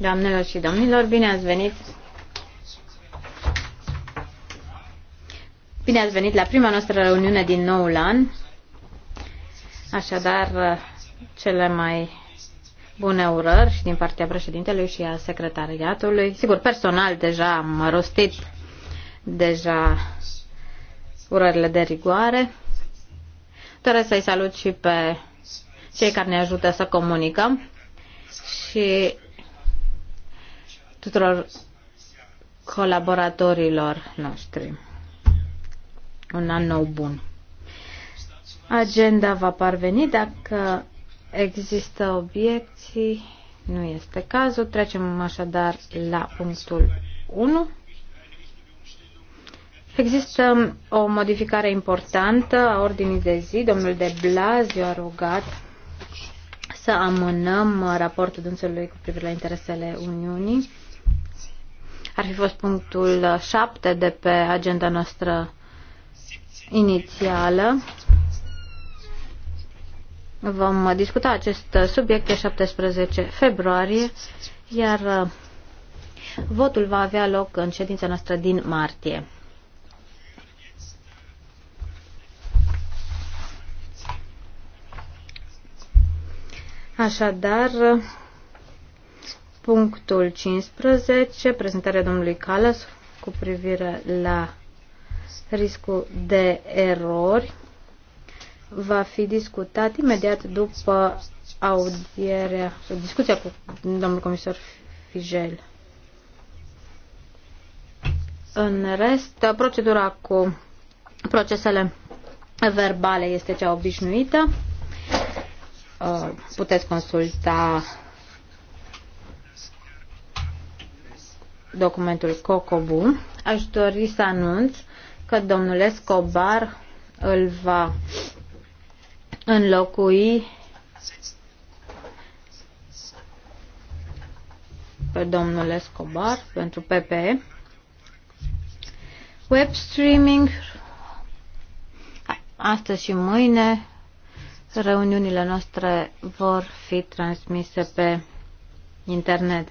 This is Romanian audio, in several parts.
Doamnelor și domnilor, bine ați venit! Bine ați venit la prima noastră reuniune din noul an. Așadar, cele mai bune urări și din partea președintelui și a secretariatului. Sigur, personal deja am rostit deja urările de rigoare. Doresc să-i salut și pe cei care ne ajută să comunicăm și tuturor colaboratorilor noștri. Un an nou bun. Agenda va parveni dacă există obiecții. Nu este cazul. Trecem așadar la punctul 1. Există o modificare importantă a ordinii de zi. Domnul de Blaziu a rugat să amânăm raportul dânsului cu privire la interesele Uniunii. Ar fi fost punctul 7 de pe agenda noastră inițială. Vom discuta acest subiect pe 17 februarie, iar uh, votul va avea loc în ședința noastră din martie. Așadar, punctul 15, prezentarea domnului Calas cu privire la riscul de erori, va fi discutat imediat după audierea, discuția cu domnul comisar Figel. În rest, procedura cu procesele verbale este cea obișnuită. Uh, puteți consulta documentul COCOBU. Aș dori să anunț că domnul Escobar îl va înlocui pe domnul Escobar pentru PPE. Web streaming astăzi și mâine Reuniunile noastre vor fi transmise pe internet.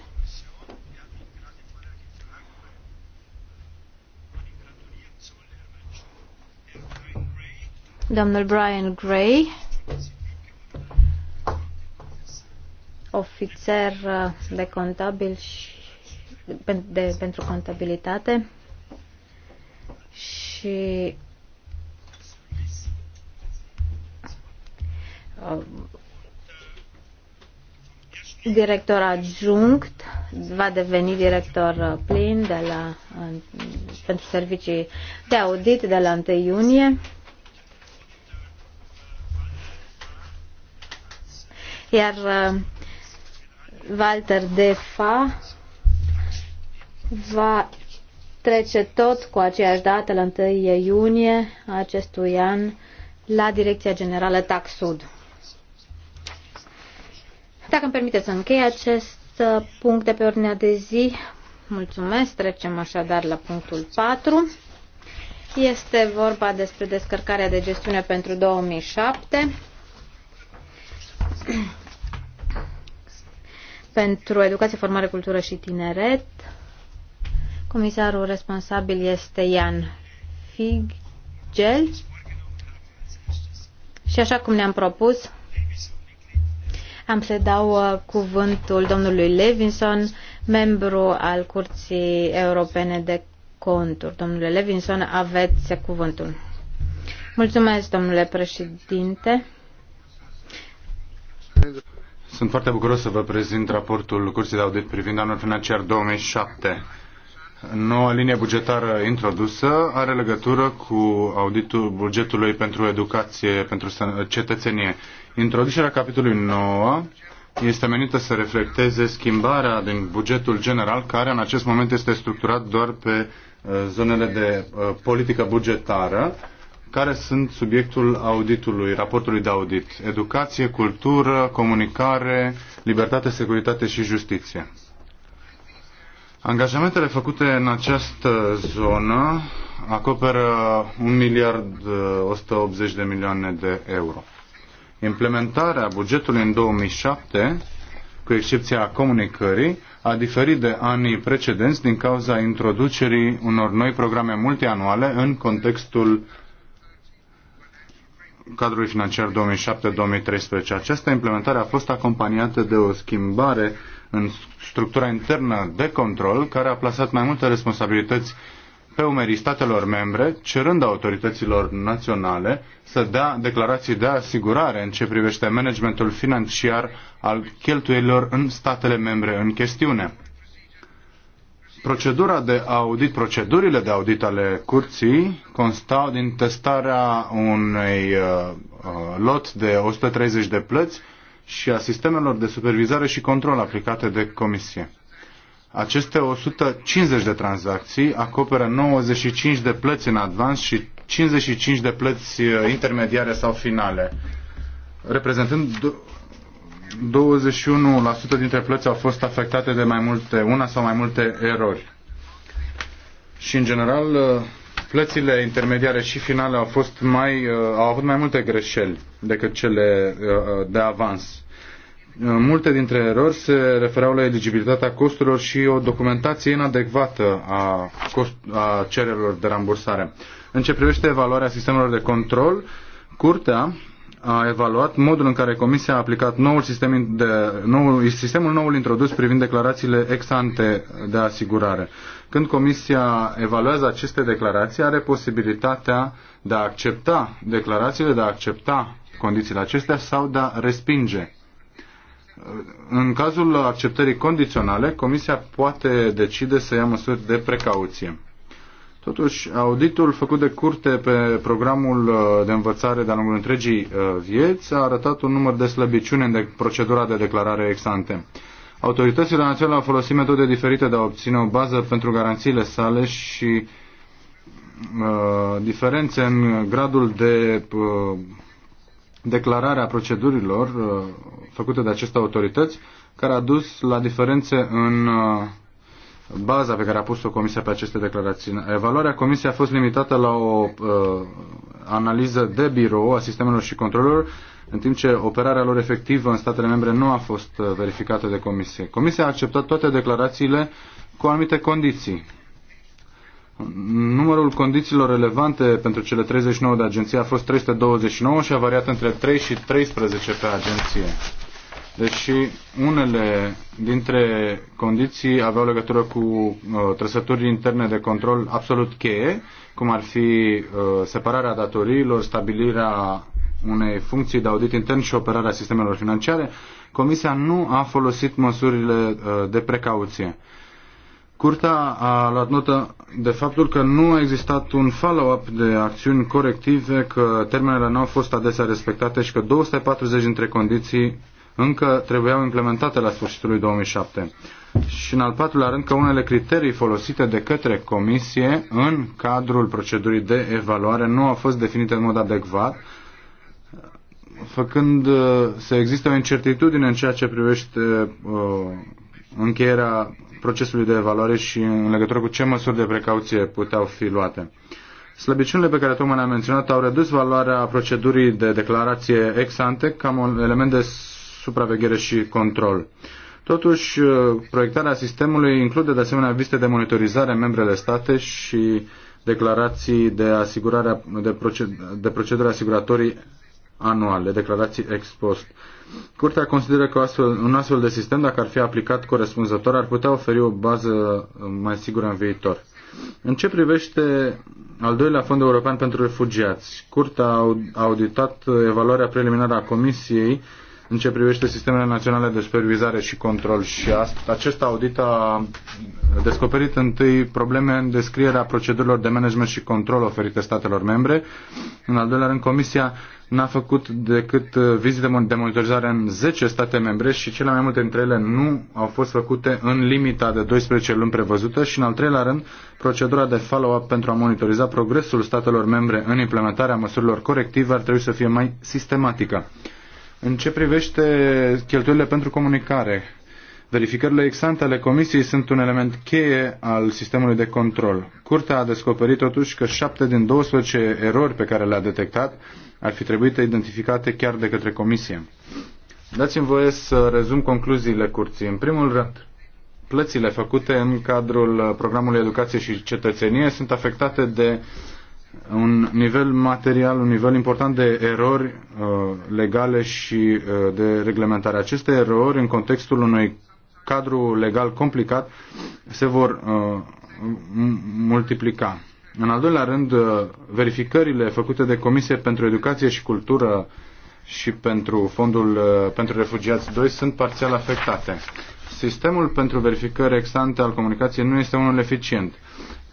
Domnul Brian Gray, ofițer de contabil și de, de, pentru contabilitate și Uh, director adjunct, va deveni director uh, plin de la, pentru servicii de audit de la 1 iunie. Iar uh, Walter Defa va trece tot cu aceeași dată, la 1 iunie acestui an, la Direcția Generală TAC Sud. Dacă îmi permiteți să închei acest uh, punct de pe ordinea de zi, mulțumesc, trecem așadar la punctul 4. Este vorba despre descărcarea de gestiune pentru 2007 pentru educație, formare, cultură și tineret. Comisarul responsabil este Ian Figel. Și așa cum ne-am propus, am să dau uh, cuvântul domnului Levinson, membru al Curții Europene de Conturi. Domnule Levinson, aveți cuvântul. Mulțumesc, domnule președinte. Sunt foarte bucuros să vă prezint raportul Curții de Audit privind anul financiar 2007. Noua linie bugetară introdusă are legătură cu auditul bugetului pentru educație, pentru cetățenie. Introducerea capitolului 9 este menită să reflecteze schimbarea din bugetul general, care în acest moment este structurat doar pe uh, zonele de uh, politică bugetară, care sunt subiectul auditului, raportului de audit. Educație, cultură, comunicare, libertate, securitate și justiție. Angajamentele făcute în această zonă acoperă 1 miliard 180 uh, de milioane de euro. Implementarea bugetului în 2007, cu excepția comunicării, a diferit de anii precedenți din cauza introducerii unor noi programe multianuale în contextul cadrului financiar 2007-2013. Această implementare a fost acompaniată de o schimbare în structura internă de control care a plasat mai multe responsabilități pe umerii statelor membre, cerând autorităților naționale să dea declarații de asigurare în ce privește managementul financiar al cheltuielilor în statele membre în chestiune. Procedura de audit, procedurile de audit ale curții constau din testarea unui uh, uh, lot de 130 de plăți și a sistemelor de supervizare și control aplicate de Comisie. Aceste 150 de tranzacții acoperă 95 de plăți în avans și 55 de plăți uh, intermediare sau finale, reprezentând 21% dintre plăți au fost afectate de mai multe, una sau mai multe erori. Și în general, uh, Plățile intermediare și finale au, fost mai, uh, au avut mai multe greșeli decât cele uh, uh, de avans. Multe dintre erori se refereau la eligibilitatea costurilor și o documentație inadecvată a, cost, a cererilor de rambursare. În ce privește evaluarea sistemelor de control, Curtea a evaluat modul în care Comisia a aplicat noul sistem de, noul, sistemul noul introdus privind declarațiile ex ante de asigurare. Când Comisia evaluează aceste declarații, are posibilitatea de a accepta declarațiile, de a accepta condițiile acestea sau de a respinge. În cazul acceptării condiționale, Comisia poate decide să ia măsuri de precauție. Totuși, auditul făcut de curte pe programul uh, de învățare de-a lungul întregii uh, vieți a arătat un număr de slăbiciune în procedura de declarare ex ante. Autoritățile naționale au folosit metode diferite de a obține o bază pentru garanțiile sale și uh, diferențe în gradul de uh, declarare a procedurilor uh, făcute de aceste autorități, care a dus la diferențe în uh, baza pe care a pus-o Comisia pe aceste declarații. Evaluarea Comisiei a fost limitată la o uh, analiză de birou a sistemelor și controlelor în timp ce operarea lor efectivă în statele membre nu a fost uh, verificată de Comisie. Comisia a acceptat toate declarațiile cu anumite condiții. Numărul condițiilor relevante pentru cele 39 de agenții a fost 329 și a variat între 3 și 13 pe agenție. Deși deci unele dintre condiții aveau legătură cu uh, trăsături interne de control absolut cheie, cum ar fi uh, separarea datoriilor, stabilirea unei funcții de audit intern și operarea sistemelor financiare, Comisia nu a folosit măsurile uh, de precauție. Curtea a luat notă de faptul că nu a existat un follow-up de acțiuni corective, că termenele nu au fost adesea respectate și că 240 dintre condiții încă trebuiau implementate la sfârșitul lui 2007. Și în al patrulea rând că unele criterii folosite de către comisie în cadrul procedurii de evaluare nu au fost definite în mod adecvat făcând uh, să existe o incertitudine în ceea ce privește uh, încheierea procesului de evaluare și în legătură cu ce măsuri de precauție puteau fi luate. Slăbiciunile pe care tocmai le-am menționat au redus valoarea procedurii de declarație ex ante ca un element de supraveghere și control. Totuși, uh, proiectarea sistemului include de asemenea viste de monitorizare în membrele state și declarații de, asigurare, de, proced- de procedură asiguratorii anuale, declarații ex post. Curtea consideră că astfel, un astfel de sistem, dacă ar fi aplicat corespunzător, ar putea oferi o bază mai sigură în viitor. În ce privește al doilea fond european pentru refugiați, Curtea a auditat evaluarea preliminară a Comisiei în ce privește sistemele naționale de supervizare și control și acest audit a descoperit întâi probleme în descrierea procedurilor de management și control oferite statelor membre. În al doilea rând, Comisia n-a făcut decât uh, vizite de monitorizare în 10 state membre și cele mai multe dintre ele nu au fost făcute în limita de 12 luni prevăzută și în al treilea rând procedura de follow-up pentru a monitoriza progresul statelor membre în implementarea măsurilor corective ar trebui să fie mai sistematică. În ce privește cheltuielile pentru comunicare, verificările exante ale Comisiei sunt un element cheie al sistemului de control. Curtea a descoperit totuși că 7 din 12 erori pe care le-a detectat ar fi trebuit identificate chiar de către Comisie. Dați-mi voie să rezum concluziile curții. În primul rând, plățile făcute în cadrul programului Educație și Cetățenie sunt afectate de un nivel material, un nivel important de erori uh, legale și uh, de reglementare. Aceste erori, în contextul unui cadru legal complicat, se vor uh, multiplica. În al doilea rând, uh, verificările făcute de Comisie pentru Educație și Cultură și pentru Fondul uh, pentru Refugiați 2 sunt parțial afectate. Sistemul pentru verificări ex ante al comunicației nu este unul eficient.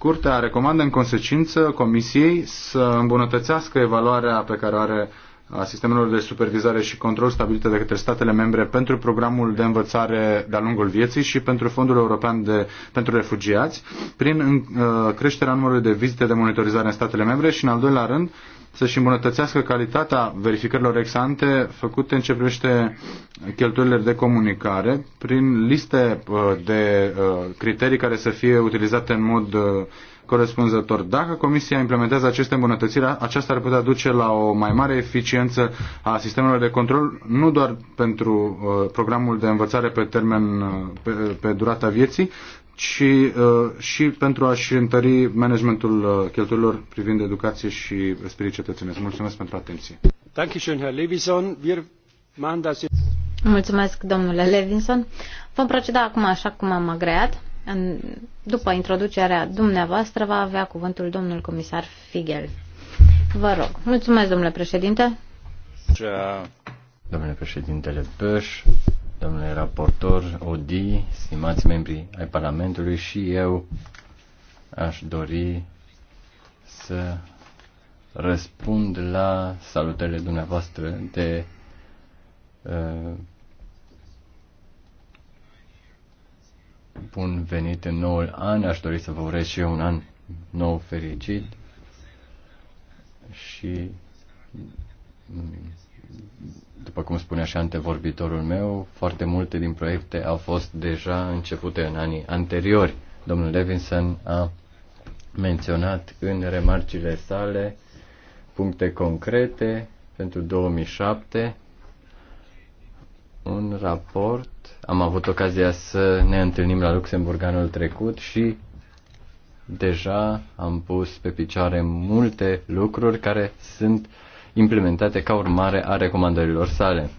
Curtea recomandă în consecință Comisiei să îmbunătățească evaluarea pe care o are a sistemelor de supervizare și control stabilite de către statele membre pentru programul de învățare de-a lungul vieții și pentru Fondul European de, pentru Refugiați, prin uh, creșterea numărului de vizite de monitorizare în statele membre și, în al doilea rând, uh, să-și îmbunătățească calitatea verificărilor exante făcute în ce privește cheltuielile de comunicare prin liste uh, de uh, criterii care să fie utilizate în mod uh, corespunzător. Dacă Comisia implementează aceste îmbunătățiri, aceasta ar putea duce la o mai mare eficiență a sistemelor de control, nu doar pentru programul de învățare pe termen, pe, pe durata vieții, și, uh, și pentru a-și întări managementul uh, cheltuielor privind educație și spirit cetățenesc. Mulțumesc pentru atenție. Mulțumesc, domnule Levinson. Vom proceda acum așa cum am agreat. În, după introducerea dumneavoastră va avea cuvântul domnul comisar Figel. Vă rog. Mulțumesc, domnule președinte. Domnule președintele Băș, domnule raportor Odi, stimați membri ai Parlamentului și eu aș dori să răspund la salutările dumneavoastră de uh, bun venit în noul an. Aș dori să vă urez și eu un an nou fericit și după cum spunea și antevorbitorul meu, foarte multe din proiecte au fost deja începute în anii anteriori. Domnul Levinson a menționat în remarcile sale puncte concrete pentru 2007, un raport. Am avut ocazia să ne întâlnim la Luxemburg anul trecut și deja am pus pe picioare multe lucruri care sunt uh, implementate ca urmare a recomandărilor sale.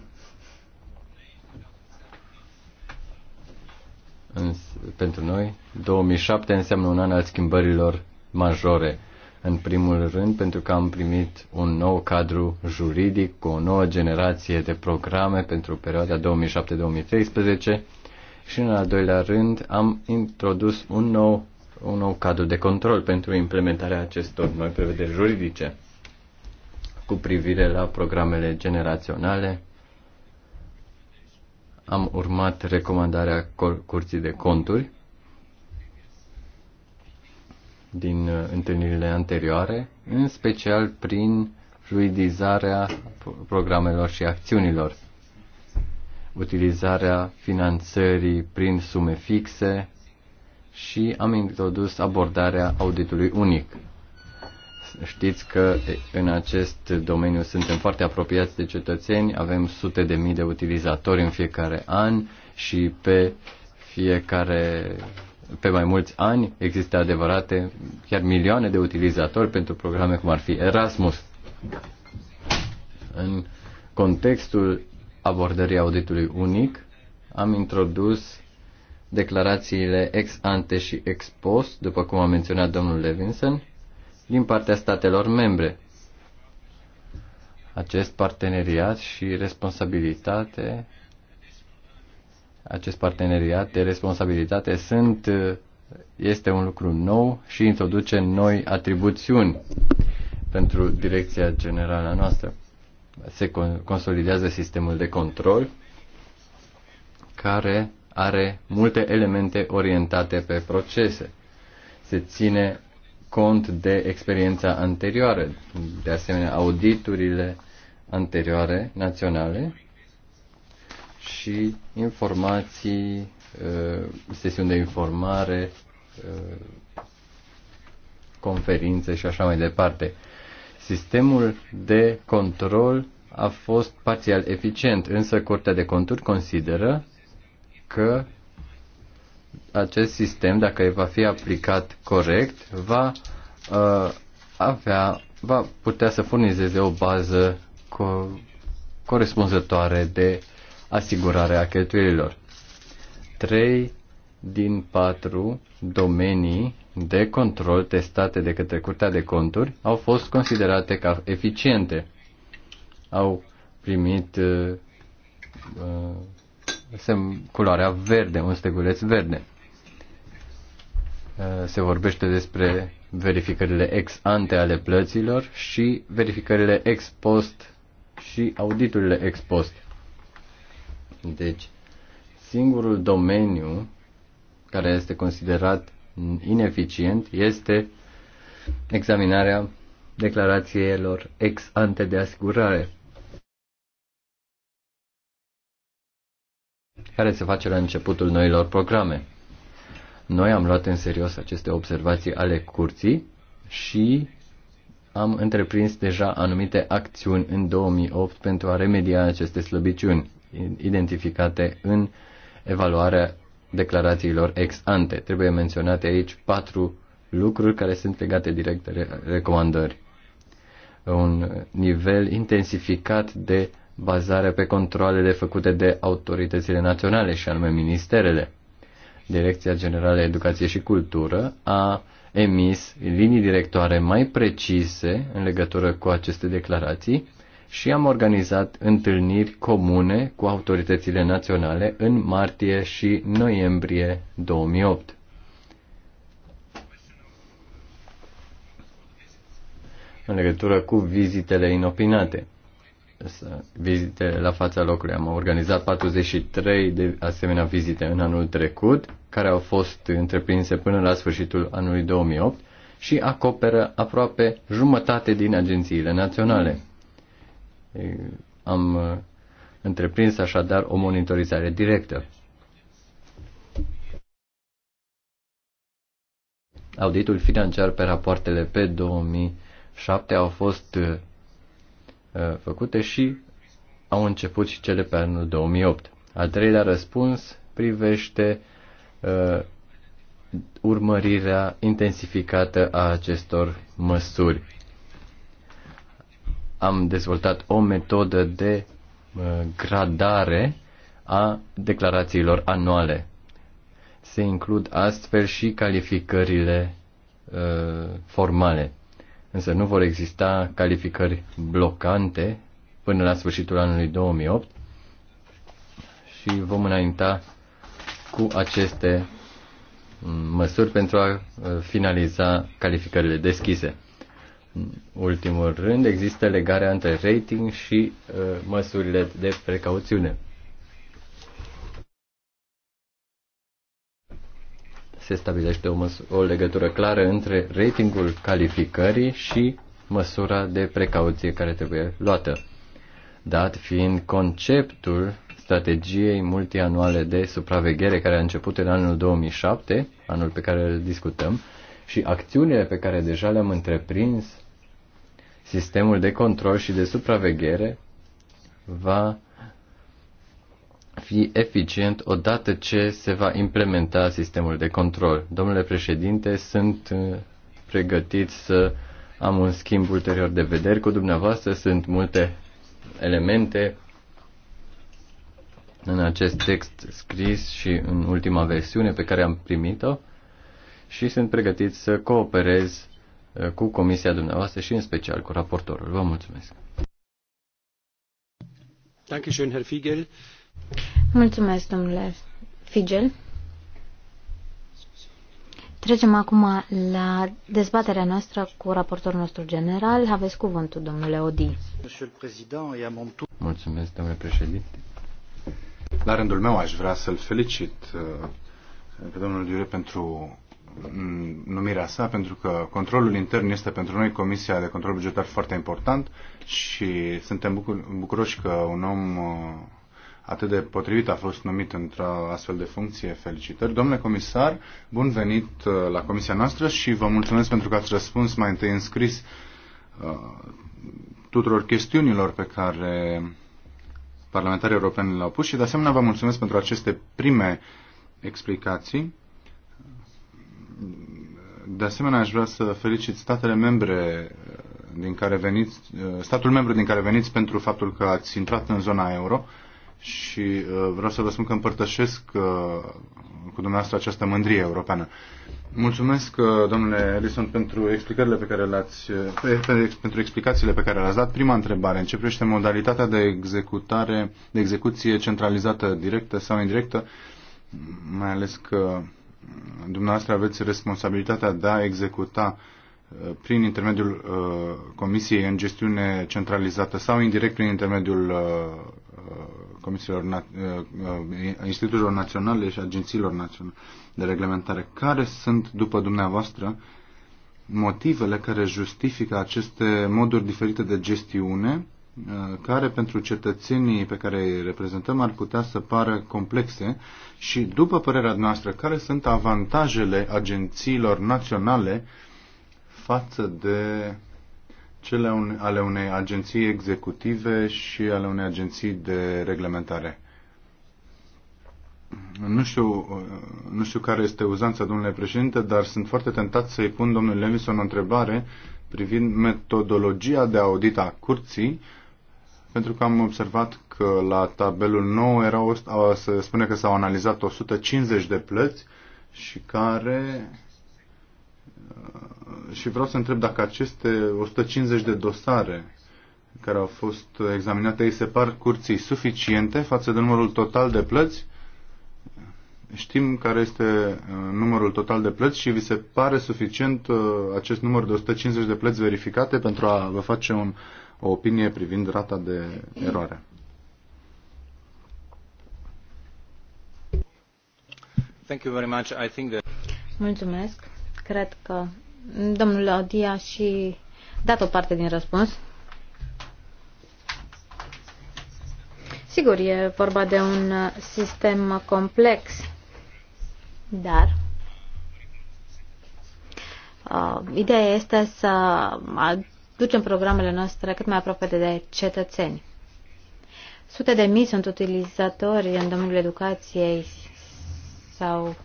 pentru noi, 2007 înseamnă un an al schimbărilor majore. În primul rând, pentru că am primit un nou cadru juridic cu o nouă generație de programe pentru perioada 2007-2013 și, în al doilea rând, am introdus un nou, un nou cadru de control pentru implementarea acestor noi prevederi juridice cu privire la programele generaționale. Am urmat recomandarea Curții de Conturi din uh, întâlnirile anterioare, în special prin fluidizarea programelor și acțiunilor, utilizarea finanțării prin sume fixe și am introdus abordarea auditului unic. Știți că în acest domeniu suntem foarte apropiați de cetățeni, avem sute de mii de utilizatori în fiecare an și pe fiecare pe mai mulți ani există adevărate chiar milioane de utilizatori pentru programe cum ar fi Erasmus. În contextul abordării auditului unic am introdus declarațiile ex ante și ex post, după cum a menționat domnul Levinson, din partea statelor membre. Acest parteneriat și responsabilitate acest parteneriat de responsabilitate sunt, este un lucru nou și introduce noi atribuțiuni pentru direcția generală noastră. Se consolidează sistemul de control care are multe elemente orientate pe procese. Se ține cont de experiența anterioară, de asemenea auditurile anterioare naționale și informații, uh, sesiuni de informare, uh, conferințe și așa mai departe. Sistemul de control a fost parțial eficient, însă Curtea de Conturi consideră că acest sistem, dacă va fi aplicat corect, va uh, avea, va putea să furnizeze o bază co- corespunzătoare de asigurare a cheltuielilor. 3 din 4 domenii de control testate de către Curtea de Conturi au fost considerate ca eficiente. Au primit uh, uh, culoarea verde, un steguleț verde. Eh, se vorbește despre verificările ex ante ale plăților și verificările ex post și auditurile ex post. Deci, singurul domeniu care este considerat ineficient este examinarea declarațiilor ex ante de asigurare, care se face la începutul noilor programe. Noi am luat în serios aceste observații ale curții și am întreprins deja anumite acțiuni în 2008 pentru a remedia aceste slăbiciuni identificate în evaluarea declarațiilor ex ante. Trebuie menționate aici patru lucruri care sunt legate direct de recomandări. Un nivel intensificat de bazare pe controlele făcute de autoritățile naționale și anume ministerele. Direcția Generală Educație și Cultură a emis linii directoare mai precise în legătură cu aceste declarații și am organizat întâlniri comune cu autoritățile naționale în martie și noiembrie 2008. În legătură cu vizitele inopinate vizite la fața locului. Am organizat 43 de asemenea vizite în anul trecut, care au fost întreprinse până la sfârșitul anului 2008 și acoperă aproape jumătate din agențiile naționale. Am uh, întreprins așadar o monitorizare directă. Auditul financiar pe rapoartele pe 2007 au fost uh, Uh, făcute și au început și cele pe anul 2008. Al treilea răspuns privește uh, urmărirea intensificată a acestor măsuri. Am dezvoltat o metodă de uh, gradare a declarațiilor anuale. Se includ astfel și calificările uh, formale însă nu vor exista calificări blocante până la sfârșitul anului 2008 și vom înainta cu aceste mm, măsuri pentru a uh, finaliza calificările deschise. În ultimul rând, există legarea între rating și uh, măsurile de precauțiune. se stabilește o, o legătură clară între ratingul calificării și măsura de precauție care trebuie luată, dat fiind conceptul strategiei multianuale de supraveghere care a început în anul 2007, anul pe care îl discutăm, și acțiunile pe care deja le-am întreprins, sistemul de control și de supraveghere va fi eficient odată ce se va implementa sistemul de control. Domnule președinte, sunt uh, pregătit să am un schimb ulterior de vederi cu dumneavoastră. Sunt multe elemente în acest text scris și în ultima versiune pe care am primit-o și sunt pregătit să cooperez uh, cu comisia dumneavoastră și în special cu raportorul. Vă mulțumesc. Dankeschön, Herr Fiegel. Mulțumesc, domnule Figel. Trecem acum la dezbaterea noastră cu raportorul nostru general. Aveți cuvântul, domnule Odi. Mulțumesc, domnule președinte. La rândul meu aș vrea să-l felicit uh, pe domnul Diure pentru mm, numirea sa, pentru că controlul intern este pentru noi Comisia de Control Bugetar foarte important și suntem bucur- bucuroși că un om uh, atât de potrivit a fost numit într-o astfel de funcție. Felicitări. Domnule comisar, bun venit uh, la comisia noastră și vă mulțumesc pentru că ați răspuns mai întâi în scris uh, tuturor chestiunilor pe care parlamentarii europeni le-au pus și de asemenea vă mulțumesc pentru aceste prime explicații. De asemenea, aș vrea să felicit statele membre uh, din care veniți, statul membru din care veniți pentru faptul că ați intrat în zona euro și uh, vreau să vă spun că împărtășesc uh, cu dumneavoastră această mândrie europeană. Mulțumesc, uh, domnule Ellison, pentru explicările pe care le-ați, pentru explicațiile pe care le-ați dat. Prima întrebare, în ce privește modalitatea de executare, de execuție centralizată directă sau indirectă, mai ales că dumneavoastră aveți responsabilitatea de a executa uh, Uh, prin intermediul uh, Comisiei în gestiune centralizată sau indirect prin intermediul uh, comisiilor, instituțiilor naționale și agențiilor naționale de reglementare. Care sunt, după dumneavoastră, motivele care justifică aceste moduri diferite de gestiune, care pentru cetățenii pe care îi reprezentăm ar putea să pară complexe și, după părerea noastră, care sunt avantajele agențiilor naționale uh, față de cele ale unei agenții executive și ale unei agenții de reglementare. Nu știu, nu știu care este uzanța, domnule președinte, dar sunt foarte tentat să-i pun domnului Levison o întrebare privind metodologia de audit a curții, pentru că am observat că la tabelul 9 era, se spune că s-au analizat 150 de plăți și care și vreau să întreb dacă aceste 150 de dosare care au fost examinate, ei se par curții suficiente față de numărul total de plăți? Știm care este uh, numărul total de plăți și vi se pare suficient uh, acest număr de 150 de plăți verificate pentru a vă face un, o opinie privind rata de eroare? Mulțumesc. Cred că Domnul Odia și dat o parte din răspuns. Sigur, e vorba de un uh, sistem complex, dar uh, ideea este să aducem programele noastre cât mai aproape de cetățeni. Sute de mii sunt utilizatori în domeniul educației sau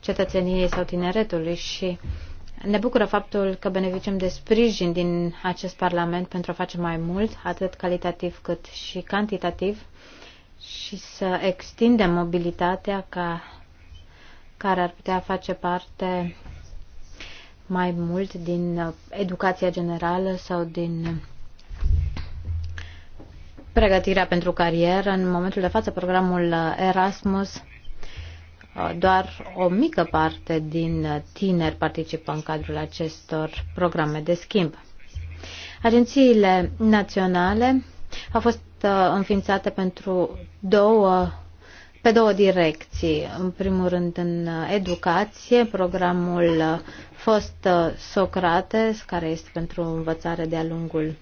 cetățeniei sau tineretului și uh, ne bucură faptul că beneficiem de sprijin din acest Parlament pentru a face mai mult, atât calitativ cât și cantitativ, și să extindem mobilitatea ca, care ar putea face parte mai mult din uh, educația generală sau din pregătirea pentru carieră. În momentul de față, programul uh, Erasmus Uh, doar o mică parte din tineri participă în cadrul acestor programe de schimb. Agențiile naționale au fost uh, înființate pentru două, pe două direcții. În primul rând în educație, programul fost Socrates, care este pentru învățare de-a lungul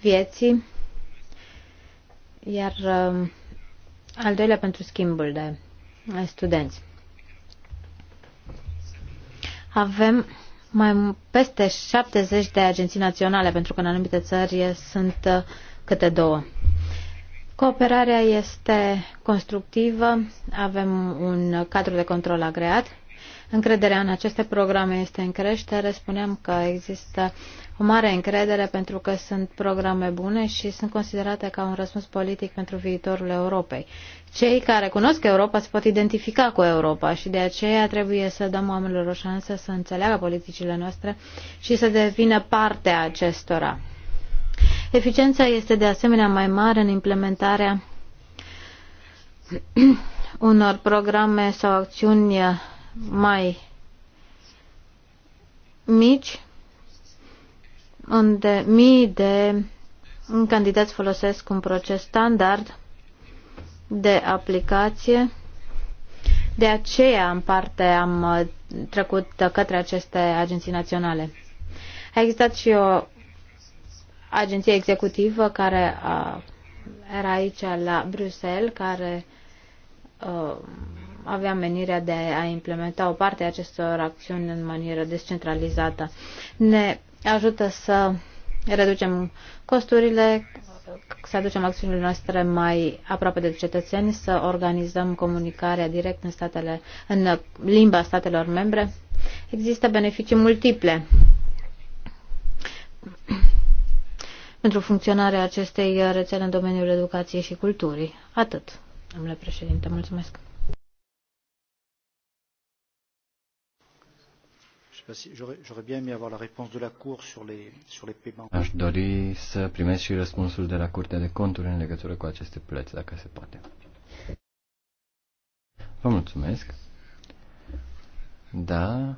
vieții, iar uh, al doilea pentru schimbul de studenți. Avem mai peste 70 de agenții naționale, pentru că în anumite țări sunt uh, câte două. Cooperarea este constructivă, avem un uh, cadru de control agreat Încrederea în aceste programe este în creștere. Spuneam că există o mare încredere pentru că sunt programe bune și sunt considerate ca un răspuns politic pentru viitorul Europei. Cei care cunosc Europa se pot identifica cu Europa și de aceea trebuie să dăm oamenilor o șansă să înțeleagă politicile noastre și să devină parte a acestora. Eficiența este de asemenea mai mare în implementarea unor programe sau acțiuni mai mici, unde mii de candidați folosesc un proces standard de aplicație. De aceea, în parte, am uh, trecut către aceste agenții naționale. A existat și o agenție executivă care a, uh, era aici la Bruxelles, care uh, avea menirea de a implementa o parte a acestor acțiuni în manieră descentralizată. Ne ajută să reducem costurile, să aducem acțiunile noastre mai aproape de cetățeni, să organizăm comunicarea direct în, statele, în limba statelor membre. Există beneficii multiple pentru funcționarea acestei rețele în domeniul educației și culturii. Atât, domnule președinte. Mulțumesc. J'aurais bien aimé avoir la réponse de la Cour sur les, sur les paiements. Aș dori să primesc și răspunsul de la Curtea de Conturi în legătură cu aceste plăți, dacă se poate. Vă mulțumesc. Da.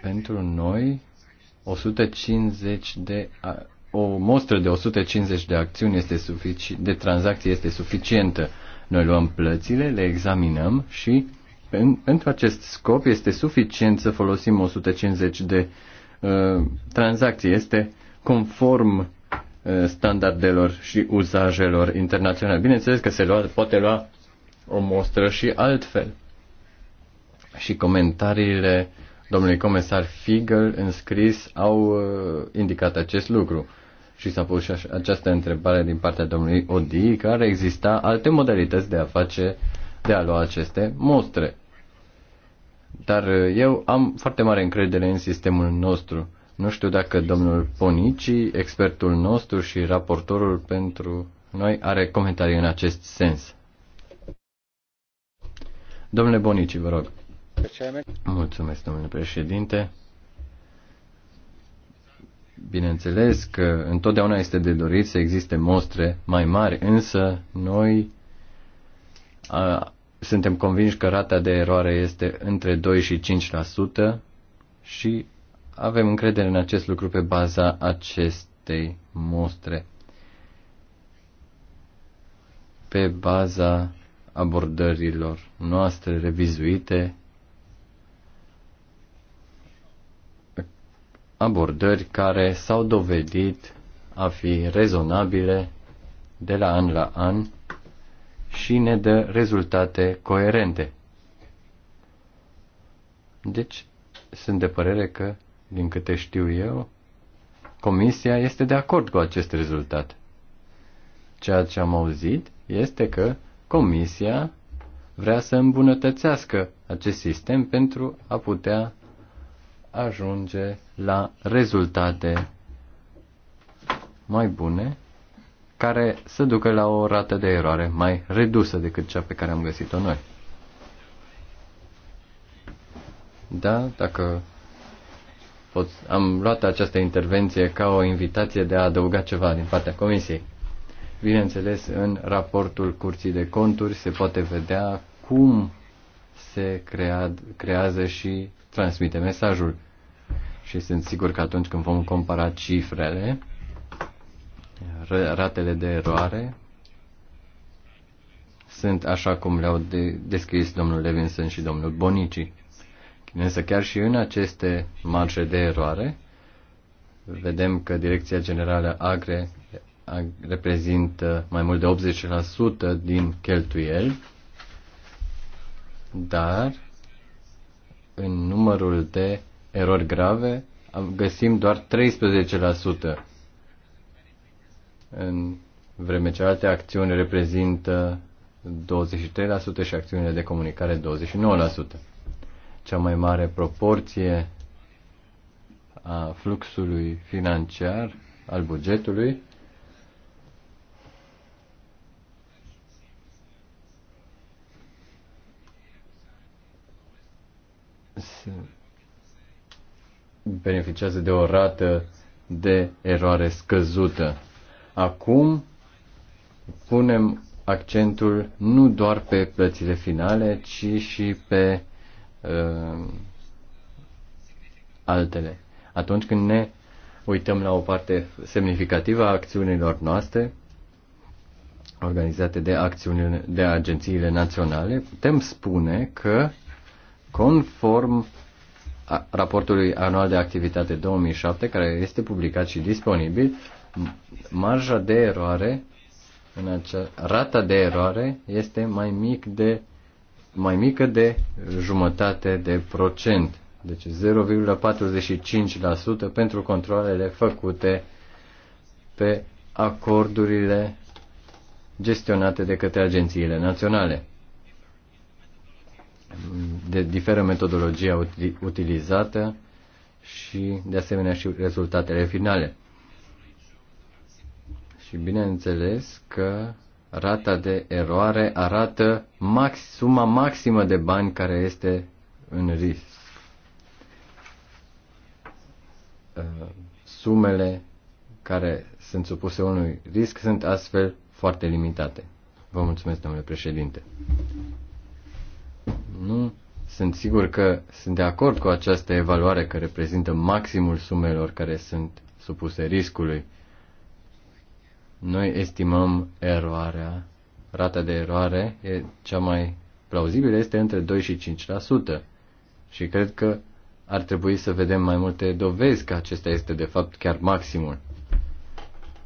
Pentru noi, 150 de o mostră de 150 de acțiuni este sufici, de tranzacții este suficientă. Noi luăm plățile, le examinăm și în, pentru acest scop este suficient să folosim 150 de uh, tranzacții. Este conform uh, standardelor și uzajelor internaționale. Bineînțeles că se lua, poate lua o mostră și altfel. Și comentariile domnului comisar Figel înscris au uh, indicat acest lucru. Și s-a pus și această întrebare din partea domnului Odi, care exista alte modalități de a face, de a lua aceste mostre. Dar uh, eu am foarte mare încredere în sistemul nostru. Nu știu dacă domnul Ponici, expertul nostru și raportorul pentru noi, are comentarii în acest sens. Domnule Bonici, vă rog. Mulțumesc, domnule președinte. Bineînțeles că întotdeauna este de dorit să existe mostre mai mari, însă noi suntem convinși că rata de eroare este între 2 și 5% și avem încredere în acest lucru pe baza acestei mostre. Pe baza abordărilor noastre revizuite, abordări care s-au dovedit a fi rezonabile de la an la an și ne dă rezultate coerente. Deci, sunt de părere că, din câte știu eu, Comisia este de acord cu acest rezultat. Ceea ce am auzit este că Comisia vrea să îmbunătățească acest sistem pentru a putea ajunge la rezultate mai bune care să ducă la o rată de eroare mai redusă decât cea pe care am găsit-o noi. Da, dacă pot, am luat această intervenție ca o invitație de a adăuga ceva din partea Comisiei. Bineînțeles, în raportul Curții de Conturi se poate vedea cum se crea, creează și transmite mesajul. Și sunt sigur că atunci când vom compara cifrele, ratele de eroare sunt așa cum le-au de- descris domnul Levinson și domnul Bonici. Însă chiar și în aceste marge de eroare, vedem că Direcția Generală Agre reprezintă mai mult de 80% din cheltuieli, dar în numărul de erori grave găsim doar în vreme ce alte acțiuni reprezintă 23% și acțiunile de comunicare 29%. Cea mai mare proporție a fluxului financiar al bugetului se beneficiază de o rată de eroare scăzută. Acum punem accentul nu doar pe plățile finale, ci și pe uh, altele. Atunci când ne uităm la o parte semnificativă a acțiunilor noastre, organizate de acțiunile de agențiile naționale, putem spune că conform raportului anual de activitate 2007, care este publicat și disponibil, marja de eroare, în acea, rata de eroare este mai, mic de, mai mică de jumătate de procent. Deci 0,45% pentru controlele făcute pe acordurile gestionate de către agențiile naționale. De, diferă metodologia utilizată și, de asemenea, și rezultatele finale. Și bineînțeles că rata de eroare arată max, suma maximă de bani care este în risc. Uh, sumele care sunt supuse unui risc sunt astfel foarte limitate. Vă mulțumesc, domnule președinte. Nu sunt sigur că sunt de acord cu această evaluare care reprezintă maximul sumelor care sunt supuse riscului. Noi estimăm eroarea, rata de eroare e cea mai plauzibilă este între 2 și 5%. Și cred că ar trebui să vedem mai multe dovezi că acesta este de fapt chiar maximul.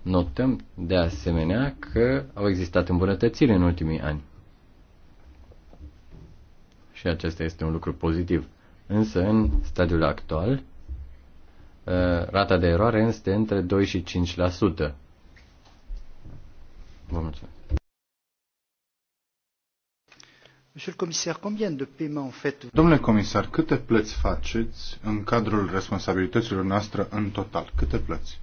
Notăm de asemenea că au existat îmbunătățiri în ultimii ani. Și acesta este un lucru pozitiv. Însă, în stadiul actual, uh, rata de eroare este între 2 și 5%. Vă mulțumesc. Domnule comisar, câte plăți faceți în cadrul responsabilităților noastre în total? Câte plăți?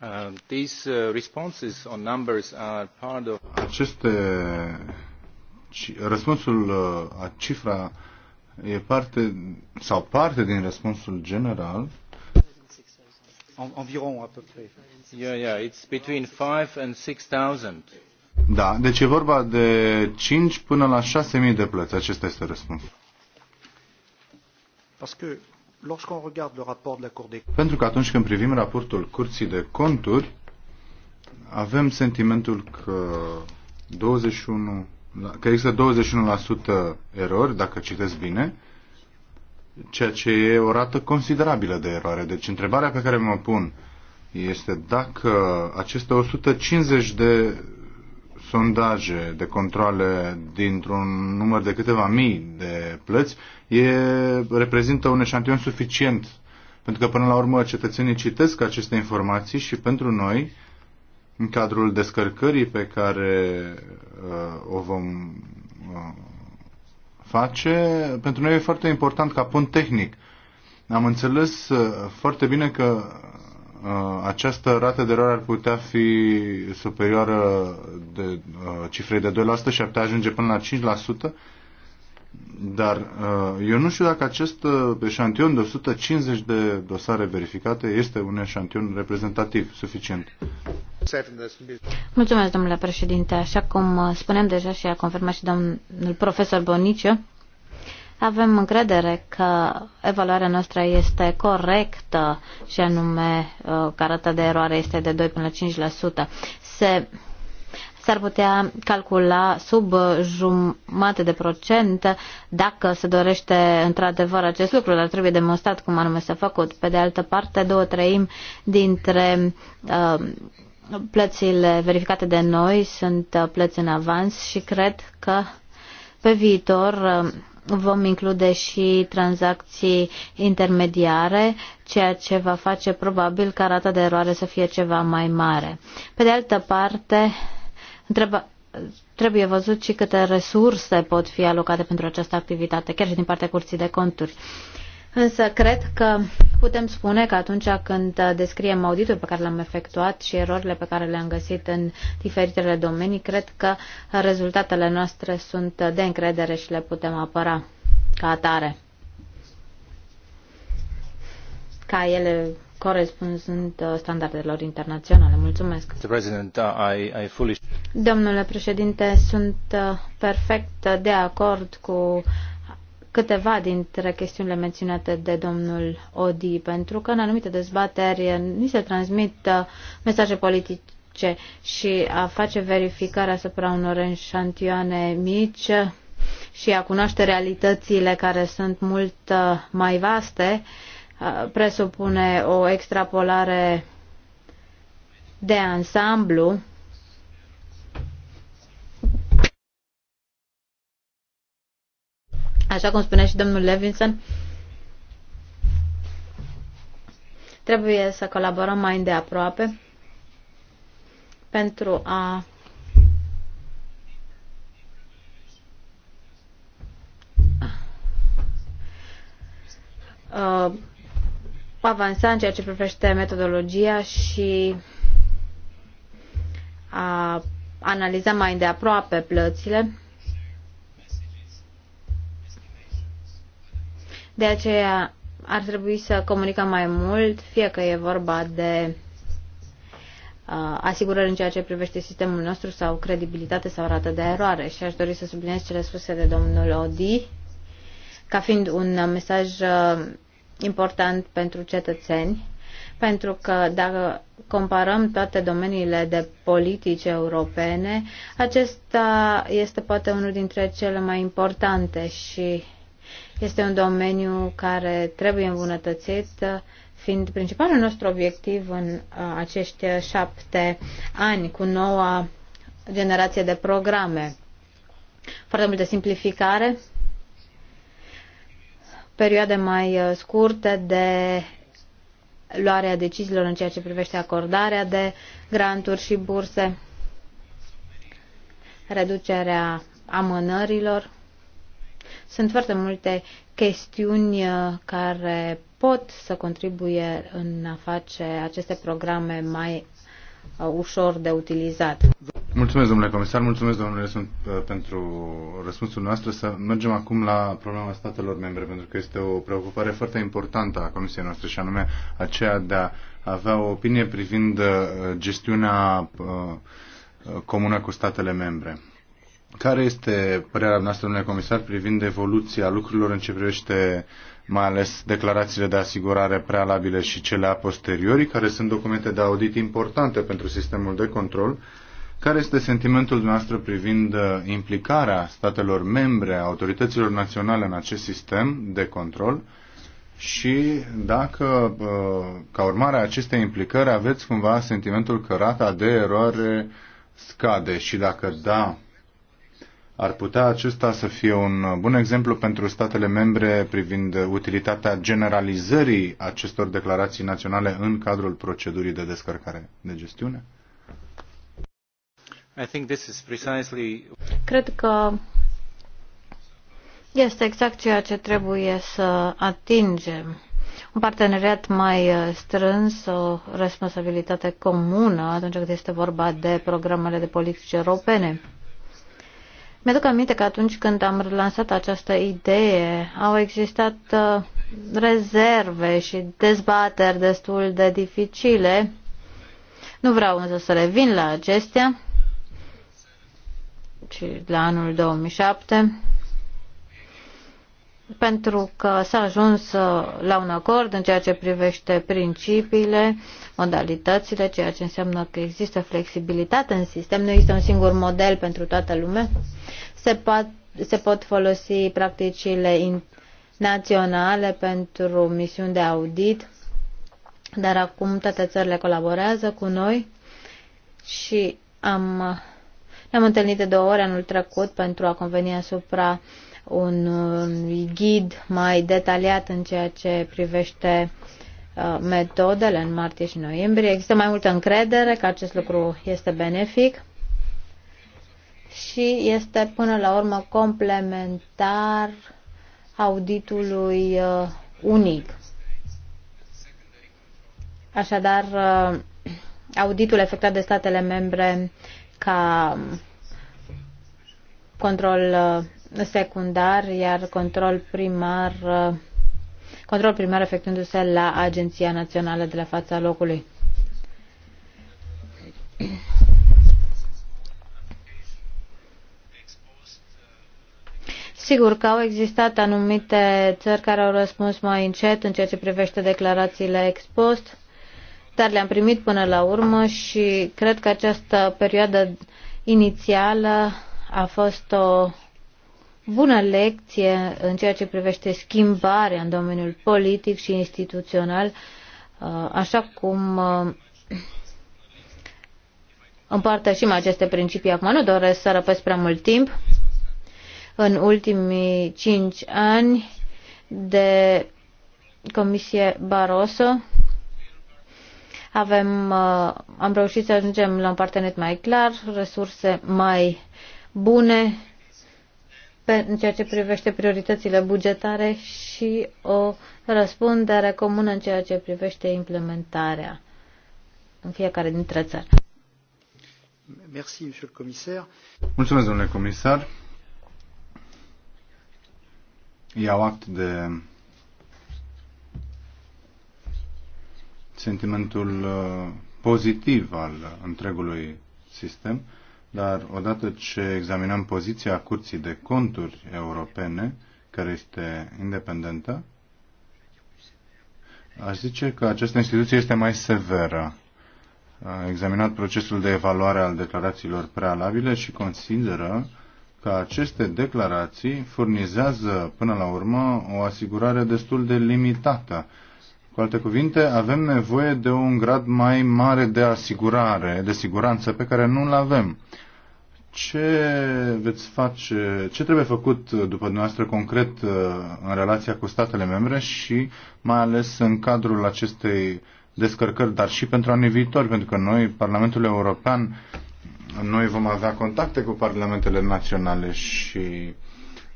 Uh, uh, Aceste răspunsul uh, a cifra e parte sau parte din răspunsul general environ à peu près. Yeah, yeah, it's between 5 and 6000. Da, deci e vorba de 5 până la 6000 de plăți. Acesta este răspunsul. Parce que lorsqu'on regarde le rapport de la Cour des Pentru că atunci când privim raportul Curții de Conturi, avem sentimentul că 21 că există 21% erori, dacă citesc bine, ceea ce e o rată considerabilă de eroare. Deci întrebarea pe care mă pun este dacă aceste 150 de sondaje, de controle dintr-un număr de câteva mii de plăți e, reprezintă un eșantion suficient. Pentru că până la urmă cetățenii citesc aceste informații și pentru noi, în cadrul descărcării pe care uh, o vom uh, face, pentru noi e foarte important ca pont tehnic. Am înțeles uh, foarte bine că uh, această rată de eroare ar putea fi superioară de uh, cifrei de 2% și ar putea ajunge până la 5%. Dar uh, eu nu știu dacă acest uh, eșantion de 150 de dosare verificate este un eșantion reprezentativ suficient. Mulțumesc, domnule președinte. Așa cum uh, spuneam deja și a confirmat și domnul profesor Boniciu, avem încredere că evaluarea noastră este corectă și anume că rata de eroare este de 2 până la 5%. Se s-ar putea calcula sub uh, jumate de procent dacă se dorește într-adevăr acest lucru, dar trebuie demonstrat cum anume s-a făcut. Pe de altă parte, două treimi dintre uh, plățile verificate de noi sunt uh, plăți în avans și cred că pe viitor vom include și tranzacții intermediare, ceea ce va face probabil ca rata de eroare să fie ceva mai mare. Pe de altă parte, Întreba, trebuie văzut și câte resurse pot fi alocate pentru această activitate, chiar și din partea curții de conturi. Însă cred că putem spune că atunci când descriem auditul pe care l-am efectuat și erorile pe care le-am găsit în diferitele domenii, cred că rezultatele noastre sunt de încredere și le putem apăra ca atare. Ca ele corespunzând uh, standardelor internaționale. Mulțumesc. Uh, Domnule președinte, sunt uh, perfect de acord cu câteva dintre chestiunile menționate de domnul Odi, pentru că în anumite dezbateri ni se transmit mesaje politice și a face verificarea asupra unor înșantioane mici și a cunoaște realitățile care sunt mult mai vaste uh, presupune o extrapolare de ansamblu așa cum spunea și domnul Levinson, trebuie să colaborăm mai îndeaproape pentru a uh, avansa în ceea ce privește metodologia și a analiza mai aproape plățile. De aceea ar trebui să comunicăm mai mult, fie că e vorba de uh, asigurări în ceea ce privește sistemul nostru sau credibilitate sau rată de eroare. Și aș dori să subliniez cele spuse de domnul Odi ca fiind un mesaj uh, important pentru cetățeni, pentru că dacă comparăm toate domeniile de politici europene, acesta este poate unul dintre cele mai importante și este un domeniu care trebuie îmbunătățit, fiind principalul nostru obiectiv în uh, acești șapte ani cu noua generație de programe. Foarte multă simplificare, perioade mai uh, scurte de luarea deciziilor în ceea ce privește acordarea de granturi și burse, reducerea amânărilor. Sunt foarte multe chestiuni uh, care pot să contribuie în a face aceste programe mai uh, ușor de utilizat. Mulțumesc, domnule comisar, mulțumesc, domnule, uh, pentru răspunsul noastră. Să mergem acum la problema statelor membre, pentru că este o preocupare foarte importantă a comisiei noastre și anume aceea de a avea o opinie privind uh, gestiunea uh, comună cu statele membre. Care este părerea noastră, domnule comisar, privind evoluția lucrurilor în ce privește mai ales declarațiile de asigurare prealabile și cele a posteriori, care sunt documente de audit importante pentru sistemul de control, care este sentimentul dumneavoastră privind uh, implicarea statelor membre, autorităților naționale în acest sistem de control? și dacă, uh, ca urmare a acestei implicări, aveți cumva sentimentul că rata de eroare scade și dacă da, ar putea acesta să fie un uh, bun exemplu pentru statele membre privind utilitatea generalizării acestor declarații naționale în cadrul procedurii de descărcare de gestiune? Cred că este exact ceea ce trebuie să atingem. Un parteneriat mai strâns, o responsabilitate comună atunci când este vorba de programele de politici europene. Mi-aduc aminte că atunci când am lansat această idee, au existat uh, rezerve și dezbateri destul de dificile. Nu vreau însă să revin la acestea și la anul 2007 pentru că s-a ajuns uh, la un acord în ceea ce privește principiile, modalitățile, ceea ce înseamnă că există flexibilitate în sistem, nu există un singur model pentru toată lumea. Se, pot, se pot folosi practicile naționale pentru misiuni de audit, dar acum toate țările colaborează cu noi și am ne-am întâlnit de două ore anul trecut pentru a conveni asupra un ghid mai detaliat în ceea ce privește uh, metodele în martie și noiembrie. Există mai multă încredere că acest lucru este benefic și este până la urmă complementar auditului uh, unic. Așadar, uh, auditul efectuat de statele membre ca control uh, secundar, iar control primar uh, control primar efectuându-se la Agenția Națională de la fața locului. Sigur că au existat anumite țări care au răspuns mai încet în ceea ce privește declarațiile expost. post dar le-am primit până la urmă și cred că această perioadă inițială a fost o bună lecție în ceea ce privește schimbarea în domeniul politic și instituțional, uh, așa cum uh, împărtășim aceste principii acum. Nu doresc să răpesc prea mult timp. În ultimii cinci ani de Comisie Barroso avem, uh, am reușit să ajungem la un partenet mai clar, resurse mai bune pe, în ceea ce privește prioritățile bugetare și o răspundere comună în ceea ce privește implementarea în fiecare dintre țări. Merci, monsieur le comisar. Mulțumesc, domnule comisar. Iau act de sentimentul uh, pozitiv al uh, întregului sistem, dar odată ce examinăm poziția Curții de Conturi Europene, care este independentă, aș zice că această instituție este mai severă. A examinat procesul de evaluare al declarațiilor prealabile și consideră că aceste declarații furnizează până la urmă o asigurare destul de limitată cu alte cuvinte, avem nevoie de un grad mai mare de asigurare, de siguranță pe care nu-l avem. Ce veți face, ce trebuie făcut după dumneavoastră concret uh, în relația cu statele membre și mai ales în cadrul acestei descărcări, dar și pentru anii viitori, pentru că noi, Parlamentul European, noi vom avea contacte cu parlamentele naționale și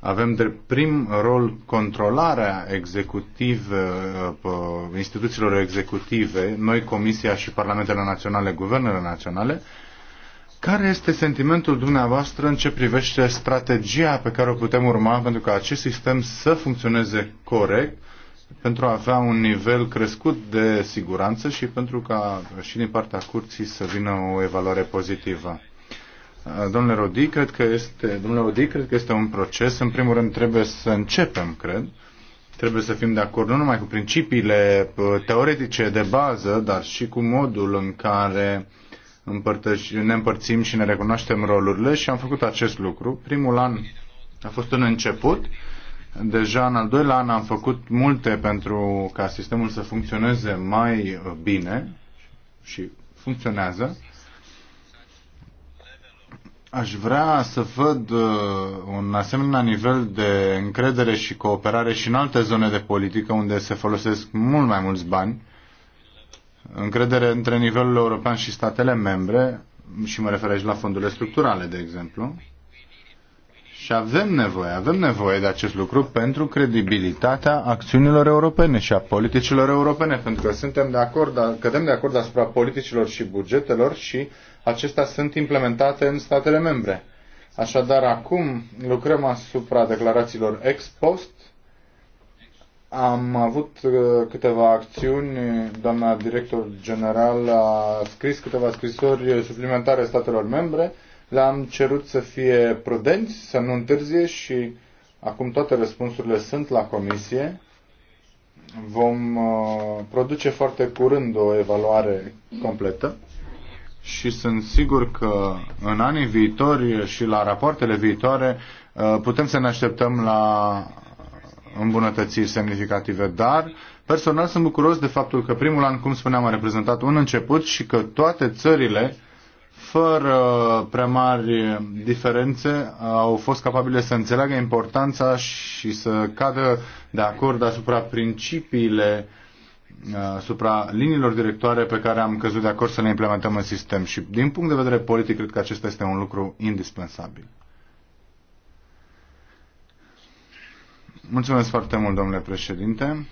avem de prim rol controlarea executiv, uh, instituțiilor executive, noi Comisia și Parlamentele Naționale, Guvernele Naționale, care este sentimentul dumneavoastră în ce privește strategia pe care o putem urma pentru ca acest sistem să funcționeze corect, pentru a avea un nivel crescut de siguranță și pentru ca și din partea curții să vină o evaluare pozitivă? Domnule Rodi, cred că este, domnule Rodi, cred că este un proces. În primul rând trebuie să începem, cred. Trebuie să fim de acord nu numai cu principiile teoretice de bază, dar și cu modul în care ne împărțim și ne recunoaștem rolurile și am făcut acest lucru. Primul an a fost un început. Deja în al doilea an am făcut multe pentru ca sistemul să funcționeze mai bine și funcționează. Aș vrea să văd uh, un asemenea nivel de încredere și cooperare și în alte zone de politică unde se folosesc mult mai mulți bani, încredere între nivelul european și statele membre, și mă refer aici la fondurile structurale, de exemplu. Și avem nevoie, avem nevoie de acest lucru pentru credibilitatea acțiunilor europene și a politicilor europene, pentru că suntem de acord, cădem de acord asupra politicilor și bugetelor și acestea sunt implementate în statele membre. Așadar, acum lucrăm asupra declarațiilor ex post. Am avut uh, câteva acțiuni, doamna director general a scris câteva scrisori suplimentare statelor membre, le-am cerut să fie prudenți, să nu întârzie și acum toate răspunsurile sunt la comisie. Vom uh, produce foarte curând o evaluare completă și sunt sigur că în anii viitori și la rapoartele viitoare uh, putem să ne așteptăm la îmbunătățiri semnificative, dar personal sunt bucuros de faptul că primul an, cum spuneam, a reprezentat un început și că toate țările, fără prea mari diferențe, au fost capabile să înțeleagă importanța și să cadă de acord asupra principiile Uh, asupra liniilor directoare pe care am căzut de acord să le implementăm în sistem. Și din punct de vedere politic, cred că acesta este un lucru indispensabil. Mulțumesc foarte mult, domnule președinte.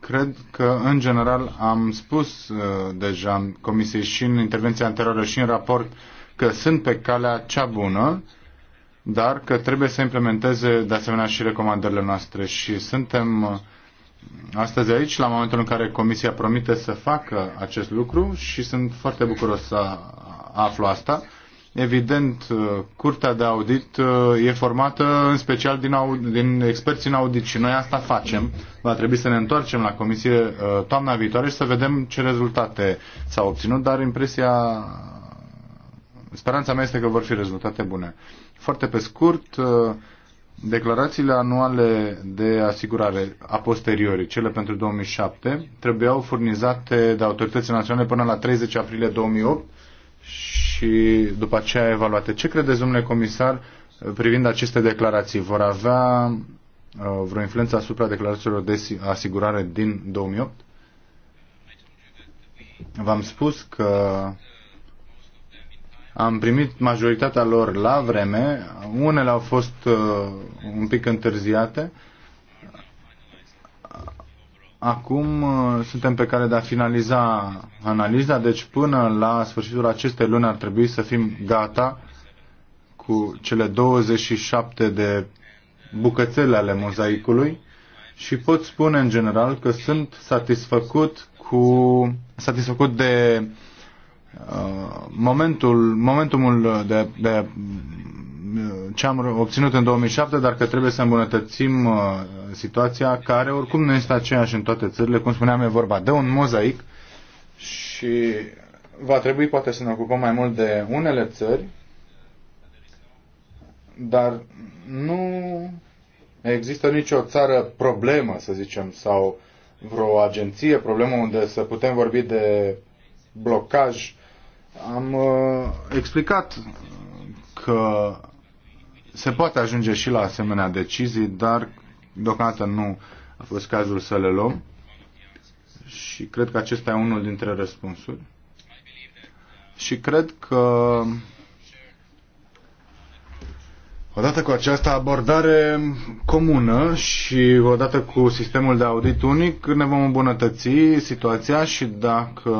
Cred că, în general, am spus uh, deja în comisie și în intervenția anterioară și în raport că sunt pe calea cea bună, dar că trebuie să implementeze de asemenea și recomandările noastre și suntem uh, astăzi aici, la momentul în care Comisia promite să facă acest lucru și sunt foarte bucuros să aflu asta. Evident, uh, curtea de audit uh, e formată în special din, audit, din experți în audit și noi asta facem. Va trebui să ne întoarcem la comisie uh, toamna viitoare și să vedem ce rezultate s-au obținut, dar impresia, speranța mea este că vor fi rezultate bune. Foarte pe scurt, Declarațiile anuale de asigurare a posteriori, cele pentru 2007, trebuiau furnizate de autoritățile naționale până la 30 aprilie 2008 și după aceea evaluate. Ce credeți, domnule comisar, privind aceste declarații? Vor avea uh, vreo influență asupra declarațiilor de asigurare din 2008? V-am spus că am primit majoritatea lor la vreme, unele au fost uh, un pic întârziate. Acum uh, suntem pe cale de a finaliza analiza, deci până la sfârșitul acestei luni ar trebui să fim gata cu cele 27 de bucățele ale mozaicului și pot spune în general că sunt satisfăcut cu satisfăcut de uh, momentul, momentumul de, de uh, ce am obținut în 2007, dar că trebuie să îmbunătățim uh, situația care oricum nu este aceeași în toate țările. Cum spuneam, e vorba de un mozaic și va trebui poate să ne ocupăm mai mult de unele țări, dar nu există nicio țară problemă, să zicem, sau vreo agenție problemă unde să putem vorbi de blocaj am uh, explicat că se poate ajunge și la asemenea decizii, dar deocamdată nu a fost cazul să le luăm și cred că acesta e unul dintre răspunsuri. Și cred că odată cu această abordare comună și odată cu sistemul de audit unic ne vom îmbunătăți situația și dacă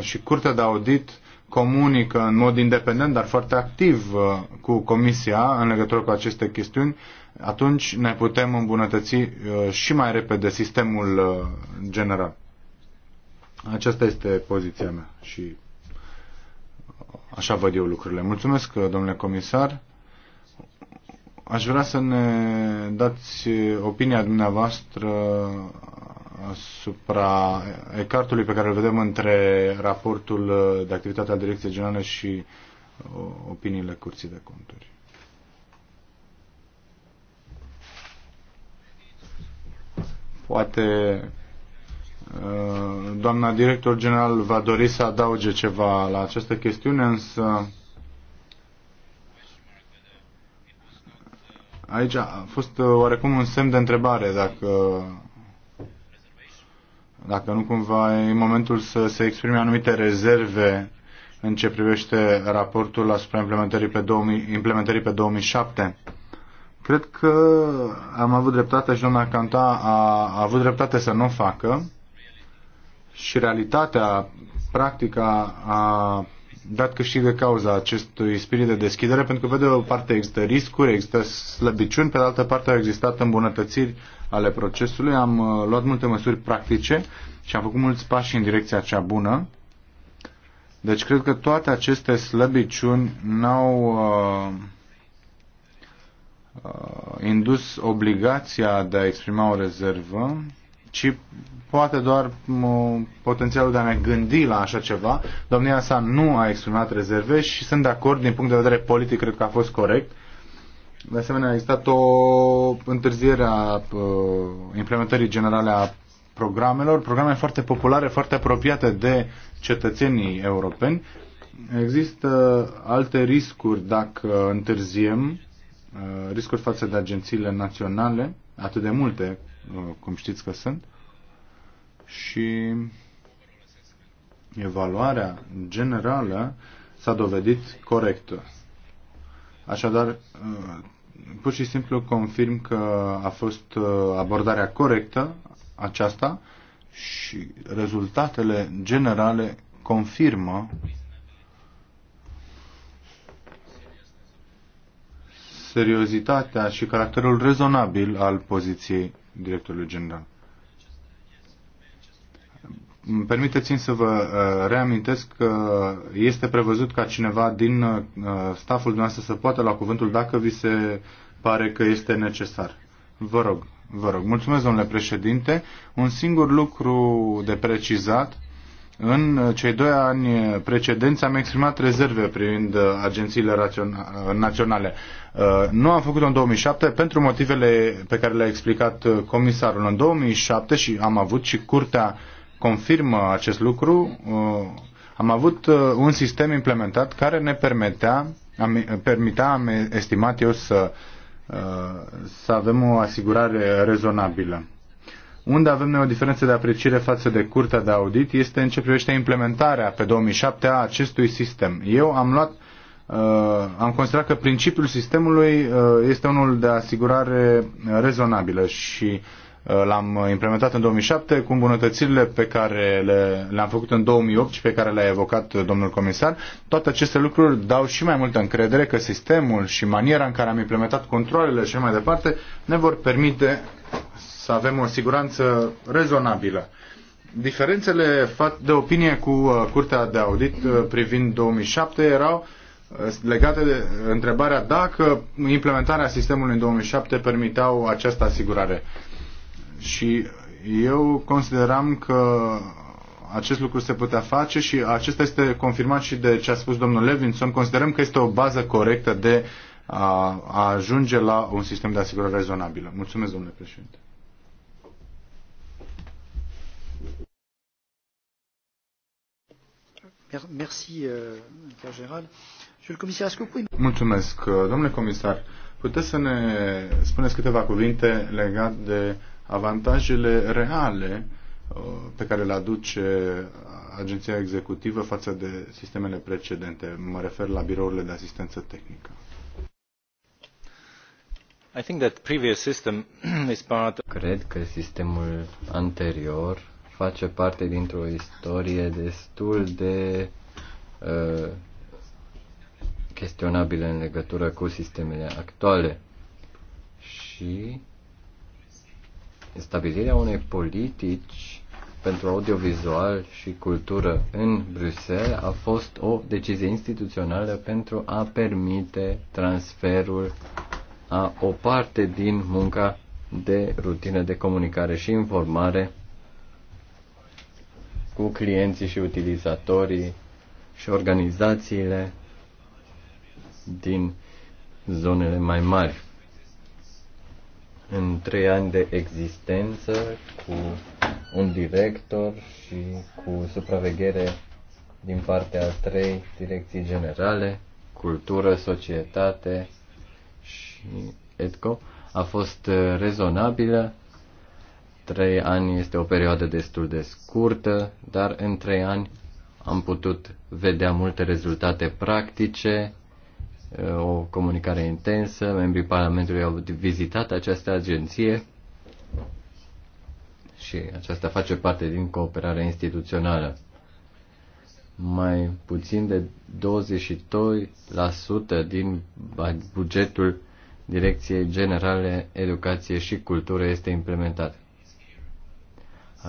și Curtea de Audit comunică în mod independent, dar foarte activ uh, cu Comisia în legătură cu aceste chestiuni, atunci ne putem îmbunătăți uh, și mai repede sistemul uh, general. Aceasta este poziția mea și așa văd eu lucrurile. Mulțumesc, domnule comisar. Aș vrea să ne dați opinia dumneavoastră asupra ecartului pe care îl vedem între raportul de activitate al Direcției Generale și uh, opiniile Curții de Conturi. Poate uh, doamna director general va dori să adauge ceva la această chestiune, însă aici a fost uh, oarecum un semn de întrebare dacă dacă nu cumva e momentul să se exprime anumite rezerve în ce privește raportul asupra implementării pe, 2000, implementării pe 2007. Cred că am avut dreptate și doamna Canta a, a avut dreptate să nu o facă și realitatea, practica a dat câștig de cauza acestui spirit de deschidere pentru că pe de o parte există riscuri, există slăbiciuni, pe de altă parte au existat îmbunătățiri ale procesului. Am uh, luat multe măsuri practice și am făcut mulți pași în direcția cea bună. Deci cred că toate aceste slăbiciuni n-au uh, uh, indus obligația de a exprima o rezervă, ci poate doar potențialul de a ne gândi la așa ceva. Domnia sa nu a exprimat rezerve și sunt de acord din punct de vedere politic, cred că a fost corect. Uh, de asemenea, a existat o întârziere a uh, implementării generale a programelor, programe foarte populare, foarte apropiate de cetățenii europeni. Există alte riscuri dacă întârziem, uh, riscuri față de agențiile naționale, atât de multe, uh, cum știți că sunt, și evaluarea generală s-a dovedit corectă. Așadar, pur și simplu confirm că a fost uh, abordarea corectă aceasta și rezultatele generale confirmă seriozitatea și caracterul rezonabil al poziției directorului general permiteți-mi să vă uh, reamintesc că este prevăzut ca cineva din uh, staful dumneavoastră să poată la cuvântul dacă vi se pare că este necesar. Vă rog, vă rog. Mulțumesc, domnule președinte. Un singur lucru de precizat. În uh, cei doi ani precedenți am exprimat rezerve privind agențiile naționale. Nu am făcut-o în 2007 pentru motivele pe care le-a explicat comisarul. În 2007 și am avut și Curtea confirmă acest lucru, uh, am avut uh, un sistem implementat care ne permitea, am, permitea am estimat eu, să, uh, să avem o asigurare rezonabilă. Unde avem noi o diferență de apreciere față de curtea de audit este în ce privește implementarea pe 2007 a acestui sistem. Eu am luat Uh, am considerat că principiul sistemului uh, este unul de asigurare rezonabilă și uh, Uh, l-am implementat în 2007 cu îmbunătățirile pe care le, le-am făcut în 2008 și pe care le-a evocat domnul comisar. Toate aceste lucruri dau și mai multă încredere că sistemul și maniera în care am implementat controlele și mai departe ne vor permite să avem o siguranță rezonabilă. Diferențele de opinie cu uh, Curtea de Audit uh, privind 2007 erau legate de întrebarea dacă implementarea sistemului în 2007 permiteau această asigurare. Și eu consideram că acest lucru se putea face și acesta este confirmat și de ce a spus domnul Levinson. Considerăm că este o bază corectă de a, a ajunge la un sistem de asigurare rezonabilă. Mulțumesc, domnule președinte. Merci, euh, comisar. Mulțumesc, euh, domnule comisar. Puteți să ne spuneți câteva cuvinte legate de avantajele reale uh, pe care le aduce agenția executivă față de sistemele precedente. Mă refer la birourile de asistență tehnică. I think that previous system is part... Cred că sistemul anterior face parte dintr-o istorie destul de uh, în legătură cu sistemele actuale. Și stabilirea unei politici pentru audiovizual și cultură în Bruxelles a fost o decizie instituțională pentru a permite transferul a o parte din munca de rutină de comunicare și informare cu clienții și utilizatorii și organizațiile din zonele mai mari în trei ani de existență cu un director și cu supraveghere din partea a trei direcții generale, cultură, societate și etco, a fost uh, rezonabilă. Trei ani este o perioadă destul de scurtă, dar în trei ani am putut vedea multe rezultate practice, o comunicare intensă, membrii Parlamentului au vizitat această agenție și aceasta face parte din cooperarea instituțională. Mai puțin de 22% din bugetul Direcției Generale Educație și Cultură este implementat.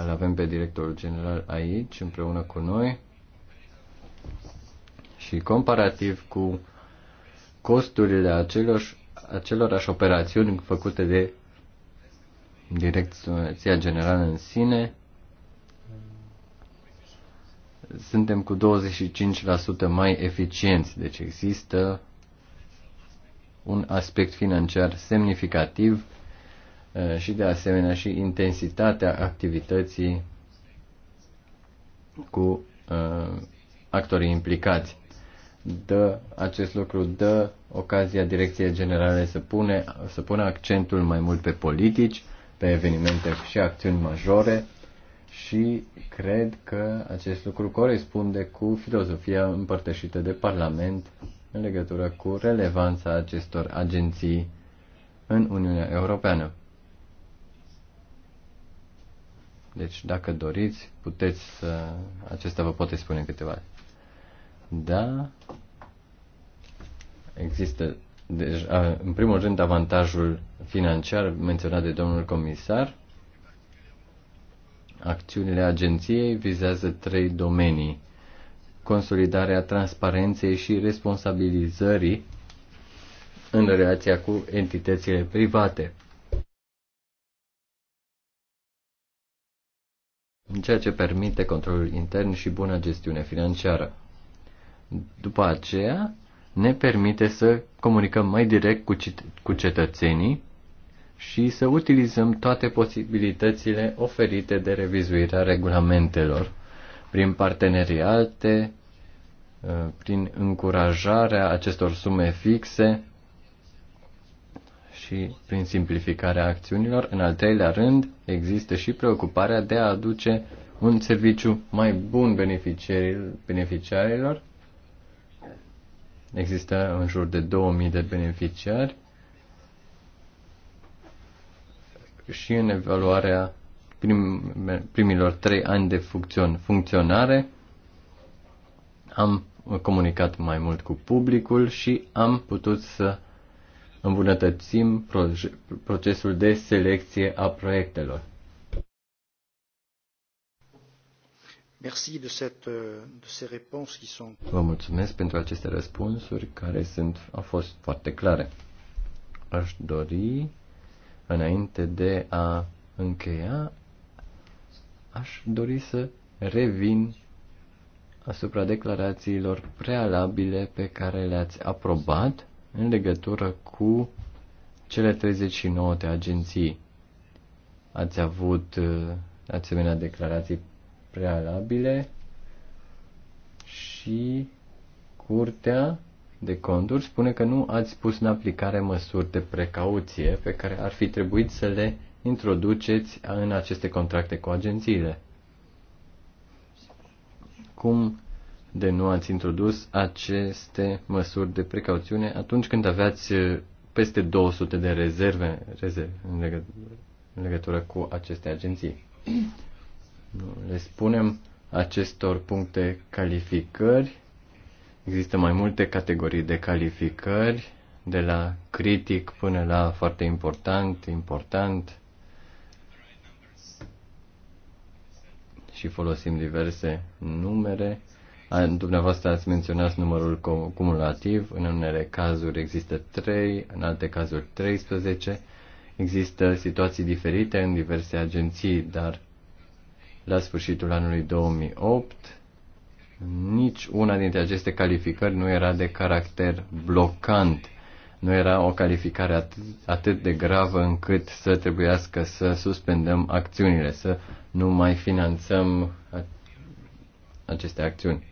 Îl avem pe directorul general aici, împreună cu noi. Și comparativ cu costurile acelor, acelorași operațiuni făcute de Direcția Generală în sine. Suntem cu 25% mai eficienți, deci există un aspect financiar semnificativ uh, și de asemenea și intensitatea activității cu uh, actorii implicați dă acest lucru dă ocazia Direcției Generale să, pune, să pună accentul mai mult pe politici, pe evenimente și acțiuni majore și cred că acest lucru corespunde cu filozofia împărtășită de Parlament în legătură cu relevanța acestor agenții în Uniunea Europeană. Deci, dacă doriți, puteți să... Acesta vă poate spune câteva da. Există, deci, în primul rând, avantajul financiar menționat de domnul comisar. Acțiunile agenției vizează trei domenii. Consolidarea transparenței și responsabilizării în relația cu entitățile private. ceea ce permite controlul intern și bună gestiune financiară după aceea ne permite să comunicăm mai direct cu, cu cetățenii și să utilizăm toate posibilitățile oferite de revizuirea regulamentelor prin parteneriate, uh, prin încurajarea acestor sume fixe și prin simplificarea acțiunilor. În al treilea rând, există și preocuparea de a aduce un serviciu mai bun beneficiarilor Există în jur de 2000 de beneficiari și în evaluarea prim, primilor trei ani de funcțion, funcționare am comunicat mai mult cu publicul și am putut să îmbunătățim procesul de selecție a proiectelor. Euh, Vă mulțumesc pentru aceste răspunsuri care sunt, au fost foarte clare. Aș dori, înainte de a încheia, aș dori să revin asupra declarațiilor prealabile pe care le-ați aprobat în legătură cu cele 39 de agenții. Ați avut uh, asemenea declarații prealabile și curtea de conturi spune că nu ați pus în aplicare măsuri de precauție pe care ar fi trebuit să le introduceți în aceste contracte cu agențiile. Cum de nu ați introdus aceste măsuri de precauțiune atunci când aveați uh, peste 200 de rezerve, rezerve în, legătură, în legătură cu aceste agenții? le spunem acestor puncte calificări. Există mai multe categorii de calificări, de la critic până la foarte important, important. Și folosim diverse numere. A, dumneavoastră ați menționat numărul cumulativ, în unele cazuri există 3, în alte cazuri 13. Există situații diferite în diverse agenții, dar la sfârșitul anului 2008, nici una dintre aceste calificări nu era de caracter blocant. Nu era o calificare atât, atât de gravă încât să trebuiască să suspendăm acțiunile, să nu mai finanțăm aceste acțiuni.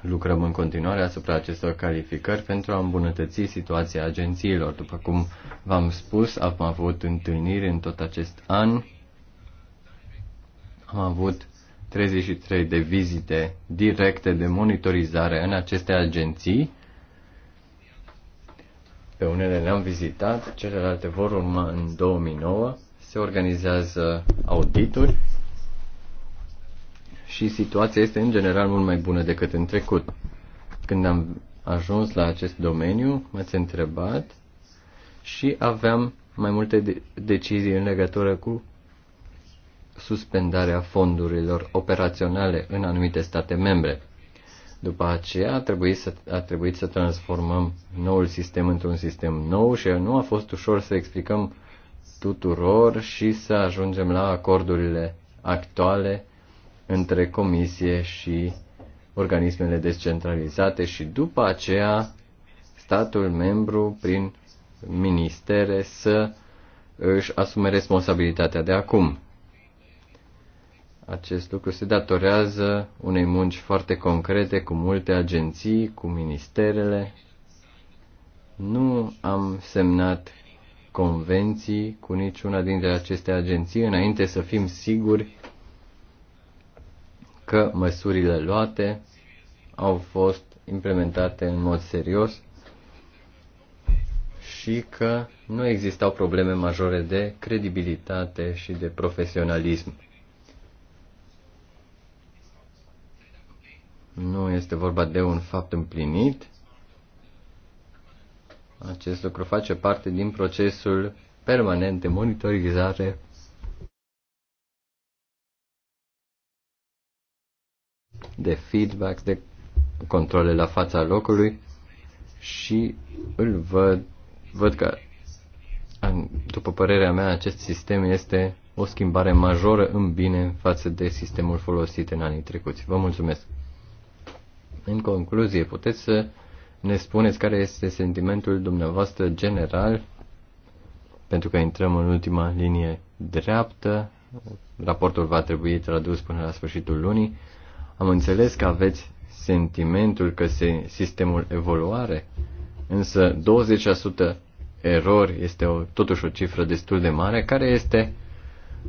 Lucrăm în continuare asupra acestor calificări pentru a îmbunătăți situația agențiilor. După cum v-am spus, am avut întâlniri în tot acest an am avut 33 de vizite directe de monitorizare în aceste agenții. Pe unele le-am vizitat, celelalte vor urma în 2009. Se organizează audituri și situația este în general mult mai bună decât în trecut. Când am ajuns la acest domeniu, m-ați întrebat și aveam mai multe de- decizii în legătură cu suspendarea fondurilor operaționale în anumite state membre. După aceea a trebuit să, a trebuit să transformăm noul sistem într-un sistem nou și nu a fost ușor să explicăm tuturor și să ajungem la acordurile actuale între comisie și organismele descentralizate și după aceea statul membru prin ministere să își asume responsabilitatea de acum. Acest lucru se datorează unei munci foarte concrete cu multe agenții, cu ministerele. Nu am semnat convenții cu niciuna dintre aceste agenții înainte să fim siguri că măsurile luate au fost implementate în mod serios și că nu existau probleme majore de credibilitate și de profesionalism. Nu este vorba de un fapt împlinit. Acest lucru face parte din procesul permanent de monitorizare de feedback, de controle la fața locului și îl văd, văd că, după părerea mea, acest sistem este o schimbare majoră în bine față de sistemul folosit în anii trecuți. Vă mulțumesc! În concluzie, puteți să ne spuneți care este sentimentul dumneavoastră general, pentru că intrăm în ultima linie dreaptă, raportul va trebui tradus până la sfârșitul lunii. Am înțeles că aveți sentimentul că se, sistemul evoluare, însă 20% erori este o, totuși o cifră destul de mare. Care este uh,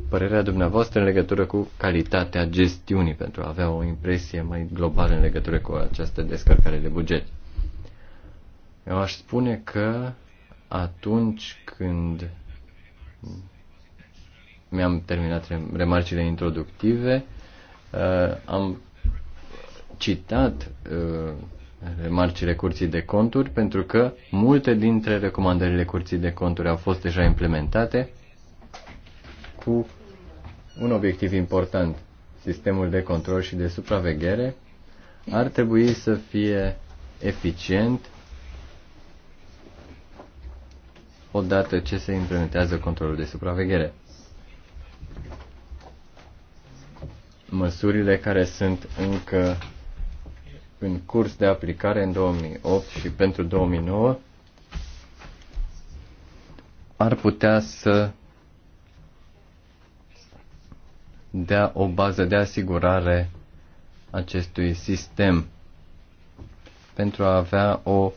părerea dumneavoastră în legătură cu calitatea gestiunii pentru a avea o impresie mai globală în legătură cu această descărcare de buget. Eu aș spune că atunci când mi-am terminat remarcile introductive, uh, am citat uh, remarcile Curții de Conturi pentru că multe dintre recomandările Curții de Conturi au fost deja implementate cu un obiectiv important. Sistemul de control și de supraveghere ar trebui să fie eficient odată ce se implementează controlul de supraveghere. Măsurile care sunt încă în curs de aplicare în 2008 și pentru 2009 ar putea să dea o bază de asigurare acestui sistem pentru a avea o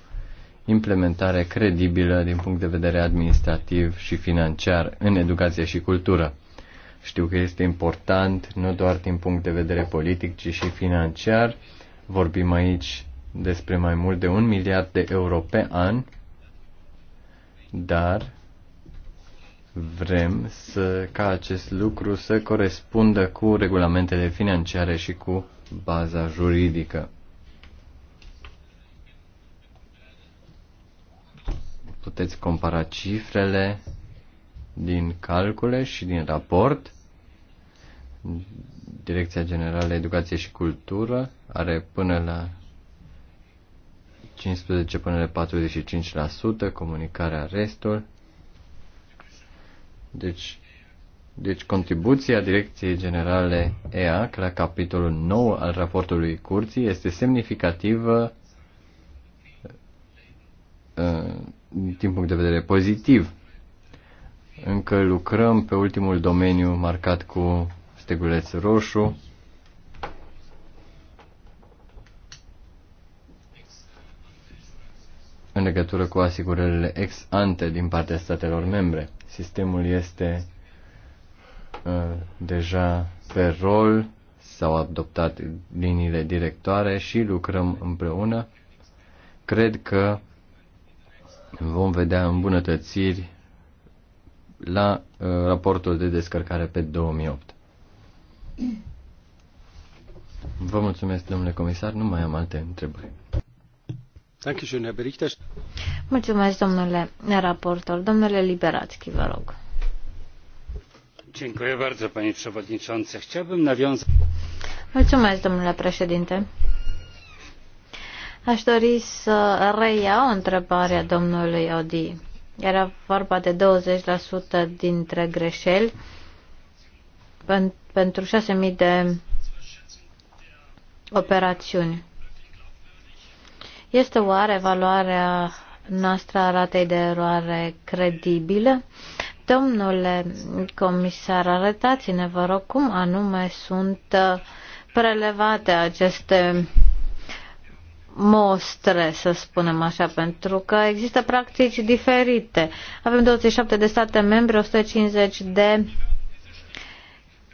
implementare credibilă din punct de vedere administrativ și financiar în educație și cultură. Știu că este important nu doar din punct de vedere politic, ci și financiar. Vorbim aici despre mai mult de un miliard de euro pe an, dar vrem să, ca acest lucru să corespundă cu regulamentele financiare și cu baza juridică. Puteți compara cifrele din calcule și din raport. Direcția Generală Educație și Cultură are până la 15 până la 45%, comunicarea restul deci, deci contribuția Direcției Generale EAC la capitolul 9 al raportului curții este semnificativă uh, din punct de vedere pozitiv. Încă lucrăm pe ultimul domeniu marcat cu steguleț roșu. în legătură cu asigurările ex ante din partea statelor membre. Sistemul este uh, deja pe rol, s-au adoptat liniile directoare și lucrăm împreună. Cred că vom vedea îmbunătățiri la uh, raportul de descărcare pe 2008. Vă mulțumesc, domnule comisar, nu mai am alte întrebări. Mulțumesc, domnule raportor. Domnule Liberatski, vă rog. Mulțumesc, domnule președinte. Aș dori să reiau întrebarea domnului Odi. Era vorba de 20% dintre greșeli pentru 6.000 de operațiuni. Este oare valoarea noastră a ratei de eroare credibilă? Domnule comisar, arătați-ne, vă rog, cum anume sunt uh, prelevate aceste mostre, să spunem așa, pentru că există practici diferite. Avem 27 de state membre, 150 de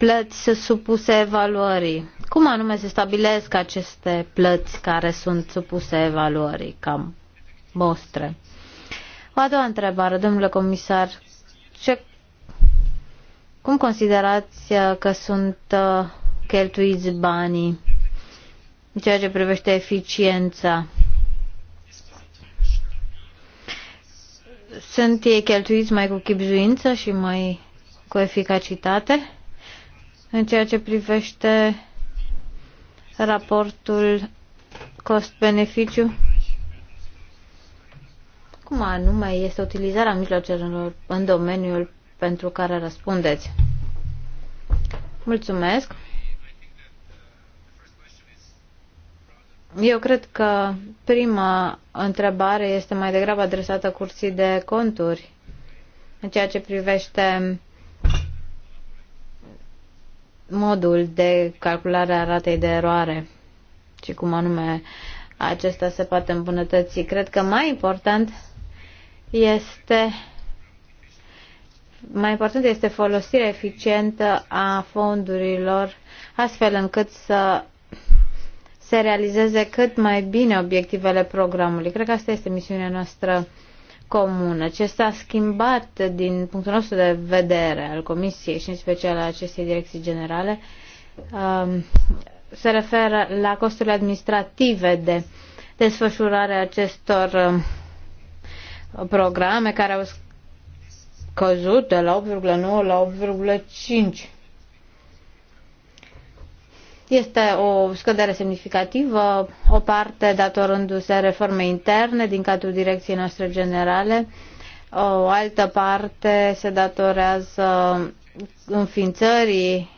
plăți supuse evaluării. Cum anume se stabilesc aceste plăți care sunt supuse evaluării ca mostre? O a doua întrebare, domnule comisar, ce, cum considerați uh, că sunt uh, cheltuiți banii în ceea ce privește eficiența? Sunt ei cheltuiți mai cu chipzuință și mai cu eficacitate? în ceea ce privește raportul cost-beneficiu? Cum anume este utilizarea mijloacelor în domeniul pentru care răspundeți? Mulțumesc! Eu cred că prima întrebare este mai degrabă adresată curții de conturi în ceea ce privește modul de calculare a ratei de eroare și cum anume acesta se poate îmbunătăți. Cred că mai important este mai important este folosirea eficientă a fondurilor astfel încât să se realizeze cât mai bine obiectivele programului. Cred că asta este misiunea noastră comună. Ce s-a schimbat din punctul nostru de vedere al Comisiei și în special a acestei direcții generale um, se referă la costurile administrative de desfășurare acestor um, programe care au scăzut de la 8,9 la este o scădere semnificativă, o parte datorându-se reforme interne din cadrul direcției noastre generale, o altă parte se datorează înființării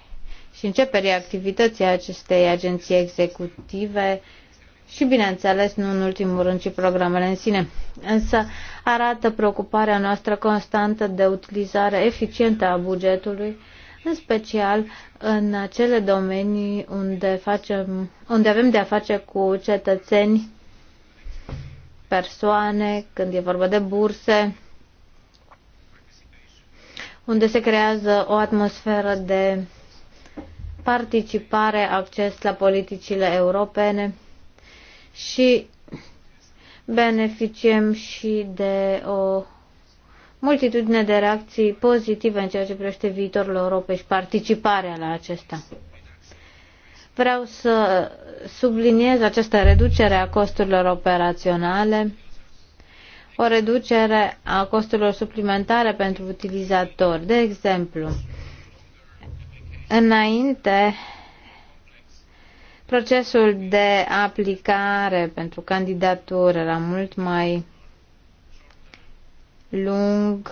și începerii activității acestei agenții executive și, bineînțeles, nu în ultimul rând, ci programele în sine. Însă arată preocuparea noastră constantă de utilizare eficientă a bugetului în special în acele domenii unde, facem, unde avem de a face cu cetățeni, persoane, când e vorba de burse, unde se creează o atmosferă de participare, acces la politicile europene și beneficiem și de o multitudine de reacții pozitive în ceea ce privește viitorul Europei și participarea la acesta. Vreau să subliniez această reducere a costurilor operaționale, o reducere a costurilor suplimentare pentru utilizatori. De exemplu, înainte procesul de aplicare pentru candidatură era mult mai lung.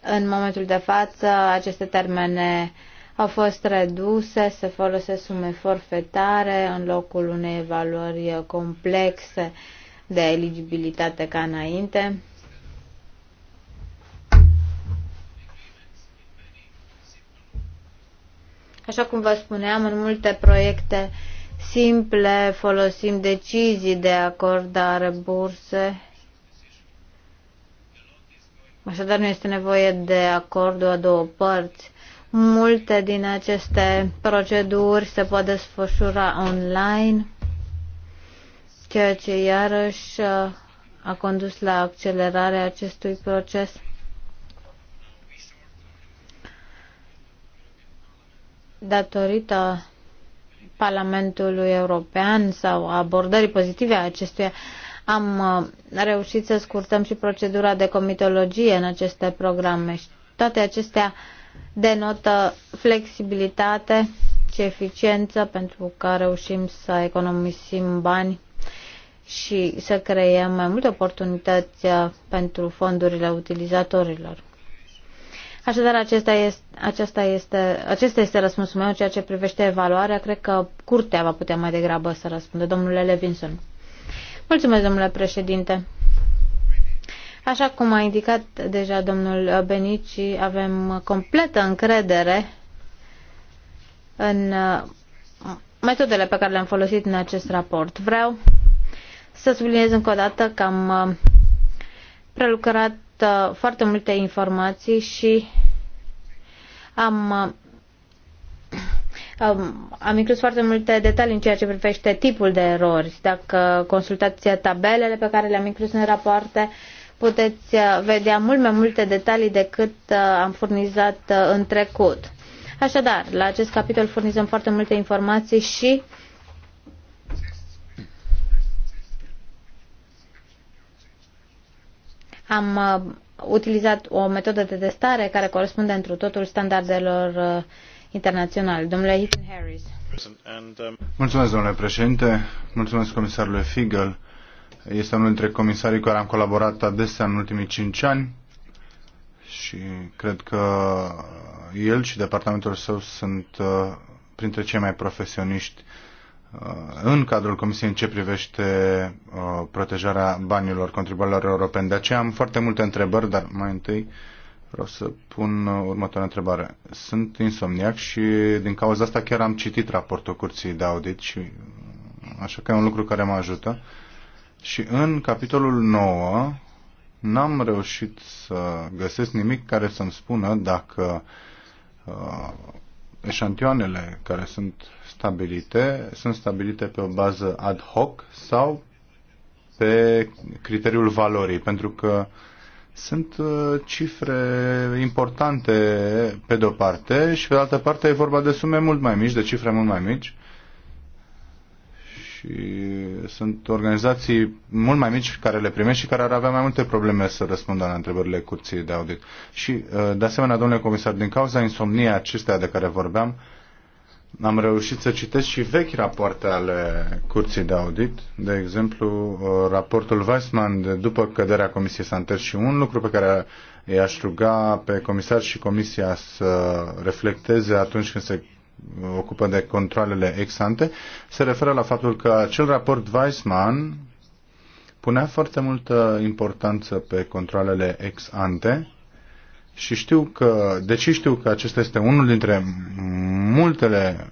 În momentul de față, aceste termene au fost reduse, se folosesc sume forfetare în locul unei evaluări complexe de eligibilitate ca înainte. Așa cum vă spuneam, în multe proiecte simple folosim decizii de acordare burse Așadar nu este nevoie de acordul a două părți. Multe din aceste proceduri se pot desfășura online, ceea ce iarăși uh, a condus la accelerarea acestui proces. Datorită Parlamentului European sau abordării pozitive a acestuia, am uh, reușit să scurtăm și procedura de comitologie în aceste programe și toate acestea denotă flexibilitate și eficiență pentru că reușim să economisim bani și să creăm mai multe oportunități uh, pentru fondurile utilizatorilor. Așadar, acesta este, acesta este, acesta este răspunsul meu în ceea ce privește evaluarea. Cred că curtea va putea mai degrabă să răspundă. Domnule Levinson. Mulțumesc, domnule președinte. Așa cum a indicat deja domnul Benici, avem completă încredere în metodele pe care le-am folosit în acest raport. Vreau să subliniez încă o dată că am prelucrat foarte multe informații și am am inclus foarte multe detalii în ceea ce privește tipul de erori. Dacă consultați tabelele pe care le-am inclus în rapoarte, puteți uh, vedea mult mai multe detalii decât uh, am furnizat uh, în trecut. Așadar, la acest capitol furnizăm foarte multe informații și am utilizat o metodă de testare care corespunde întru totul standardelor internațional. Domnule Ethan Harris. Um, Mulțumesc, domnule președinte. Mulțumesc comisarului Figel. Este unul dintre comisarii cu care am colaborat adesea în ultimii cinci ani și cred că el și departamentul său sunt uh, printre cei mai profesioniști uh, în cadrul Comisiei în ce privește uh, protejarea banilor contribuabililor europeni. De aceea am foarte multe întrebări, dar mai întâi Vreau să pun următoarea întrebare. Sunt insomniac și din cauza asta chiar am citit raportul curții de audit și așa că e un lucru care mă ajută. Și în capitolul 9 n-am reușit să găsesc nimic care să-mi spună dacă uh, eșantioanele care sunt stabilite sunt stabilite pe o bază ad hoc sau pe criteriul valorii, pentru că uh, sunt uh, cifre importante pe de-o parte și pe de altă parte e vorba de sume mult mai mici, de cifre mult mai mici. Și sunt organizații mult mai mici care le primești și care ar avea mai multe probleme să răspundă la întrebările curții de audit. Și, uh, de asemenea, domnule comisar, din cauza insomniei acestea de care vorbeam, am reușit să citesc și vechi rapoarte ale curții de audit, de exemplu uh, raportul Weissman de după căderea Comisiei Santer și un lucru pe care îi aș ruga pe comisar și comisia să reflecteze atunci când se ocupă de controlele ex ante, se referă la faptul că acel raport Weissman punea foarte multă importanță pe controlele ex ante, și știu că, deci știu că acesta este unul dintre multele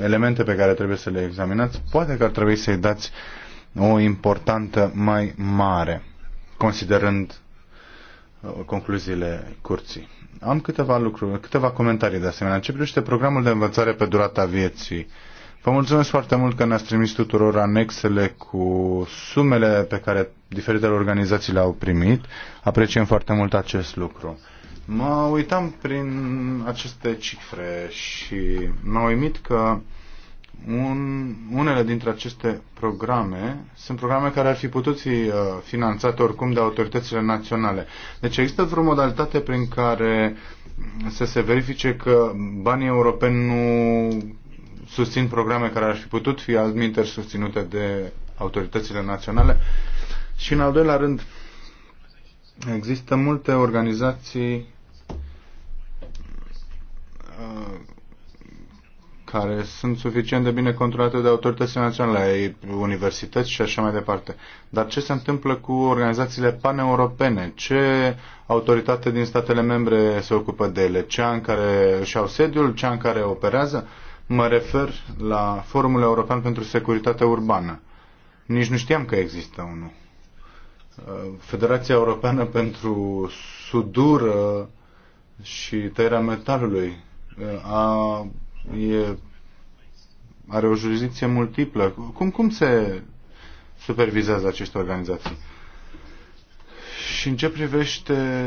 elemente pe care trebuie să le examinați, poate că ar trebui să-i dați o importantă mai mare, considerând uh, concluziile curții. Am câteva lucruri, câteva comentarii de asemenea. ce privește programul de învățare pe durata vieții, uh, Vă mulțumesc foarte mult că ne-ați trimis tuturor anexele cu sumele pe care diferitele organizații le-au primit. Apreciem foarte mult acest lucru. Mă uitam prin aceste cifre și m au uimit că un, unele dintre aceste programe sunt programe care ar fi putut fi uh, finanțate oricum de autoritățile naționale. Deci există vreo modalitate prin care să se verifice că banii europeni nu susțin programe care ar fi putut fi alminter susținute de autoritățile naționale. Și în al doilea rând, există multe organizații uh, care sunt suficient de bine controlate de autoritățile naționale, universități și așa mai departe. Dar ce se întâmplă cu organizațiile paneuropene? Ce autoritate din statele membre se ocupă de ele? Cea în care își au sediul? Cea în care operează? Uh, Mă refer la Forumul European pentru Securitate Urbană. Nici nu știam că există unul. Uh, Federația Europeană pentru Sudură și Tăierea Metalului uh, a, e, are o jurisdicție multiplă. Cum, cum se supervizează aceste organizații? Și în ce privește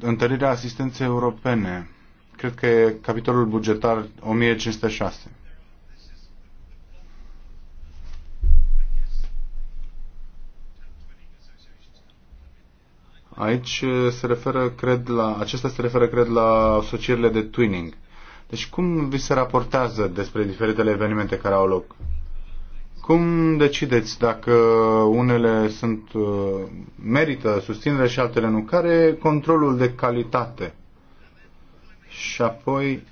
întărirea asistenței europene, cred că e capitolul bugetar 1506. Aici eh, se referă, cred, la, acesta se referă, cred, la asocierile de twinning. Deci cum vi se raportează despre diferitele evenimente care au loc? Cum decideți dacă unele sunt, eh, merită susținere și altele nu? Care e controlul de calitate? și apoi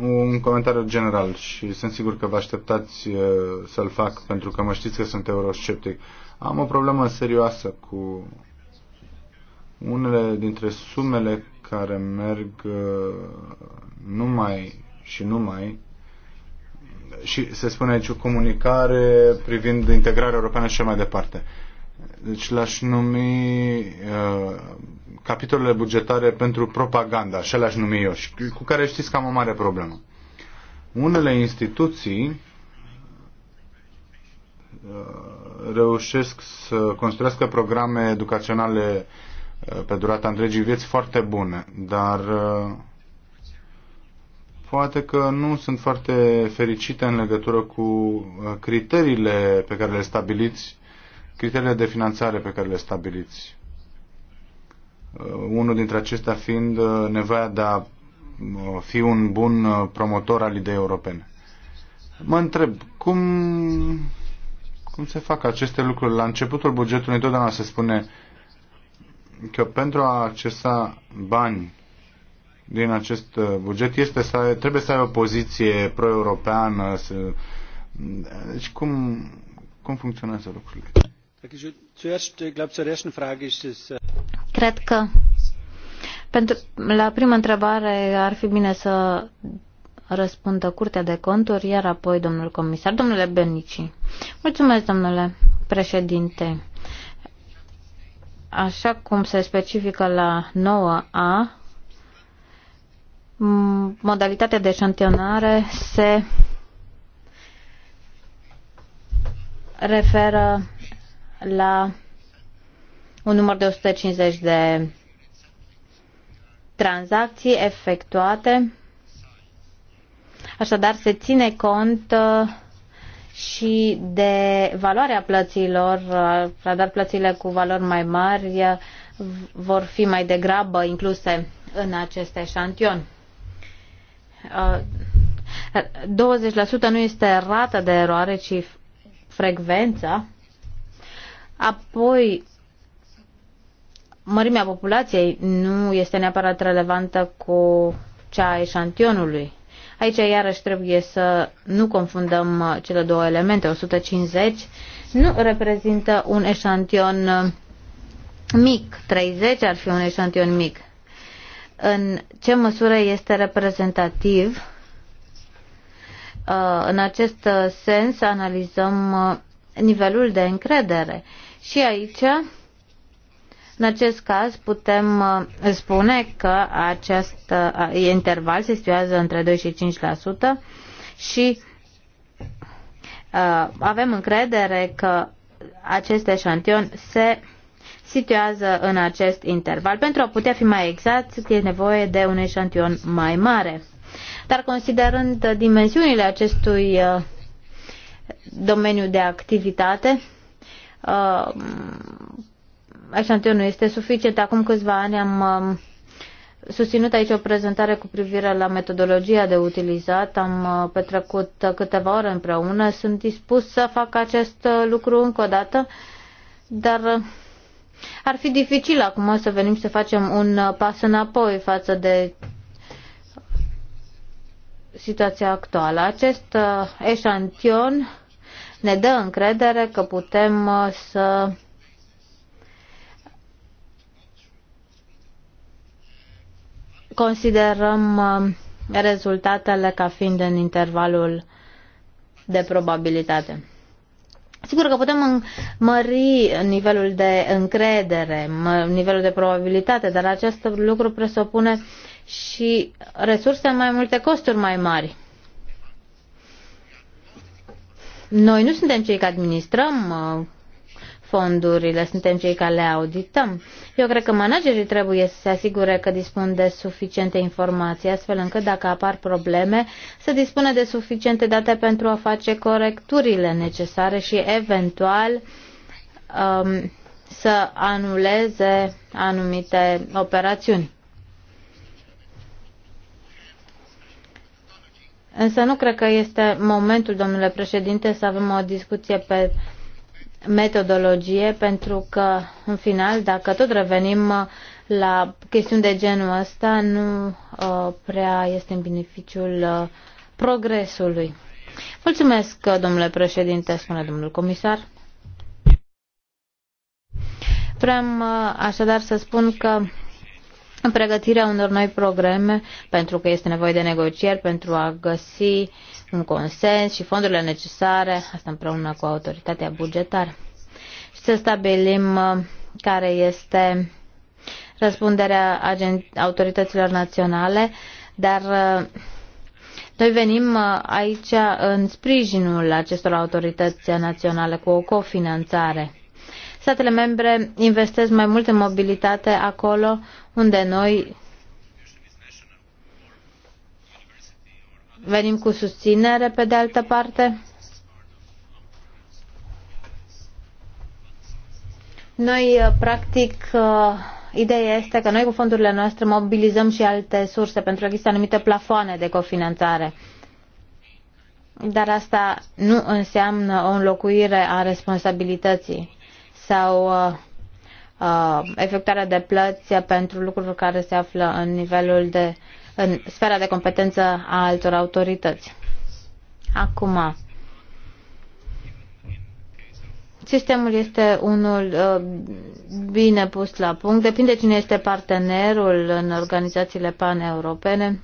un comentariu general și sunt sigur că vă așteptați uh, să-l fac pentru că mă știți că sunt eurosceptic. Am o problemă serioasă cu unele dintre sumele care merg uh, numai și numai și se spune aici o comunicare privind integrarea europeană și mai departe. Uh, deci l-aș numi uh, capitolele bugetare pentru propaganda, așa le-aș numi eu, și cu care știți că am o mare problemă. Unele instituții uh, reușesc să construiască programe educaționale uh, pe durata întregii vieți foarte bune, dar uh, poate că nu sunt foarte fericite în legătură cu criteriile pe care le stabiliți criteriile de finanțare pe care le stabiliți. Uh, unul dintre acestea fiind uh, nevoia de a uh, fi un bun promotor al ideii europene. Mă întreb, cum, cum se fac aceste lucruri? La începutul bugetului întotdeauna se spune că pentru a accesa bani din acest buget este să, trebuie să ai o poziție pro-europeană. Să... Deci cum, cum funcționează lucrurile? Äh, äh, Cred că pentru, la prima întrebare ar fi bine să răspundă Curtea de Conturi, iar apoi domnul comisar. Domnule Benici, mulțumesc, domnule președinte. Așa cum se specifică la 9A, modalitatea de șantionare se referă la un număr de 150 de tranzacții efectuate. Așadar, se ține cont uh, și de valoarea plăților, uh, dar plățile cu valori mai mari uh, vor fi mai degrabă incluse în acest eșantion. 20% nu este rata de eroare, ci frecvența Apoi, mărimea populației nu este neapărat relevantă cu cea a eșantionului. Aici iarăși trebuie să nu confundăm uh, cele două elemente. 150 nu reprezintă un eșantion uh, mic. 30 ar fi un eșantion mic. În ce măsură este reprezentativ? Uh, în acest sens analizăm nivelul de încredere și aici, în acest caz, putem uh, spune că acest uh, interval se situează între 2 și 5% și uh, avem încredere că acest eșantion se situează în acest interval. Pentru a putea fi mai exact, e nevoie de un eșantion mai mare. Dar considerând dimensiunile acestui domeniu de activitate, uh, eșantionul este suficient. Acum câțiva ani am uh, susținut aici o prezentare cu privire la metodologia de utilizat. Am uh, petrecut câteva ore împreună. Sunt dispus să fac acest uh, lucru încă o dată, dar uh, ar fi dificil acum să venim să facem un uh, pas înapoi față de situația actuală. Acest uh, eșantion ne dă încredere că putem uh, să considerăm uh, rezultatele ca fiind în intervalul de probabilitate. Sigur că putem mări nivelul de încredere, nivelul de probabilitate, dar acest lucru presupune și resurse mai multe, costuri mai mari. Noi nu suntem cei care administrăm uh, fondurile, suntem cei care le audităm. Eu cred că managerii trebuie să se asigure că dispun de suficiente informații, astfel încât dacă apar probleme, să dispună de suficiente date pentru a face corecturile necesare și eventual um, să anuleze anumite operațiuni. Însă nu cred că este momentul, domnule președinte, să avem o discuție pe metodologie, pentru că, în final, dacă tot revenim uh, la chestiuni de genul ăsta, nu uh, prea este în beneficiul uh, progresului. Mulțumesc, uh, domnule președinte, spune domnul comisar. Vrem uh, așadar să spun că în pregătirea unor noi programe, pentru că este nevoie de negocieri pentru a găsi un consens și fondurile necesare, asta împreună cu autoritatea bugetară. Și să stabilim uh, care este răspunderea autorităților naționale, dar uh, noi venim uh, aici în sprijinul acestor autorități naționale cu o cofinanțare. Statele membre investesc mai mult în mobilitate acolo unde noi venim cu susținere pe de altă parte. Noi, uh, practic, uh, ideea este că noi cu fondurile noastre mobilizăm și alte surse pentru că există anumite plafoane de cofinanțare. Dar asta nu înseamnă o înlocuire a responsabilității sau uh, uh, efectuarea de plăți pentru lucruri care se află în nivelul de în sfera de competență a altor autorități. Acum, sistemul este unul uh, bine pus la punct. Depinde cine este partenerul în organizațiile paneuropene.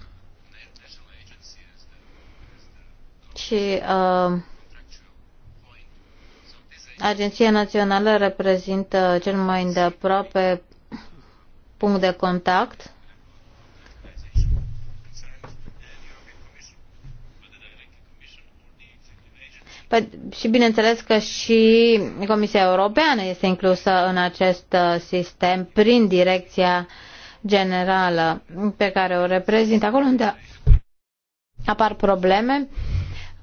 Și uh, Agenția Națională reprezintă cel mai îndeaproape punct de contact păi, și bineînțeles că și Comisia Europeană este inclusă în acest uh, sistem prin direcția generală pe care o reprezintă. acolo unde apar probleme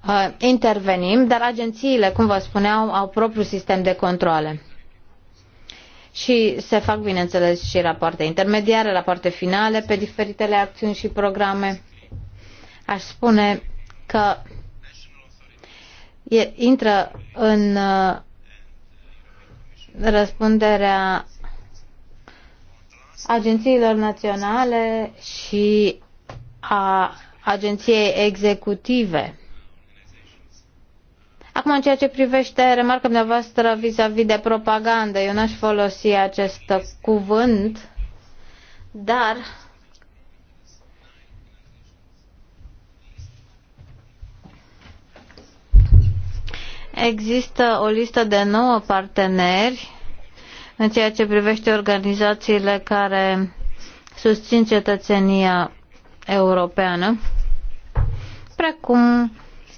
Uh, intervenim, dar agențiile, cum vă spuneam, au propriul sistem de controle. Și se fac, bineînțeles, și rapoarte intermediare, rapoarte finale pe diferitele acțiuni și programe. Aș spune că e, intră în uh, răspunderea agențiilor naționale și a agenției executive. Acum, în ceea ce privește remarca dumneavoastră vis-a-vis -vis de propagandă, eu n-aș folosi acest cuvânt, dar există o listă de nouă parteneri în ceea ce privește organizațiile care susțin cetățenia europeană, precum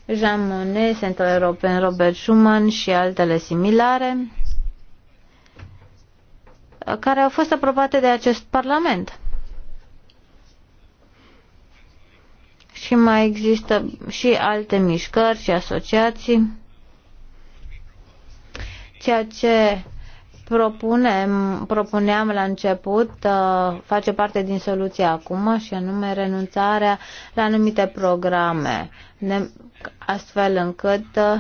Jean Monnet, Centrul European Robert Schuman și altele similare, care au fost aprobate de acest Parlament. Și mai există și alte mișcări și asociații. Ceea ce propunem, propuneam la început uh, face parte din soluția acum și anume renunțarea la anumite programe. Ne astfel încât uh,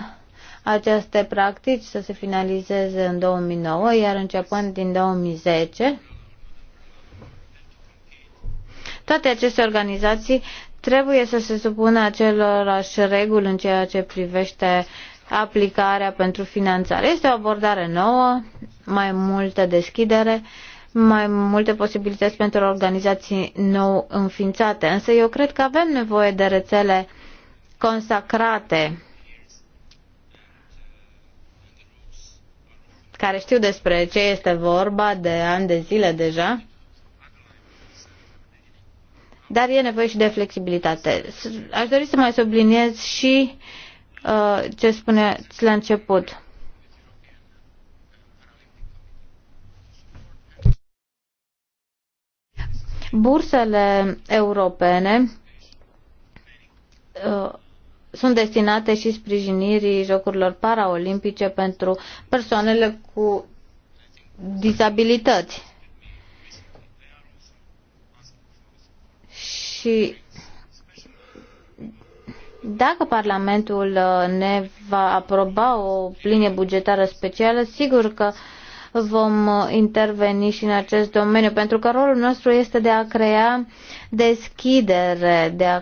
aceste practici să se finalizeze în 2009, iar începând din 2010, toate aceste organizații trebuie să se supună acelorași reguli în ceea ce privește aplicarea pentru finanțare. Este o abordare nouă, mai multă deschidere, mai multe posibilități pentru organizații nou înființate, însă eu cred că avem nevoie de rețele uh, consacrate care știu despre ce este vorba de ani de zile deja, dar e nevoie și de flexibilitate. Aș dori să mai subliniez și uh, ce spuneți la început. Bursele europene uh, sunt destinate și sprijinirii Jocurilor Paraolimpice pentru persoanele cu dizabilități. Și dacă Parlamentul uh, ne va aproba o linie bugetară specială, sigur că vom uh, interveni și în acest domeniu, pentru că rolul nostru este de a crea deschidere, de a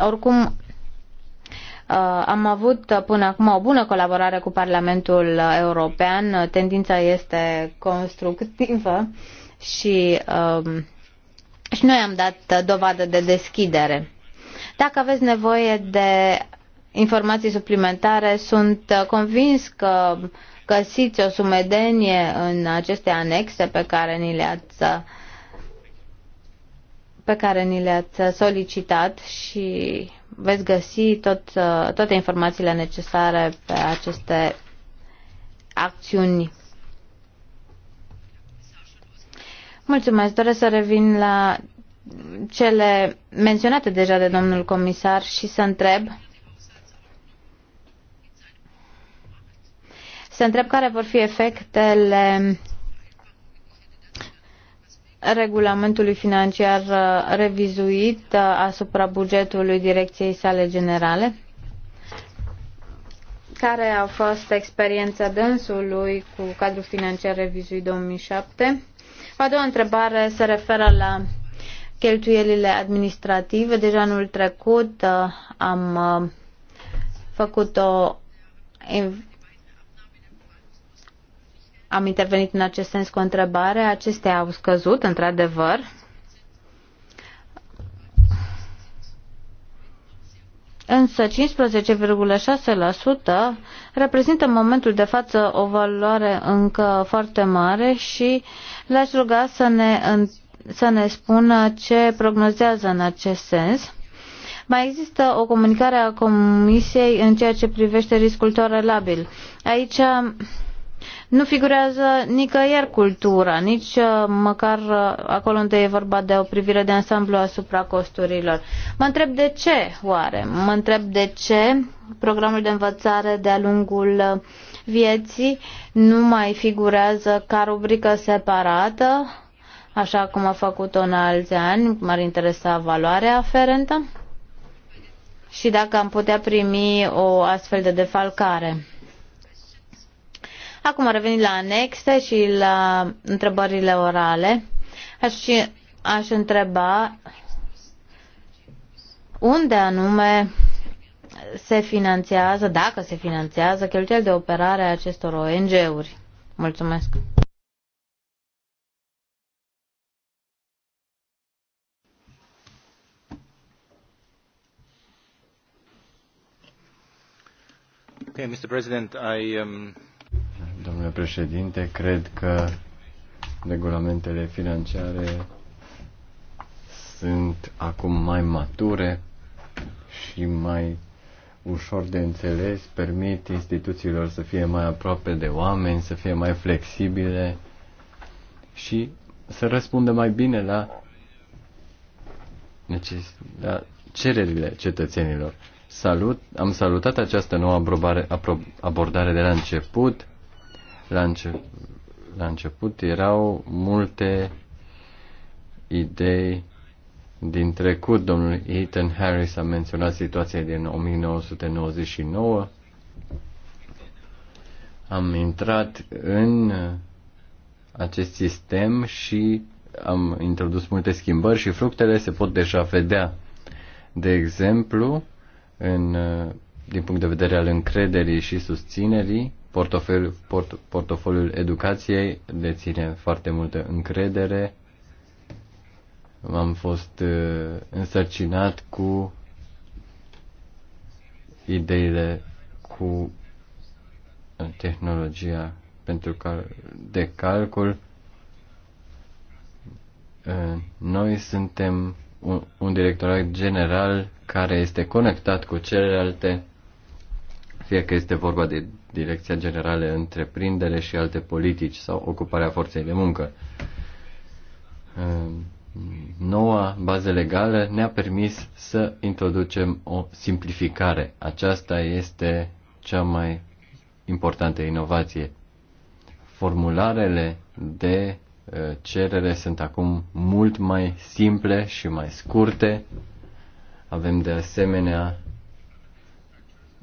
Oricum, uh, am avut până acum o bună colaborare cu Parlamentul European. Tendința este constructivă și, um, și noi am dat dovadă de deschidere. Dacă aveți nevoie de informații suplimentare, sunt convins că găsiți o sumedenie în aceste anexe pe care ni le-ați pe care ni le-ați uh, solicitat și veți găsi tot, uh, toate informațiile necesare pe aceste acțiuni. Mulțumesc. Doresc să revin la cele menționate deja de domnul comisar și să întreb să întreb care vor fi efectele regulamentului financiar uh, revizuit uh, asupra bugetului direcției sale generale, care a fost experiența dânsului cu cadrul financiar revizuit 2007. O a doua întrebare se referă la cheltuielile administrative. Deja anul trecut uh, am făcut o am intervenit în acest sens cu o întrebare. Acestea au scăzut, într-adevăr. Însă 15,6% reprezintă în momentul de față o valoare încă foarte mare și le-aș ruga să ne, să ne spună ce prognozează în acest sens. Mai există o comunicare a Comisiei în ceea ce privește riscul tolerabil. Aici nu figurează nicăieri cultura, nici uh, măcar uh, acolo unde e vorba de o privire de ansamblu asupra costurilor. Mă întreb de ce, oare? Mă întreb de ce programul de învățare de-a lungul uh, vieții nu mai figurează ca rubrică separată, așa cum a făcut-o în alți ani, m-ar interesa valoarea aferentă și dacă am putea primi o astfel de defalcare. Acum revenind la anexe și la întrebările orale, aș, aș întreba unde anume se finanțează, dacă se finanțează, cheltuielile de operare a acestor ONG-uri. Mulțumesc! Okay, Mr. President, I um, domnule președinte. Cred că regulamentele financiare sunt acum mai mature și mai ușor de înțeles, permit instituțiilor să fie mai aproape de oameni, să fie mai flexibile și să răspundă mai bine la, la cererile cetățenilor. Salut, am salutat această nouă abordare de la început la, înce- la început erau multe idei din trecut. Domnul Ethan Harris a menționat situația din 1999. Am intrat în acest sistem și am introdus multe schimbări și fructele se pot deja vedea. De exemplu, în, din punct de vedere al încrederii și susținerii, portofoliul, port, portofoliul educației deține foarte multă încredere. Am fost uh, însărcinat cu ideile, cu tehnologia pentru cal- de calcul. Uh, noi suntem un, un directorat general care este conectat cu celelalte, fie că este vorba de Direcția Generală Întreprindere și alte politici sau ocuparea forței de muncă. Ehm, noua bază legală ne-a permis să introducem o simplificare. Aceasta este cea mai importantă inovație. Formularele de eh, cerere sunt acum mult mai simple și mai scurte. Avem de asemenea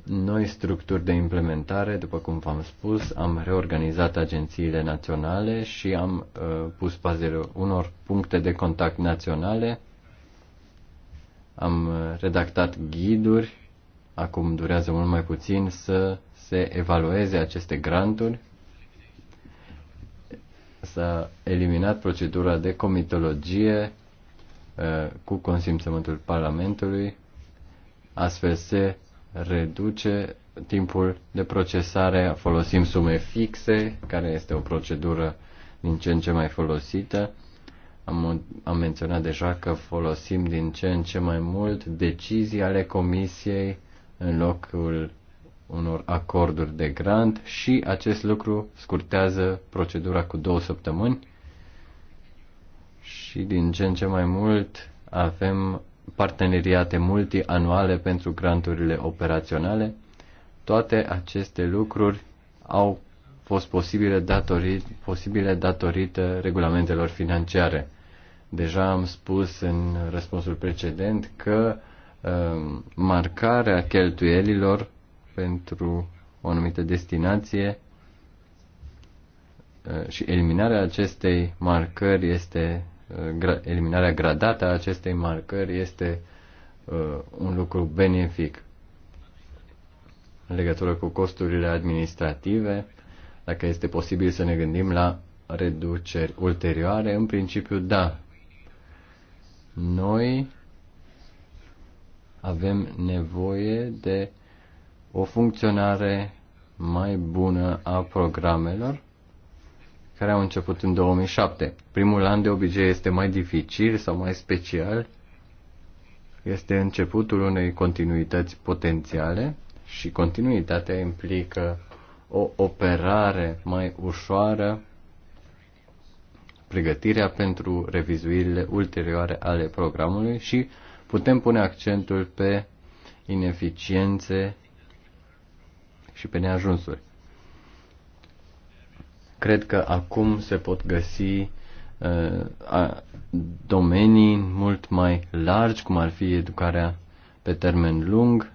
noi structuri de implementare, după cum v-am spus, am reorganizat agențiile naționale și am uh, pus bazele unor puncte de contact naționale. Am uh, redactat ghiduri, acum durează mult mai puțin să se evalueze aceste granturi. S-a eliminat procedura de comitologie uh, cu consimțământul Parlamentului. Astfel se reduce timpul de procesare, folosim sume fixe, care este o procedură din ce în ce mai folosită. Am, am menționat deja că folosim din ce în ce mai mult decizii ale comisiei în locul unor acorduri de grant și acest lucru scurtează procedura cu două săptămâni și din ce în ce mai mult avem parteneriate multianuale pentru granturile operaționale. Toate aceste lucruri au fost posibile, datori, posibile datorită regulamentelor financiare. Deja am spus în răspunsul precedent că uh, marcarea cheltuielilor pentru o anumită destinație uh, și eliminarea acestei marcări este eliminarea gradată a acestei marcări este uh, un lucru benefic. În legătură cu costurile administrative, dacă este posibil să ne gândim la reduceri ulterioare, în principiu da. Noi avem nevoie de o funcționare mai bună a programelor care au început în 2007. Primul an de obicei este mai dificil sau mai special, este începutul unei continuități potențiale și continuitatea implică o operare mai ușoară, pregătirea pentru revizuirile ulterioare ale programului și putem pune accentul pe ineficiențe și pe neajunsuri. Cred că acum se pot găsi uh, domenii mult mai largi, cum ar fi educarea pe termen lung.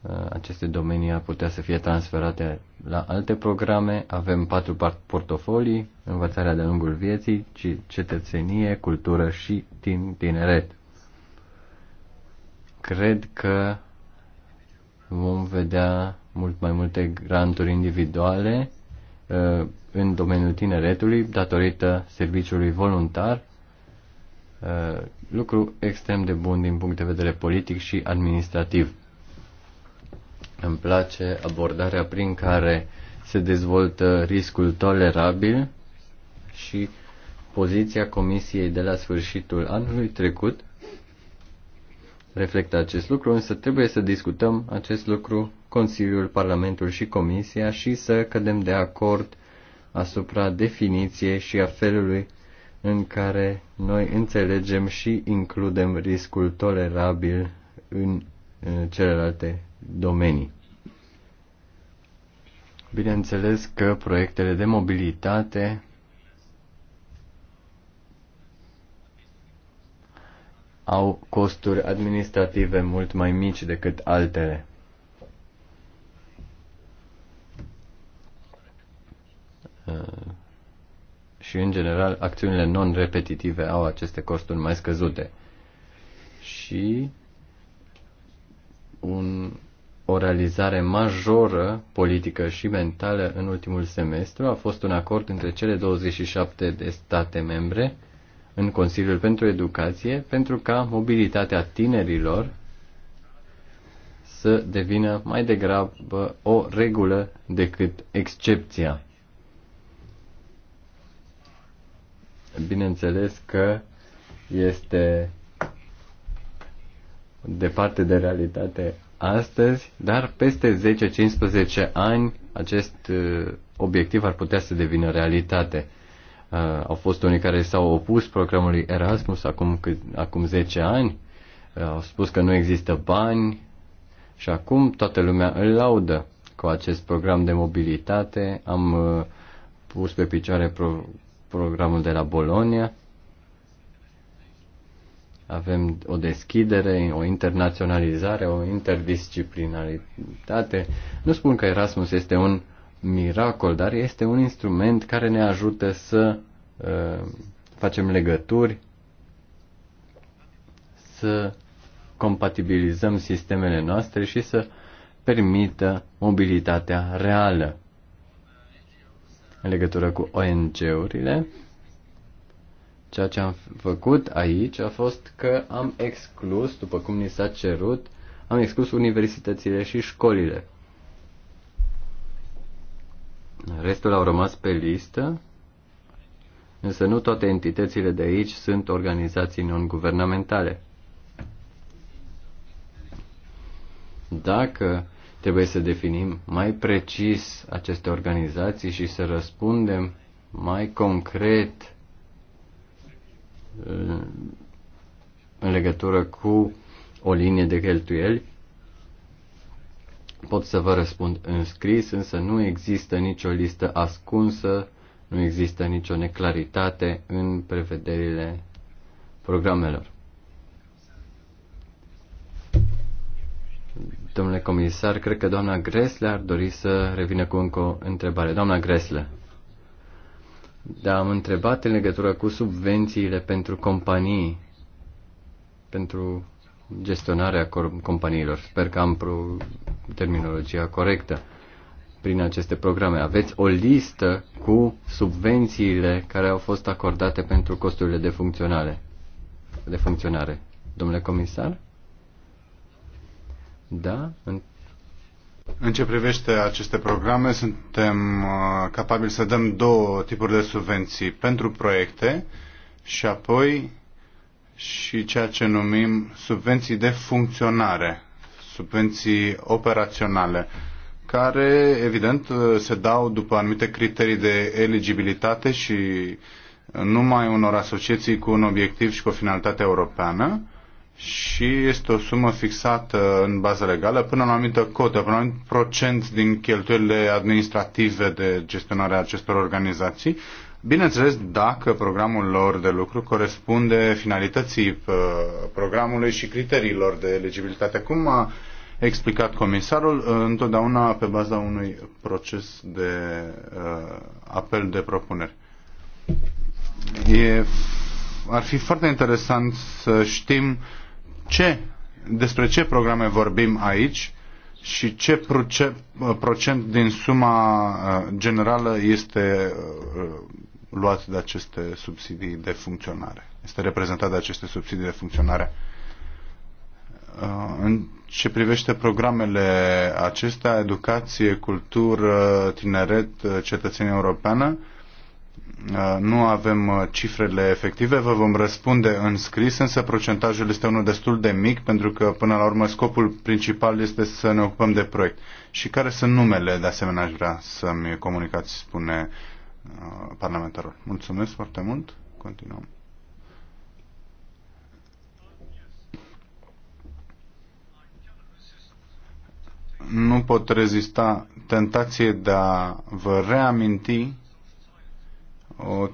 Uh, aceste domenii ar putea să fie transferate la alte programe. Avem patru portofolii, învățarea de lungul vieții, cetățenie, cultură și tineret. Cred că vom vedea mult mai multe granturi individuale uh, în domeniul tineretului datorită serviciului voluntar, uh, lucru extrem de bun din punct de vedere politic și administrativ. Îmi place abordarea prin care se dezvoltă riscul tolerabil și poziția Comisiei de la sfârșitul anului trecut reflectă acest lucru, însă trebuie să discutăm acest lucru Consiliul, Parlamentul și Comisia și să cădem de acord asupra definiției și a felului în care noi înțelegem și includem riscul tolerabil în, în celelalte domenii. Bineînțeles că proiectele de mobilitate au costuri administrative mult mai mici decât altele. Uh, și, în general, acțiunile non-repetitive au aceste costuri mai scăzute. Și un, o realizare majoră politică și mentală în ultimul semestru a fost un acord între cele 27 de state membre în Consiliul pentru Educație pentru ca mobilitatea tinerilor să devină mai degrabă o regulă decât excepția. bineînțeles că este departe de realitate astăzi, dar peste 10-15 ani acest uh, obiectiv ar putea să devină realitate. Uh, au fost unii care s-au opus programului Erasmus acum, acum 10 ani, uh, au spus că nu există bani și acum toată lumea îl laudă cu acest program de mobilitate. Am pus pe picioare pro- programul de la Bologna. Avem o deschidere, o internaționalizare, o interdisciplinaritate. Nu spun că Erasmus este un miracol, dar este un instrument care ne ajută să uh, facem legături, să compatibilizăm sistemele noastre și să permită mobilitatea reală în legătură cu ONG-urile. Ceea ce am făcut aici a fost că am exclus, după cum ni s-a cerut, am exclus universitățile și școlile. Restul au rămas pe listă, însă nu toate entitățile de aici sunt organizații non-guvernamentale. Dacă Trebuie să definim mai precis aceste organizații și să răspundem mai concret uh, în legătură cu o linie de cheltuieli. Pot să vă răspund în scris, însă nu există nicio listă ascunsă, nu există nicio neclaritate în prevederile programelor. domnule comisar. Cred că doamna Gresle ar dori să revină cu încă o întrebare. Doamna Gresle. Da, am întrebat în legătură cu subvențiile pentru companii, pentru gestionarea companiilor. Sper că am pro terminologia corectă prin aceste programe. Aveți o listă cu subvențiile care au fost acordate pentru costurile de funcționare. De funcționare. Domnule comisar? Da? În... în ce privește aceste programe, suntem uh, capabili să dăm două tipuri de subvenții pentru proiecte și apoi și ceea ce numim subvenții de funcționare, subvenții operaționale, care, evident, uh, se dau după anumite criterii de eligibilitate și numai unor asociații cu un obiectiv și cu o finalitate europeană și este o sumă fixată în bază legală până la o anumită cotă, până la un anumit procent din cheltuielile administrative de gestionare a acestor organizații, bineînțeles dacă programul lor de lucru corespunde finalității uh, programului și criteriilor de eligibilitate. Cum a explicat comisarul, uh, întotdeauna pe baza unui proces de uh, apel de propuneri. E, ar fi foarte interesant să știm uh, ce, despre ce programe vorbim aici și ce procent din suma uh, generală este uh, luat de aceste subsidii de funcționare. Este reprezentat de aceste subsidii de funcționare. Uh, în ce privește programele acestea, educație, cultură, tineret, cetățenie europeană, Uh, nu avem uh, cifrele efective, vă vom răspunde în scris, însă procentajul este unul destul de mic, pentru că până la urmă scopul principal este să ne ocupăm de proiect. Și care sunt numele, de asemenea, aș vrea să-mi comunicați, spune uh, parlamentarul. Mulțumesc foarte mult. Continuăm. Nu pot rezista tentației de a vă reaminti o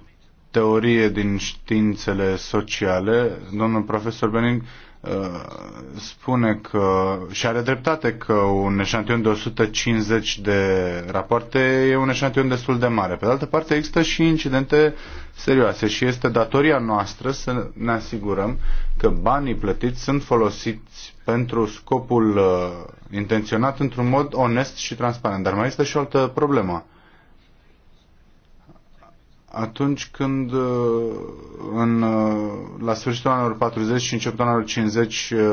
teorie din științele sociale. Domnul profesor Benin uh, spune că și are dreptate că un eșantion de 150 de rapoarte e un eșantion destul de mare. Pe de altă parte există și incidente serioase și este datoria noastră să ne asigurăm că banii plătiți sunt folosiți pentru scopul uh, intenționat într-un mod onest și transparent. Dar mai este și o altă problemă atunci când uh, în, uh, la sfârșitul anului 40 și începutul anului 50 uh,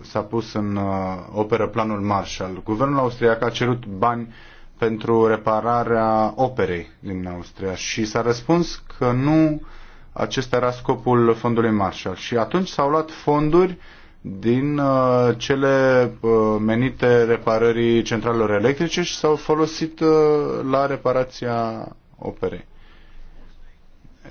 s-a pus în operă planul Marshall. Guvernul austriac a cerut bani pentru repararea operei din Austria și s-a răspuns că nu acesta era scopul fondului Marshall. Și atunci s-au luat fonduri din uh, cele uh, menite reparării centralelor electrice și s-au folosit uh, la reparația operei.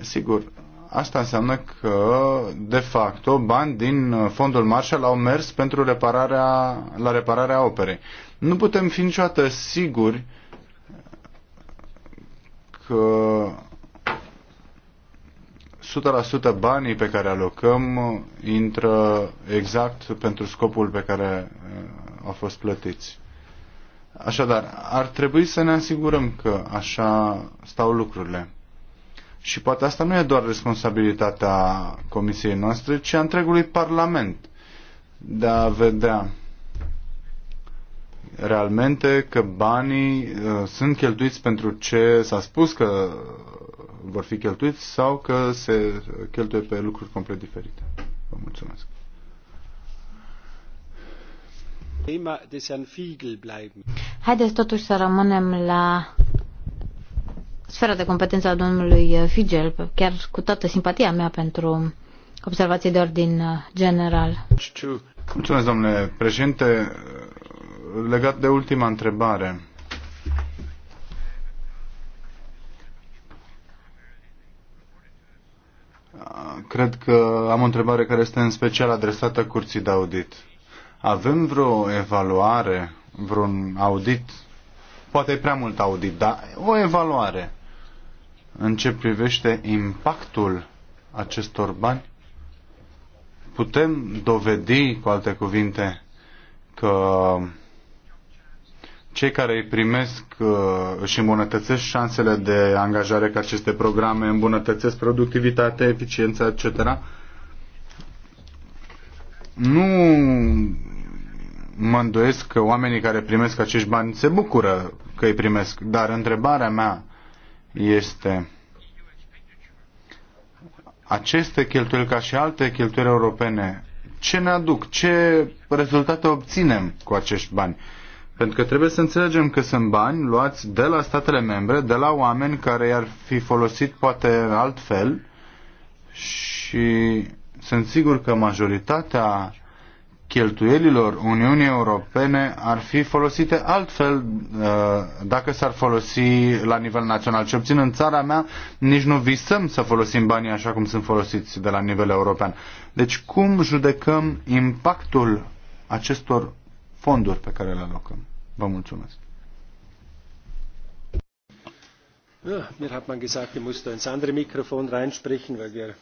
Sigur, asta înseamnă că, de facto, bani din fondul Marshall au mers pentru repararea, la repararea operei. Nu putem fi niciodată siguri că 100% banii pe care alocăm intră exact pentru scopul pe care uh, au fost plătiți. Așadar, ar trebui să ne asigurăm că așa stau lucrurile. Și poate asta nu e doar responsabilitatea Comisiei noastre, ci a întregului Parlament de a vedea realmente că banii uh, sunt cheltuiți pentru ce s-a spus că vor fi cheltuiți sau că se cheltuie pe lucruri complet diferite. Vă mulțumesc. Haideți totuși să rămânem la sfera de competență a domnului Figel, chiar cu toată simpatia mea pentru observații de ordin general. Mulțumesc, domnule președinte. Legat de ultima întrebare, cred că am o întrebare care este în special adresată Curții de Audit. Avem vreo evaluare, vreun audit poate e prea mult audit, dar o evaluare în ce privește impactul acestor bani, putem dovedi, cu alte cuvinte, că cei care îi primesc uh, și îmbunătățesc șansele de angajare ca aceste programe, îmbunătățesc productivitatea, eficiența, etc. Nu mă îndoiesc că oamenii care primesc acești bani se bucură că îi primesc. Dar întrebarea mea este aceste cheltuieli ca și alte cheltuieli europene, ce ne aduc? Ce rezultate obținem cu acești bani? Pentru că trebuie să înțelegem că sunt bani luați de la statele membre, de la oameni care i-ar fi folosit poate altfel și sunt sigur că majoritatea cheltuielilor Uniunii Europene ar fi folosite altfel uh, dacă s-ar folosi la nivel național. Ce obțin în țara mea, nici nu visăm să folosim banii așa cum sunt folosiți de la nivel european. Deci cum judecăm impactul acestor fonduri pe care le alocăm? Vă mulțumesc. Mir hat man gesagt, ich musste da ins andere Mikrofon reinsprechen, weil wir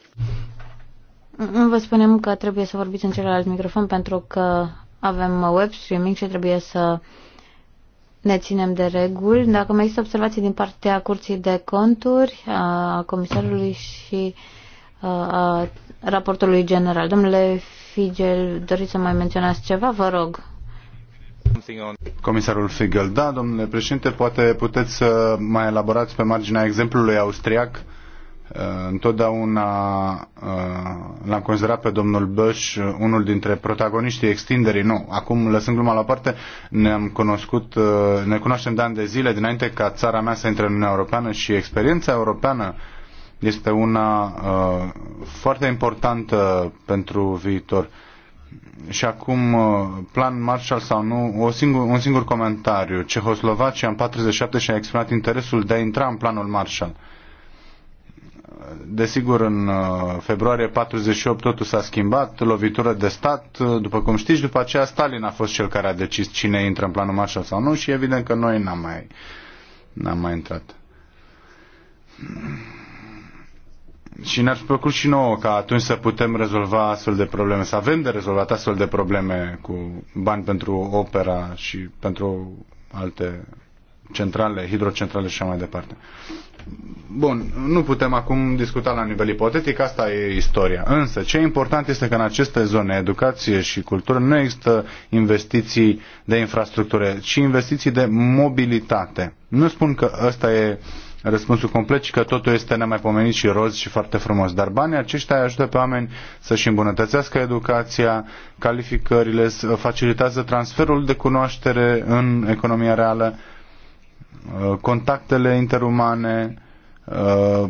Vă spunem că trebuie să vorbiți în celălalt microfon pentru că avem web streaming și trebuie să ne ținem de reguli. Dacă mai există observații din partea Curții de Conturi, a Comisarului și a raportului general. Domnule Figel, doriți să mai menționați ceva? Vă rog. Comisarul Figel, da, domnule președinte, poate puteți să mai elaborați pe marginea exemplului austriac Uh, întotdeauna uh, l-am considerat pe domnul Băș unul dintre protagoniștii extinderii. Nu, acum lăsând gluma la parte, ne-am cunoscut, uh, ne cunoaștem de ani de zile dinainte ca țara mea să intre în Uniunea Europeană și experiența europeană este una foarte importantă pentru viitor. Și acum, plan Marshall sau nu, o singur, un singur comentariu. Cehoslovacia în 47 și-a exprimat interesul de a intra în planul Marshall. Desigur, în uh, februarie 48 totul s-a schimbat, lovitură de stat, uh, după cum știți, după aceea Stalin a fost cel care a decis cine intră în planul Marshall sau nu și evident că noi n-am mai, n-am mai intrat. Și ne-ar fi plăcut și nouă ca atunci să putem rezolva astfel de probleme, să avem de rezolvat astfel de probleme cu bani pentru opera și pentru alte centrale, hidrocentrale și așa mai departe. Bun, nu putem acum discuta la nivel ipotetic, asta e istoria. Însă, ce e important este că în aceste zone, educație și cultură, nu există investiții de infrastructură, ci investiții de mobilitate. Nu spun că ăsta e răspunsul complet și că totul este nemaipomenit și roz și foarte frumos. Dar banii aceștia ajută pe oameni să-și îmbunătățească educația, calificările, facilitează transferul de cunoaștere în economia reală Uh, contactele interumane, uh,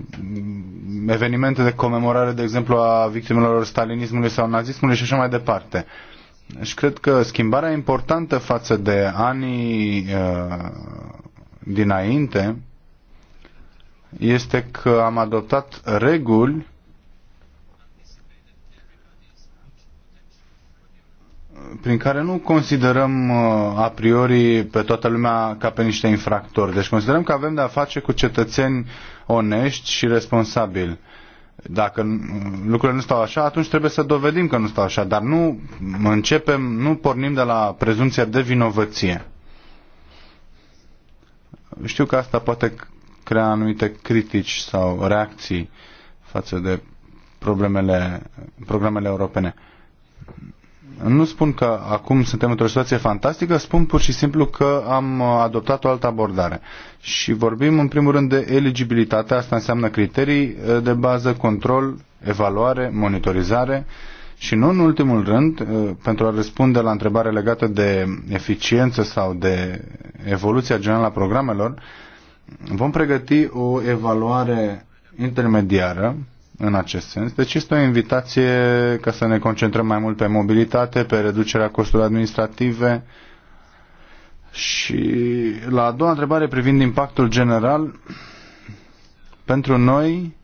evenimente de comemorare, de exemplu, a victimelor stalinismului sau nazismului și așa mai departe. Și deci, cred că schimbarea importantă față de anii uh, dinainte este că am adoptat reguli prin care nu considerăm uh, a priori pe toată lumea ca pe niște infractori. Deci considerăm că avem de-a face cu cetățeni onești și responsabili. Dacă lucrurile nu stau așa, atunci trebuie să dovedim că nu stau așa, dar nu începem, nu pornim de la prezumția de vinovăție. Știu că asta poate crea anumite critici sau reacții față de problemele, programele europene. Nu spun că acum suntem într-o situație fantastică, spun pur și simplu că am adoptat o altă abordare. Și vorbim în primul rând de eligibilitate, asta înseamnă criterii de bază, control, evaluare, monitorizare și nu în ultimul rând, pentru a răspunde la întrebare legată de eficiență sau de evoluția generală a programelor, vom pregăti o evaluare intermediară în acest sens. Deci este o invitație ca să ne concentrăm mai mult pe mobilitate, pe reducerea costurilor administrative. Și la a doua întrebare privind impactul general, pentru noi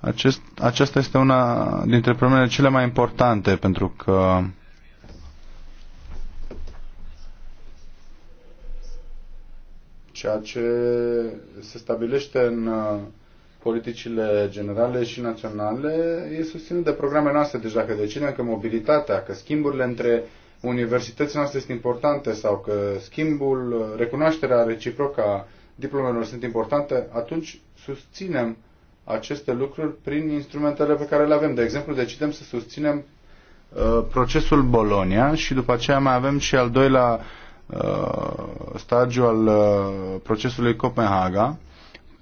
acest, aceasta este una dintre problemele cele mai importante pentru că ceea ce se stabilește în politicile generale și naționale e susținut de programele noastre. Deci dacă decidem că mobilitatea, că schimburile între universitățile noastre sunt importante sau că schimbul, recunoașterea reciprocă a diplomelor sunt importante, atunci susținem aceste lucruri prin instrumentele pe care le avem. De exemplu, decidem să susținem uh, procesul Bolonia și după aceea mai avem și al doilea uh, stagiu al uh, procesului Copenhaga,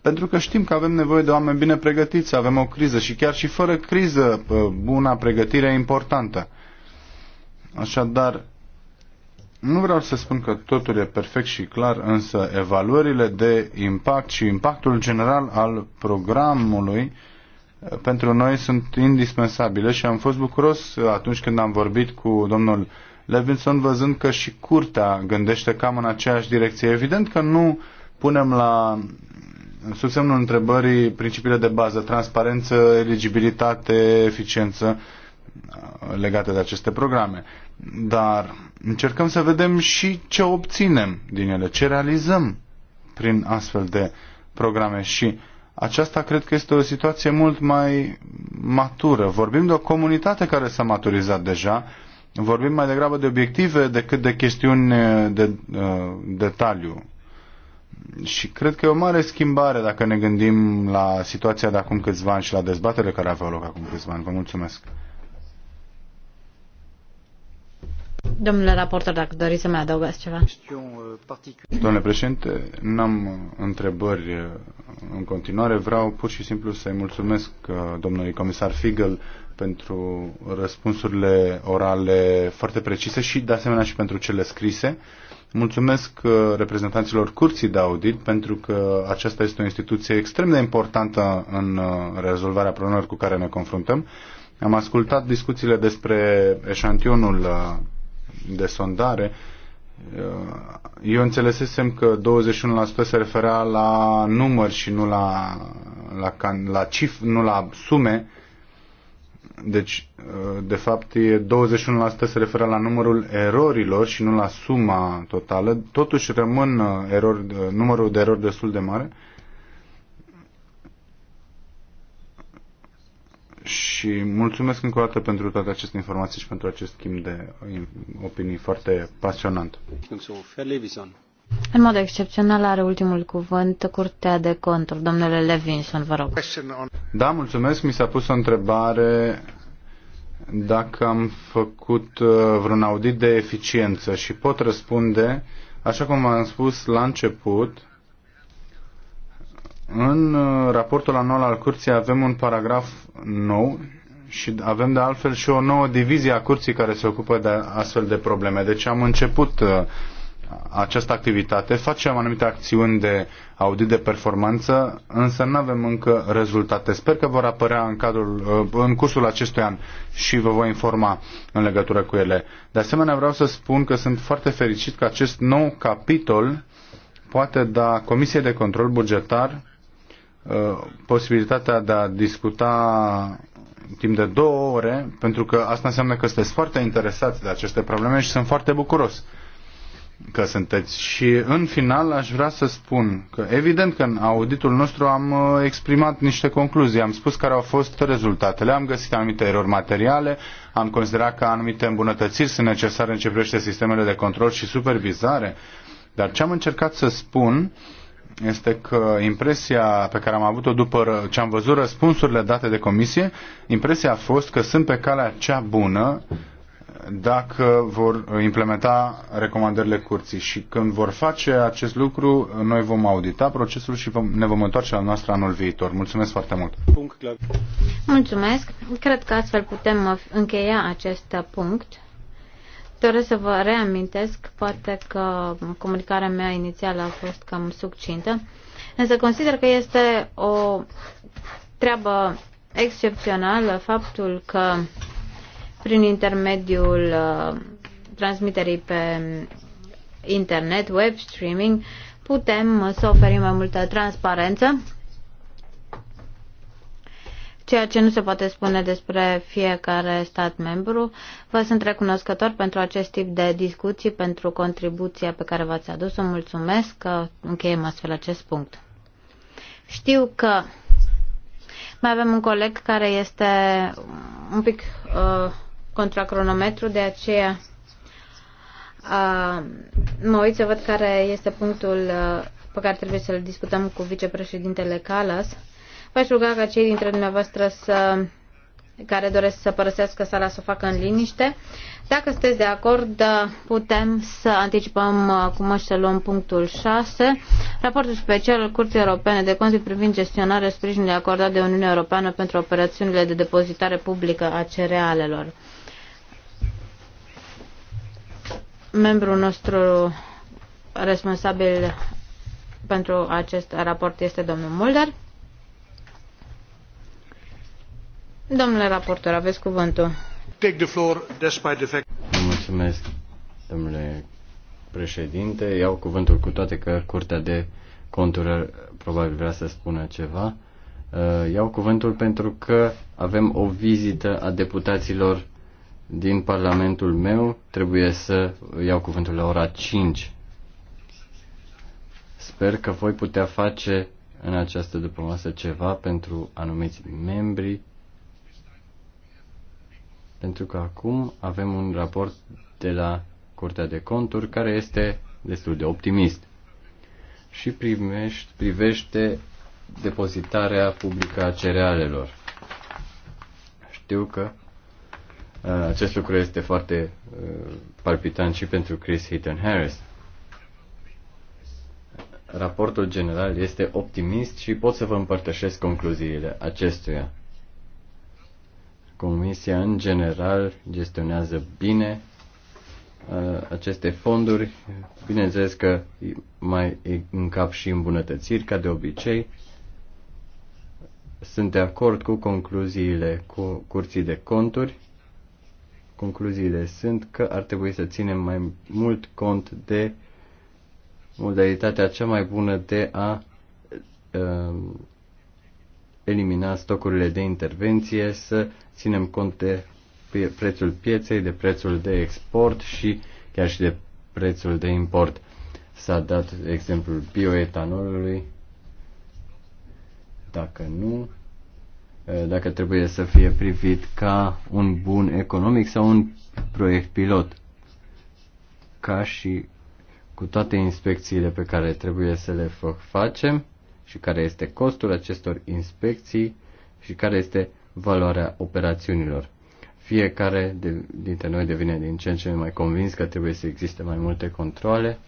pentru că știm că avem nevoie de oameni bine pregătiți, avem o criză și chiar și fără criză, buna pregătire e importantă. Așadar, nu vreau să spun că totul e perfect și clar, însă evaluările de impact și impactul general al programului pentru noi sunt indispensabile și am fost bucuros uh, atunci când am vorbit cu domnul Levinson văzând că și curtea gândește cam în aceeași direcție. Evident că nu punem la sub semnul întrebării principiile de bază, transparență, eligibilitate, eficiență uh, legate de aceste programe. Dar încercăm să vedem și ce obținem din ele, ce realizăm prin astfel de programe și aceasta cred că este o situație mult mai matură. Vorbim de o comunitate care s-a maturizat deja, vorbim mai degrabă de obiective decât de chestiuni de uh, detaliu și cred că e o mare schimbare dacă ne gândim la situația de acum câțiva ani și la dezbatere care aveau loc acum câțiva ani. Vă mulțumesc. Domnule raportor, dacă doriți să mai adăugați ceva. Domnule președinte, n-am întrebări uh, în continuare. Vreau pur și simplu să-i mulțumesc uh, domnului comisar Figel pentru răspunsurile orale foarte precise și, de asemenea, și pentru cele scrise. Mulțumesc uh, reprezentanților Curții de Audit pentru că aceasta este o instituție extrem de importantă în uh, rezolvarea problemelor cu care ne confruntăm. Am ascultat discuțiile despre eșantionul uh, de sondare. Eu înțelesesem că 21% se referea la număr și nu la, la, la cif, nu la sume deci, de fapt, e 21% se referă la numărul erorilor și nu la suma totală. Totuși rămân uh, erori, uh, numărul de erori destul de mare. Și mulțumesc încă o dată pentru toate aceste informații și pentru acest schimb de uh, opinii foarte pasionant. Mulțumesc, în mod excepțional are ultimul cuvânt Curtea de Conturi. Domnule Levinson, vă rog. Da, mulțumesc. Mi s-a pus o întrebare dacă am făcut uh, vreun audit de eficiență și pot răspunde, așa cum am spus la început, în uh, raportul anual al curții avem un paragraf nou și avem de altfel și o nouă divizie a curții care se ocupă de astfel de probleme. Deci am început uh, această activitate, facem anumite acțiuni de audit de performanță, însă nu avem încă rezultate. Sper că vor apărea în, cadrul, uh, în cursul acestui an și vă voi informa în legătură cu ele. De asemenea, vreau să spun că sunt foarte fericit că acest nou capitol poate da Comisiei de Control Bugetar uh, posibilitatea de a discuta timp de două ore, pentru că asta înseamnă că sunteți foarte interesați de aceste probleme și sunt foarte bucuros că sunteți. Și în final aș vrea să spun că evident că în auditul nostru am uh, exprimat niște concluzii, am spus care au fost rezultatele, am găsit anumite erori materiale, am considerat că anumite îmbunătățiri sunt necesare în ce privește sistemele de control și supervizare, dar ce am încercat să spun este că impresia pe care am avut-o după ce am văzut răspunsurile date de comisie, impresia a fost că sunt pe calea cea bună dacă vor implementa recomandările curții. Și când vor face acest lucru, noi vom audita procesul și vom, ne vom întoarce la noastră anul viitor. Mulțumesc foarte mult! Mulțumesc! Cred că astfel putem încheia acest punct. Doresc să vă reamintesc, poate că comunicarea mea inițială a fost cam succintă, însă consider că este o treabă excepțională faptul că prin intermediul uh, transmiterii pe internet, web streaming, putem să oferim mai multă transparență, ceea ce nu se poate spune despre fiecare stat membru. Vă sunt recunoscător pentru acest tip de discuții, pentru contribuția pe care v-ați adus-o. Mulțumesc că încheiem astfel acest punct. Știu că mai avem un coleg care este un pic uh, contra cronometru, de aceea a, mă uit să văd care este punctul a, pe care trebuie să-l discutăm cu vicepreședintele Calas. V-aș ruga ca cei dintre dumneavoastră să, care doresc să părăsească sala să o facă în liniște. Dacă sunteți de acord, putem să anticipăm cu să luăm punctul 6, raportul special al Curții Europene de Conturi privind gestionarea sprijinului acordat de Uniunea Europeană pentru operațiunile de depozitare publică a cerealelor. Membru nostru responsabil pentru acest raport este domnul Mulder. Domnule raportor, aveți cuvântul. Take the floor despite the fact... Mulțumesc, domnule președinte. Iau cuvântul cu toate că Curtea de Conturi probabil vrea să spună ceva. Uh, iau cuvântul pentru că avem o vizită a deputaților din Parlamentul meu trebuie să iau cuvântul la ora 5. Sper că voi putea face în această dupămasă ceva pentru anumiți membri, pentru că acum avem un raport de la Curtea de Conturi care este destul de optimist și primești, privește depozitarea publică a cerealelor. Știu că Uh, acest lucru este foarte uh, palpitant și pentru Chris Heaton Harris. Raportul general este optimist și pot să vă împărtășesc concluziile acestuia. Comisia, în general, gestionează bine uh, aceste fonduri. Bineînțeles că mai încap și îmbunătățiri, ca de obicei. Sunt de acord cu concluziile cu curții de conturi concluziile sunt că ar trebui să ținem mai mult cont de modalitatea cea mai bună de a uh, elimina stocurile de intervenție, să ținem cont de prețul pieței, de prețul de export și chiar și de prețul de import. S-a dat exemplul bioetanolului. Dacă nu, Eh, dacă trebuie să fie privit ca un bun economic sau un proiect pilot. Ca și cu toate inspecțiile pe care trebuie să le facem și care este costul acestor inspecții și care este valoarea operațiunilor. Fiecare dintre noi devine din ce în ce mai convins că trebuie să existe mai multe controle.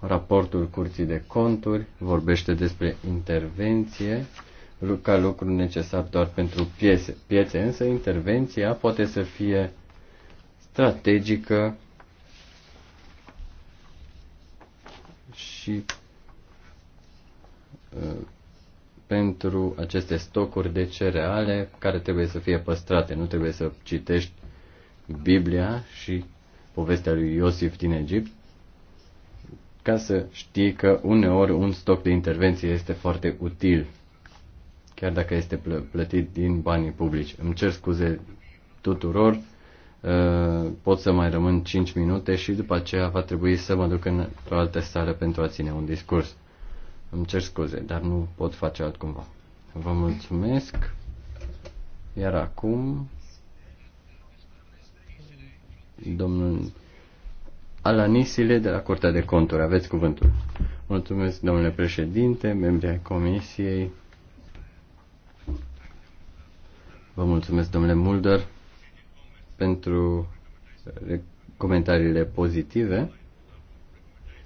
Raportul Curții de Conturi vorbește despre intervenție ca lucru necesar doar pentru piese. piețe, însă intervenția poate să fie strategică și ă, pentru aceste stocuri de cereale care trebuie să fie păstrate. Nu trebuie să citești Biblia și povestea lui Iosif din Egipt ca să știi că uneori un stoc de intervenție este foarte util chiar dacă este plătit din banii publici. Îmi cer scuze tuturor, uh, pot să mai rămân 5 minute și după aceea va trebui să mă duc în o altă sală pentru a ține un discurs. Îmi cer scuze, dar nu pot face altcumva. Vă mulțumesc. Iar acum, domnul Alanisile de la Curtea de Conturi, aveți cuvântul. Mulțumesc, domnule președinte, membri ai comisiei, Vă mulțumesc, domnule Mulder, pentru eh, comentariile pozitive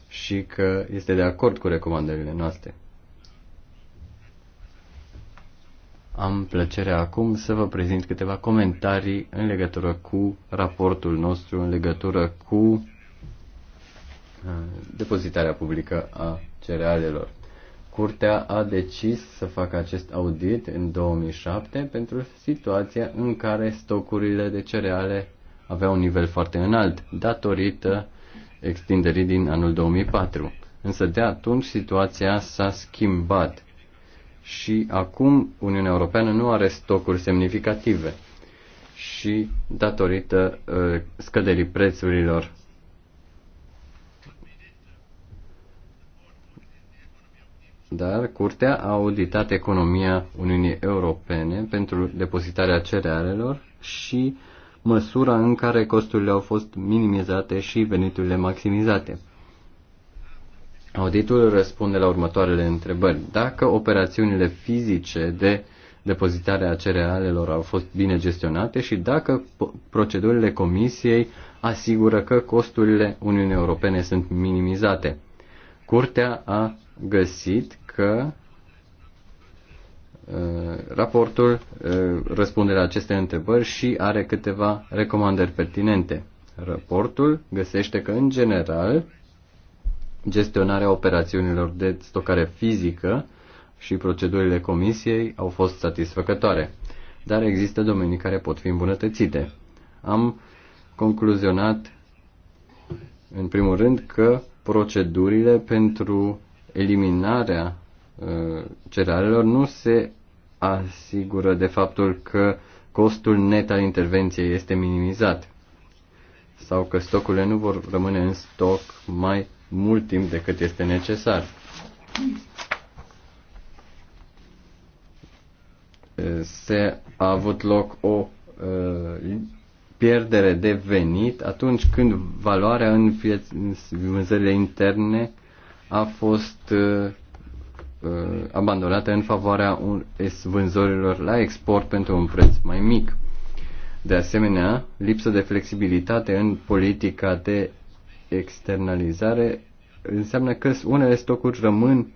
și că este de acord cu recomandările noastre. Am plăcerea acum să vă prezint câteva comentarii în legătură cu raportul nostru, în legătură cu eh, depozitarea publică a cerealelor. Curtea a decis să facă acest audit în 2007 pentru situația în care stocurile de cereale aveau un nivel foarte înalt, datorită extinderii din anul 2004. Însă de atunci situația s-a schimbat și acum Uniunea Europeană nu are stocuri semnificative și datorită uh, scăderii prețurilor dar Curtea a auditat economia Uniunii Europene pentru depozitarea cerealelor și măsura în care costurile au fost minimizate și veniturile maximizate. Auditul răspunde la următoarele întrebări. Dacă operațiunile fizice de depozitare a cerealelor au fost bine gestionate și dacă procedurile comisiei asigură că costurile Uniunii Europene sunt minimizate. Curtea a găsit că uh, raportul uh, răspunde la aceste întrebări și are câteva recomandări pertinente. Raportul găsește că, în general, gestionarea operațiunilor de stocare fizică și procedurile comisiei au fost satisfăcătoare, dar există domenii care pot fi îmbunătățite. Am concluzionat, în primul rând, că procedurile pentru eliminarea cerealelor nu se asigură de faptul că costul net al intervenției este minimizat sau că stocurile nu vor rămâne în stoc mai mult timp decât este necesar. Se a avut loc o uh, pierdere de venit atunci când valoarea în vânzările interne a fost uh, Uh, abandonate în favoarea vânzărilor la export pentru un preț mai mic. De asemenea, lipsă de flexibilitate în politica de externalizare înseamnă că unele stocuri rămân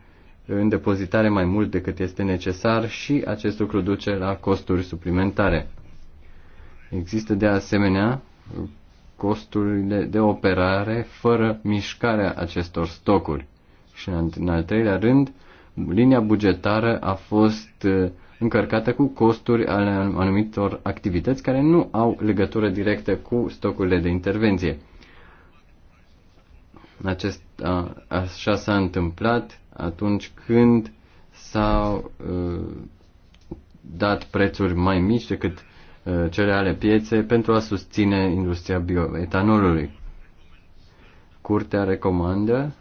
în depozitare mai mult decât este necesar și acest lucru duce la costuri suplimentare. Există de asemenea costurile de operare fără mișcarea acestor stocuri. Și în al treilea rând, linia bugetară a fost uh, încărcată cu costuri ale anumitor activități care nu au legătură directă cu stocurile de intervenție. Acest, a, așa s-a întâmplat atunci când s-au uh, dat prețuri mai mici decât uh, cele ale pieței pentru a susține industria bioetanolului. Curtea recomandă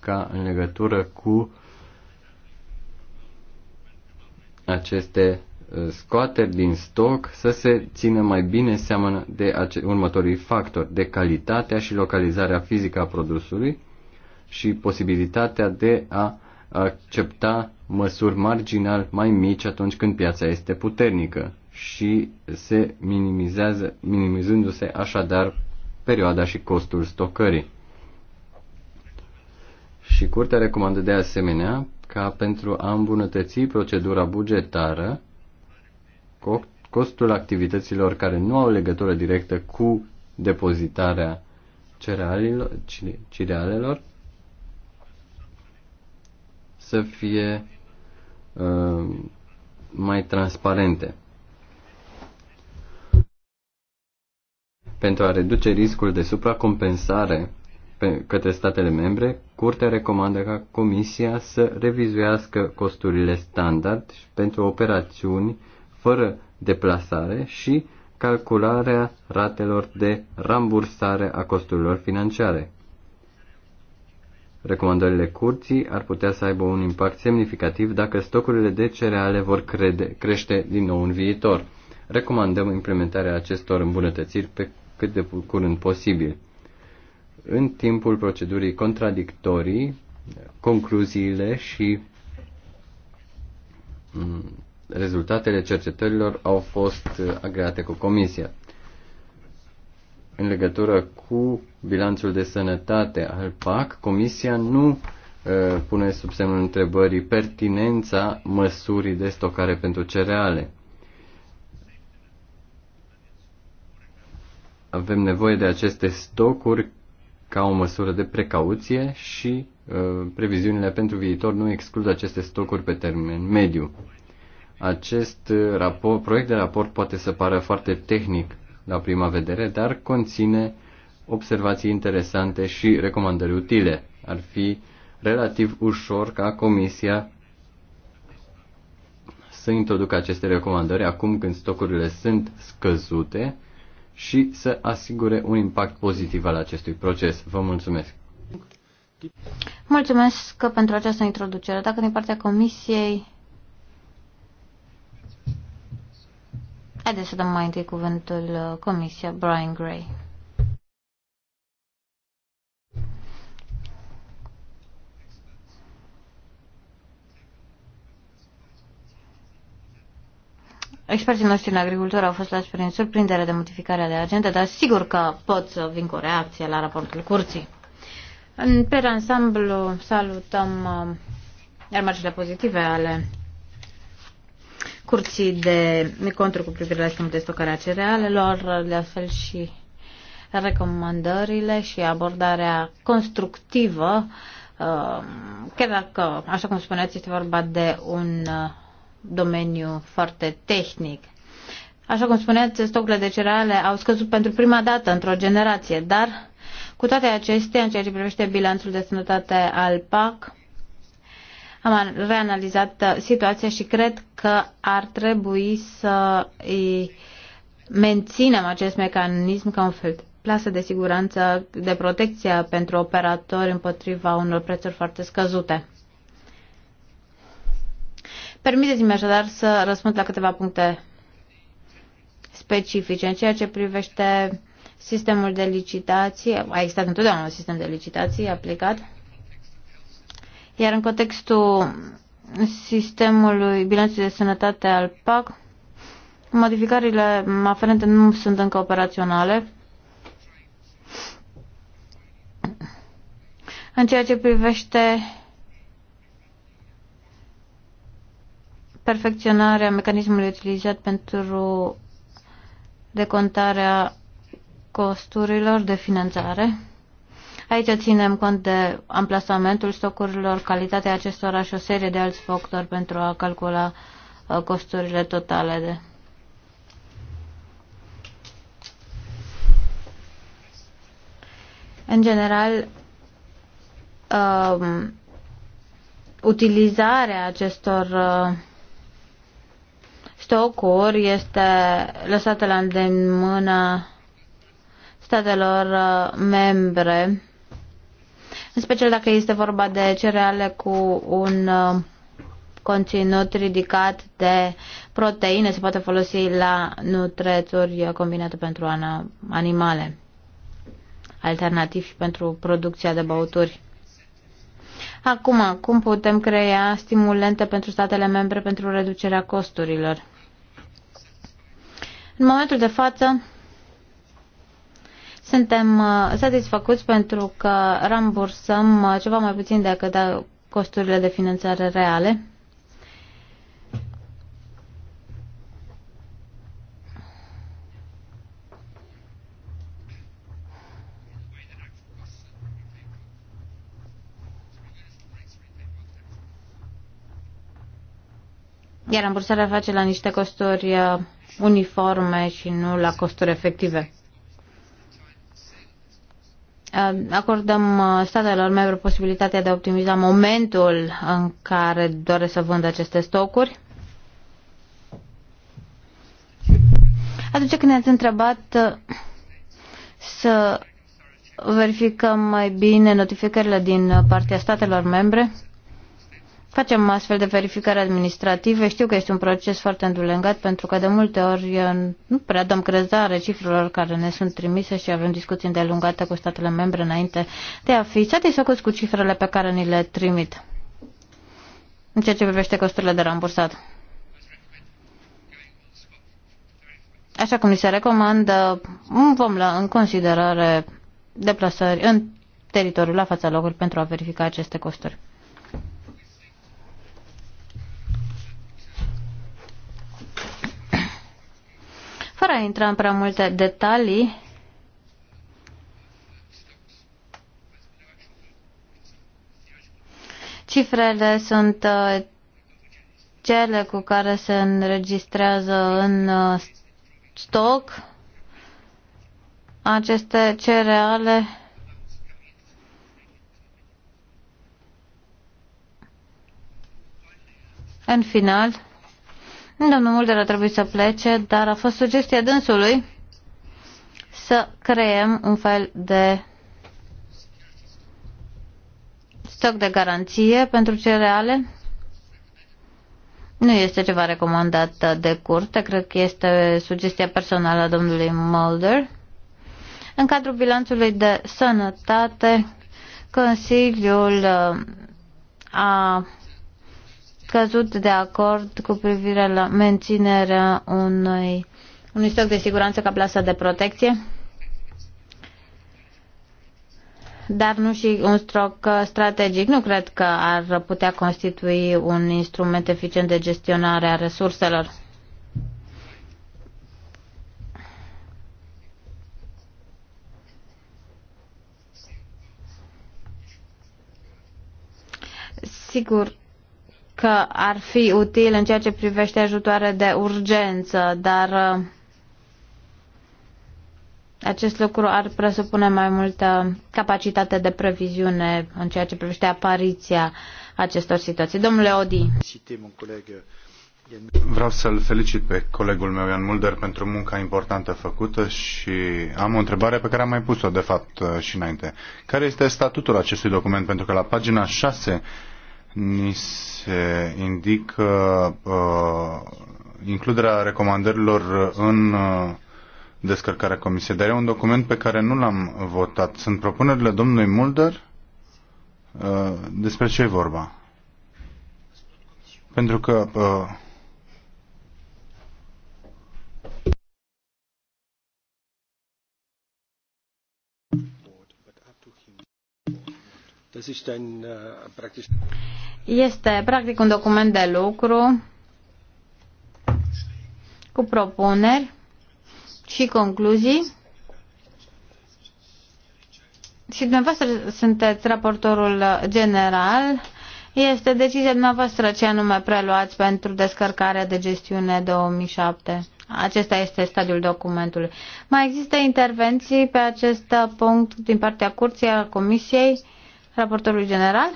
ca în legătură cu uh, aceste uh, scoateri din stoc să se țină mai bine seama de următorii factori, de calitatea și localizarea fizică a produsului și posibilitatea de a accepta măsuri marginal mai mici atunci când piața este puternică și se minimizează, minimizându-se așadar perioada și costul stocării. Și curtea recomandă de asemenea ca pentru a îmbunătăți procedura bugetară costul activităților care nu au legătură directă cu depozitarea cerealelor, cerealelor să fie uh, mai transparente. Pentru a reduce riscul de supracompensare către statele membre, Curtea recomandă ca Comisia să revizuiască costurile standard pentru operațiuni fără deplasare și calcularea ratelor de rambursare a costurilor financiare. Recomandările curții ar putea să aibă un impact semnificativ dacă stocurile de cereale vor crede, crește din nou în viitor. Recomandăm implementarea acestor îmbunătățiri pe cât de curând posibil. În timpul procedurii contradictorii, concluziile și mm, rezultatele cercetărilor au fost uh, agreate cu comisia. În legătură cu bilanțul de sănătate al PAC, comisia nu uh, pune sub semnul întrebării pertinența măsurii de stocare pentru cereale. Avem nevoie de aceste stocuri ca o măsură de precauție și uh, previziunile pentru viitor nu exclud aceste stocuri pe termen mediu. Acest uh, raport, proiect de raport poate să pară foarte tehnic la prima vedere, dar conține observații interesante și recomandări utile. Ar fi relativ ușor ca Comisia să introducă aceste recomandări acum când stocurile sunt scăzute și să asigure un impact pozitiv al acestui proces. Vă mulțumesc! Mulțumesc pentru această introducere. Dacă din partea Comisiei... Haideți să dăm mai întâi cuvântul uh, Comisia Brian Gray. Experții noștri în agricultură au fost la prin surprindere de modificarea de agenda, dar sigur că pot să vin cu o reacție la raportul curții. În per ansamblu salutăm uh, remarcile pozitive ale curții de necontru cu privire la sistemul de stocare a cerealelor, de fel și recomandările și abordarea constructivă, uh, chiar dacă, așa cum spuneați, este vorba de un uh, domeniu foarte tehnic. Așa cum spuneați, stocurile de cereale au scăzut pentru prima dată într-o generație, dar cu toate acestea, în ceea ce privește bilanțul de sănătate al PAC, am reanalizat uh, situația și cred că ar trebui să îi menținem acest mecanism ca un fel de plasă de siguranță, de protecție pentru operatori împotriva unor prețuri foarte scăzute. Permiteți-mi așadar să răspund la câteva puncte specifice. În ceea ce privește sistemul de licitații, a existat întotdeauna un sistem de licitații aplicat, iar în contextul sistemului bilanțului de sănătate al PAC, modificările aferente nu sunt încă operaționale. În ceea ce privește perfecționarea mecanismului utilizat pentru decontarea costurilor de finanțare. Aici ținem cont de amplasamentul stocurilor, calitatea acestora și o serie de alți factori pentru a calcula uh, costurile totale de în general, um, utilizarea acestor uh, stocuri este lăsată la îndemână statelor uh, membre, în special dacă este vorba de cereale cu un uh, conținut ridicat de proteine, se poate folosi la nutrețuri uh, combinate pentru animale, și pentru producția de băuturi. Acum, cum putem crea stimulente pentru statele membre pentru reducerea costurilor? În momentul de față, suntem uh, satisfăcuți pentru că rambursăm uh, ceva mai puțin decât uh, costurile de finanțare reale. Iar rambursarea face la niște costuri uniforme și nu la costuri efective. Uh, acordăm uh, statelor membre posibilitatea de a optimiza momentul în care doresc să vândă aceste stocuri. Atunci când ne-ați întrebat uh, să verificăm mai bine notificările din partea statelor membre, facem astfel de verificări administrative. Știu că este un proces foarte îndulengat pentru că de multe ori uh, nu prea dăm crezare cifrelor care ne sunt trimise și avem discuții îndelungate cu statele membre înainte de a fi satisfăcuți cu cifrele pe care ni le trimit în ceea ce privește costurile de rambursat. Așa cum ni se recomandă, vom lua în considerare deplasări în teritoriul la fața locului pentru a verifica aceste costuri. Fără a intra în prea multe detalii, cifrele sunt uh, cele cu care se înregistrează în uh, stoc aceste cereale în final Domnul Mulder a trebuit să plece, dar a fost sugestia dânsului să creăm un fel de stoc de garanție pentru cereale. Nu este ceva recomandat de curte, cred că este sugestia personală a domnului Mulder. În cadrul bilanțului de sănătate, Consiliul uh, a căzut de acord cu privire la menținerea unui, unui stoc de siguranță ca plasă de protecție, dar nu și un stoc strategic. Nu cred că ar putea constitui un instrument eficient de gestionare a resurselor. Sigur, că ar fi util în ceea ce privește ajutoare de urgență, dar uh, acest lucru ar presupune mai multă capacitate de previziune în ceea ce privește apariția acestor situații. Domnule Odi. Vreau să-l felicit pe colegul meu, Ian Mulder, pentru munca importantă făcută și am o întrebare pe care am mai pus-o, de fapt, uh, și înainte. Care este statutul acestui document? Pentru că la pagina 6 ni se indică uh, includerea recomandărilor în uh, descărcarea comisiei, dar e un document pe care nu l-am votat. Sunt propunerile domnului Mulder? Uh, despre ce e vorba? Pentru că uh, Äh, este practic un document de lucru cu propuneri și concluzii. Și dumneavoastră sunteți raportorul general. Este decizia dumneavoastră ce anume preluați pentru descărcarea de gestiune 2007. Acesta este stadiul documentului. Mai există intervenții pe acest punct din partea curții a Comisiei? raportorului general.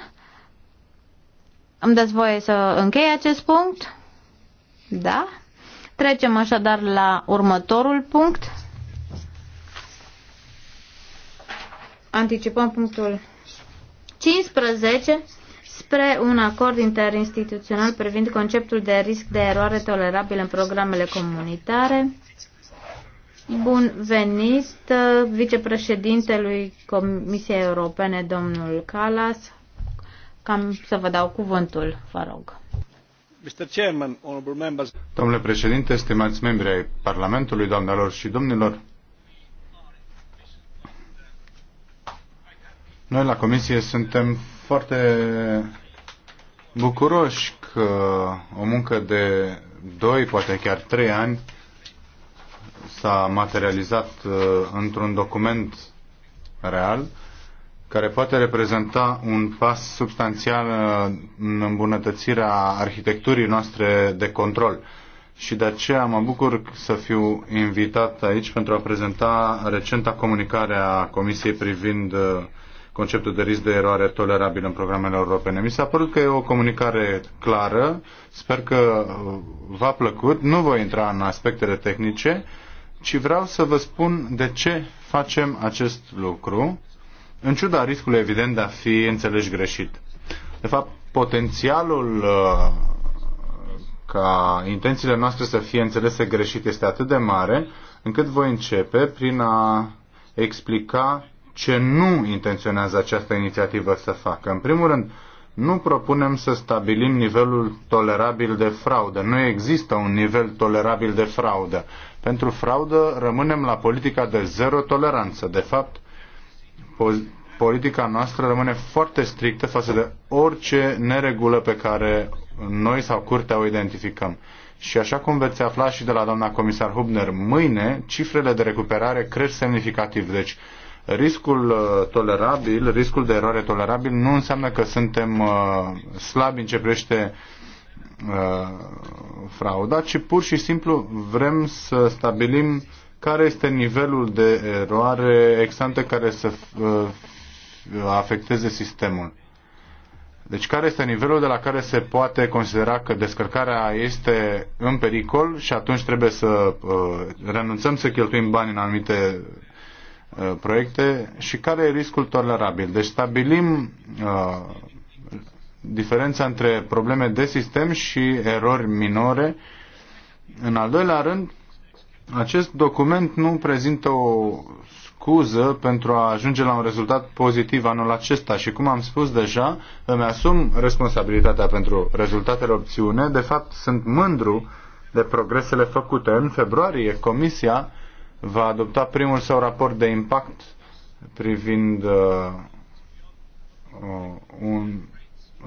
Îmi dați voie să închei acest punct? Da? Trecem așadar la următorul punct. Anticipăm punctul 15 spre un acord interinstituțional privind conceptul de risc de eroare tolerabil în programele comunitare bun venit uh, vicepreședintelui Comisiei Europene, domnul Calas. Cam să vă dau cuvântul, vă rog. Mr. Chairman, honorable members. Domnule președinte, stimați membri ai Parlamentului, doamnelor și domnilor, noi la Comisie suntem foarte bucuroși că o muncă de doi, poate chiar trei ani s-a materializat uh, într-un document real care poate reprezenta un pas substanțial uh, în îmbunătățirea arhitecturii noastre de control. Și de aceea mă bucur să fiu invitat aici pentru a prezenta recenta comunicare a Comisiei privind uh, conceptul de risc de eroare tolerabil în programele europene. Mi s-a părut că e o comunicare clară, sper că v-a plăcut, nu voi intra în aspectele tehnice, ci vreau să vă spun de ce facem acest lucru, în ciuda riscului evident de a fi înțeles greșit. De fapt, potențialul uh, ca intențiile noastre să fie înțelese greșit este atât de mare, încât voi începe prin a explica ce nu intenționează această inițiativă să facă. În primul rând, nu propunem să stabilim nivelul tolerabil de fraudă. Nu există un nivel tolerabil de fraudă. Pentru fraudă rămânem la politica de zero toleranță. De fapt, politica noastră rămâne foarte strictă față de orice neregulă pe care noi sau curtea o identificăm. Și așa cum veți afla și de la doamna comisar Hubner mâine, cifrele de recuperare cresc semnificativ. Deci riscul uh, tolerabil, riscul de eroare tolerabil nu înseamnă că suntem uh, slabi în ce privește Uh, frauda, ci pur și simplu vrem să stabilim care este nivelul de eroare exante care să uh, afecteze sistemul. Deci care este nivelul de la care se poate considera că descărcarea este în pericol și atunci trebuie să uh, renunțăm să cheltuim bani în anumite uh, proiecte și care e riscul tolerabil. Deci stabilim uh, diferența între probleme de sistem și erori minore. În al doilea rând, acest document nu prezintă o scuză pentru a ajunge la un rezultat pozitiv anul acesta și, cum am spus deja, îmi asum responsabilitatea pentru rezultatele opțiune. De fapt, sunt mândru de progresele făcute. În februarie, Comisia va adopta primul său raport de impact privind uh, un,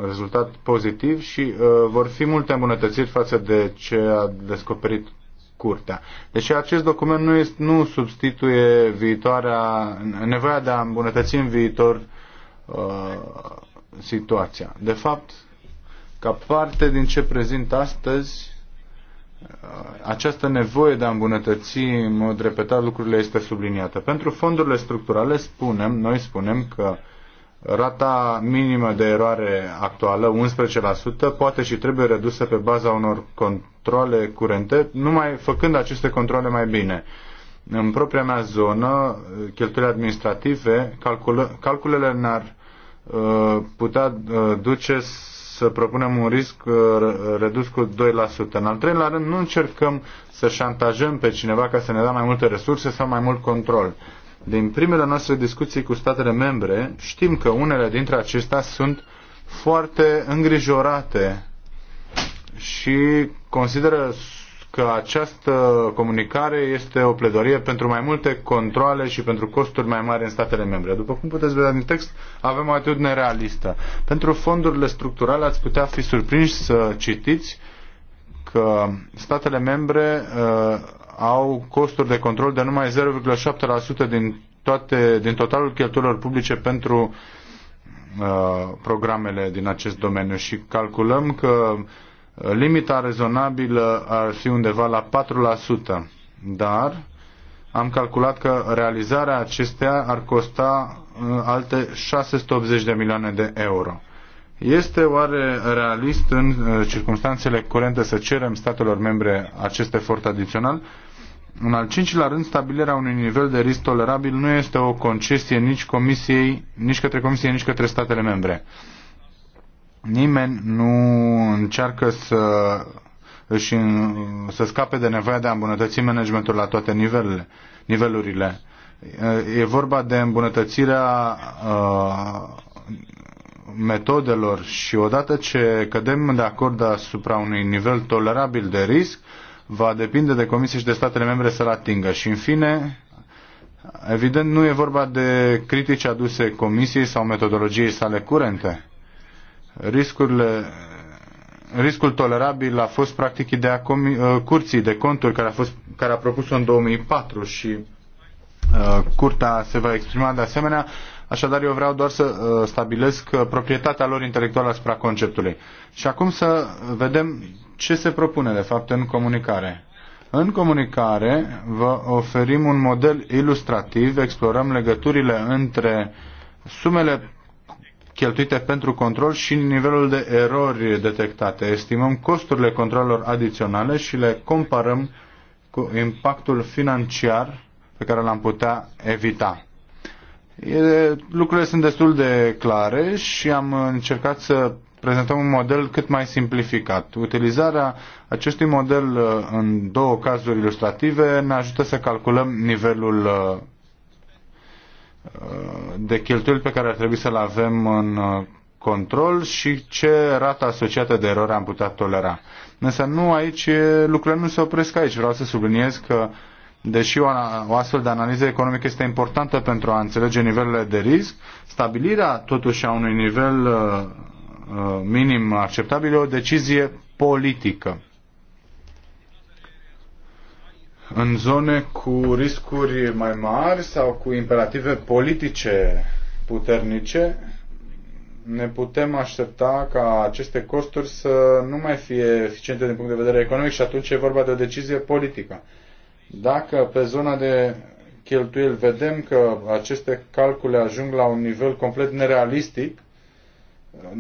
rezultat pozitiv și uh, vor fi multe îmbunătățiri față de ce a descoperit curtea. Deci acest document nu, este, nu substituie viitoarea, nevoia de a îmbunătăți în viitor uh, situația. De fapt, ca parte din ce prezint astăzi, uh, această nevoie de a îmbunătăți în mod repetat lucrurile este subliniată. Pentru fondurile structurale spunem, noi spunem că uh, Rata minimă de eroare actuală, 11%, poate și trebuie redusă pe baza unor controle curente, numai făcând aceste controle mai bine. În propria mea zonă, cheltuielile administrative, calculă, calculele ne-ar uh, putea uh, duce să propunem un risc uh, redus cu 2%. În al treilea rând, nu încercăm să șantajăm pe cineva ca să ne dea mai multe resurse sau mai mult control din primele noastre discuții cu statele membre, știm că unele dintre acestea sunt foarte îngrijorate și consideră că această comunicare este o pledorie pentru mai multe controle și pentru costuri mai mari în statele membre. După cum puteți vedea din text, avem o atitudine realistă. Pentru fondurile structurale ați putea fi surprinși să citiți că statele membre uh, au costuri de control de numai 0,7% din, toate, din totalul cheltuielor publice pentru uh, programele din acest domeniu și calculăm că limita rezonabilă ar fi undeva la 4%, dar am calculat că realizarea acestea ar costa uh, alte 680 de milioane de euro. Este oare realist în uh, circunstanțele curente să cerem statelor membre acest efort adițional? În al cincilea rând, stabilirea unui nivel de risc tolerabil nu este o concesie nici, comisiei, nici către Comisie, nici către statele membre. Nimeni nu încearcă să, își, să scape de nevoia de a îmbunătăți managementul la toate nivelurile. nivelurile. E vorba de îmbunătățirea uh, metodelor și odată ce cădem de acord asupra unui nivel tolerabil de risc, uh, va depinde de Comisie și de statele membre să-l atingă. Și în fine, evident, nu e vorba de critici aduse Comisiei sau metodologiei sale curente. Riscurile riscul tolerabil a fost practic ideea uh, curții de conturi care a, fost, care a propus-o în 2004 și uh, curtea se va exprima de asemenea. Așadar, eu vreau doar să uh, stabilesc uh, proprietatea lor intelectuală asupra conceptului. Și acum să vedem ce se propune, de fapt, în comunicare? În comunicare vă oferim un model ilustrativ, explorăm legăturile între sumele cheltuite pentru control și nivelul de erori detectate. Estimăm costurile controlelor adiționale și le comparăm cu impactul financiar pe care l-am putea evita. E, lucrurile sunt destul de clare și am încercat să prezentăm un model cât mai simplificat. Utilizarea acestui model uh, în două cazuri ilustrative ne ajută să calculăm nivelul uh, uh, de cheltuieli pe care ar trebui să-l avem în control și ce rată asociată de eroare am putea tolera. Însă nu aici, lucrurile nu se opresc aici. Vreau să subliniez că Deși o, o astfel de analiză economică este importantă pentru a înțelege nivelurile de risc, stabilirea totuși a unui nivel Uh, minim acceptabile, o decizie politică. În zone cu riscuri mai mari sau cu imperative politice puternice, ne putem aștepta ca aceste costuri să nu mai fie eficiente din punct de vedere economic și atunci e vorba de o decizie politică. Dacă pe zona de cheltuieli vedem că aceste calcule ajung la un nivel complet nerealistic,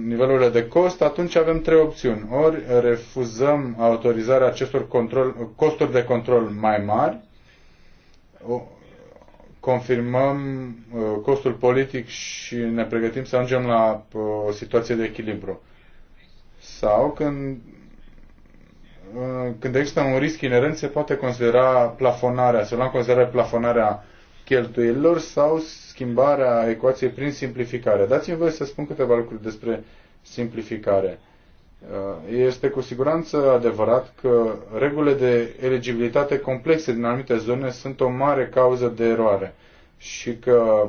nivelurile de cost, atunci avem trei opțiuni. Ori refuzăm autorizarea acestor control, costuri de control mai mari, confirmăm uh, costul politic și ne pregătim să ajungem la uh, o situație de echilibru. Sau când, uh, când există un risc inerent, se poate considera plafonarea, se lua în considerare plafonarea cheltuielilor sau schimbarea ecuației prin simplificare. Dați-mi voie să spun câteva lucruri despre simplificare. Uh, este cu siguranță adevărat că regulile de eligibilitate complexe din anumite zone sunt o mare cauză de eroare și că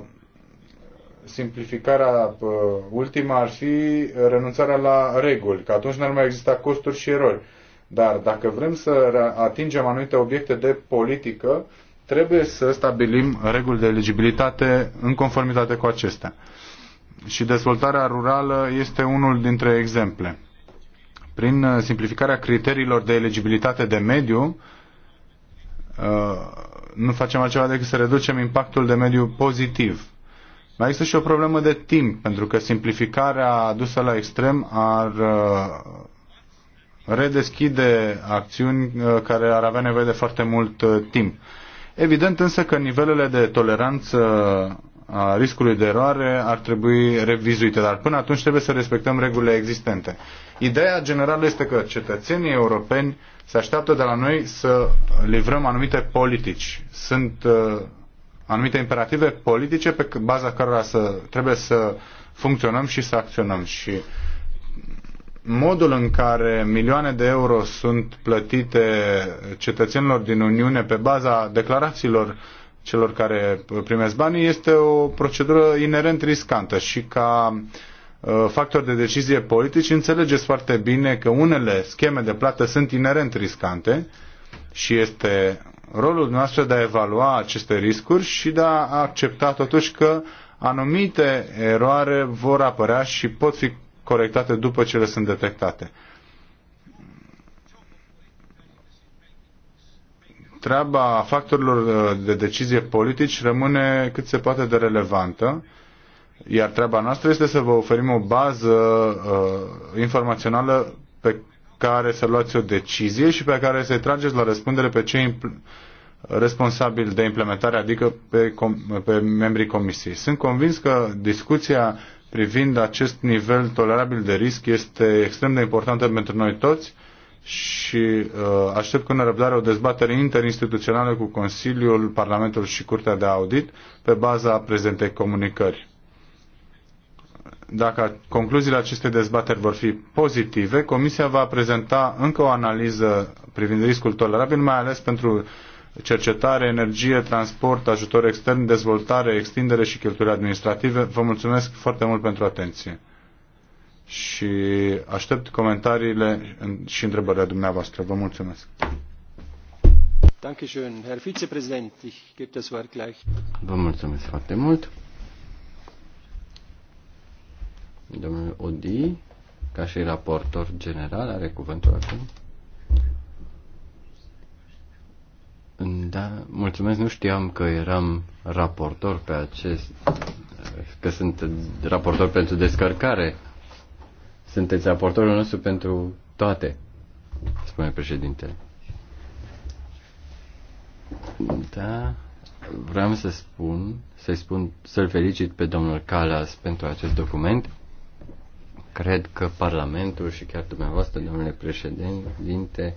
simplificarea uh, ultima ar fi renunțarea la reguli, că atunci n-ar mai exista costuri și erori. Dar dacă vrem să atingem anumite obiecte de politică, trebuie să stabilim reguli de eligibilitate în conformitate cu acestea. Și dezvoltarea rurală este unul dintre exemple. Prin simplificarea criteriilor de eligibilitate de mediu, uh, nu facem altceva decât să reducem impactul de mediu pozitiv. Mai există și o problemă de timp, pentru că simplificarea adusă la extrem ar uh, redeschide acțiuni uh, care ar avea nevoie de foarte mult timp. Evident însă că nivelele de toleranță a riscului de eroare ar trebui revizuite, dar până atunci trebuie să respectăm regulile existente. Ideea generală este că cetățenii europeni se așteaptă de la noi să livrăm anumite politici. Sunt uh, anumite imperative politice pe baza cărora să, trebuie să funcționăm și să acționăm. Și modul în care milioane de euro sunt plătite cetățenilor din Uniune pe baza declarațiilor celor care primesc banii este o procedură inerent riscantă și ca uh, factor de decizie politici înțelegeți foarte bine că unele scheme de plată sunt inerent riscante și este rolul noastră de a evalua aceste riscuri și de a accepta totuși că anumite eroare vor apărea și pot fi corectate după ce le sunt detectate. Treaba factorilor uh, de decizie politici rămâne cât se poate de relevantă, iar treaba noastră este să vă oferim o bază uh, informațională pe care să luați o decizie și pe care să-i trageți la răspundere pe cei responsabili de implementare, adică pe, com- pe membrii comisiei. Sunt convins că discuția privind acest nivel tolerabil de risc este extrem de importantă pentru noi toți și uh, aștept cu nerăbdare o dezbatere interinstituțională cu Consiliul, Parlamentul și Curtea de Audit pe baza prezentei comunicări. Dacă concluziile acestei dezbateri vor fi pozitive, Comisia va prezenta încă o analiză privind riscul tolerabil, mai ales pentru cercetare, energie, transport, ajutor extern, dezvoltare, extindere și cheltuieli administrative. Vă mulțumesc foarte mult pentru atenție și aștept comentariile și întrebările dumneavoastră. Vă mulțumesc. Vă mulțumesc foarte mult. Domnul Odi, ca și raportor general, are cuvântul acum. Da, mulțumesc. Nu știam că eram raportor pe acest, că sunt raportor pentru descărcare. Sunteți raportorul nostru pentru toate, spune președintele. Da, vreau să spun, să-i spun, să-l felicit pe domnul Calas pentru acest document. Cred că Parlamentul și chiar dumneavoastră, domnule președinte,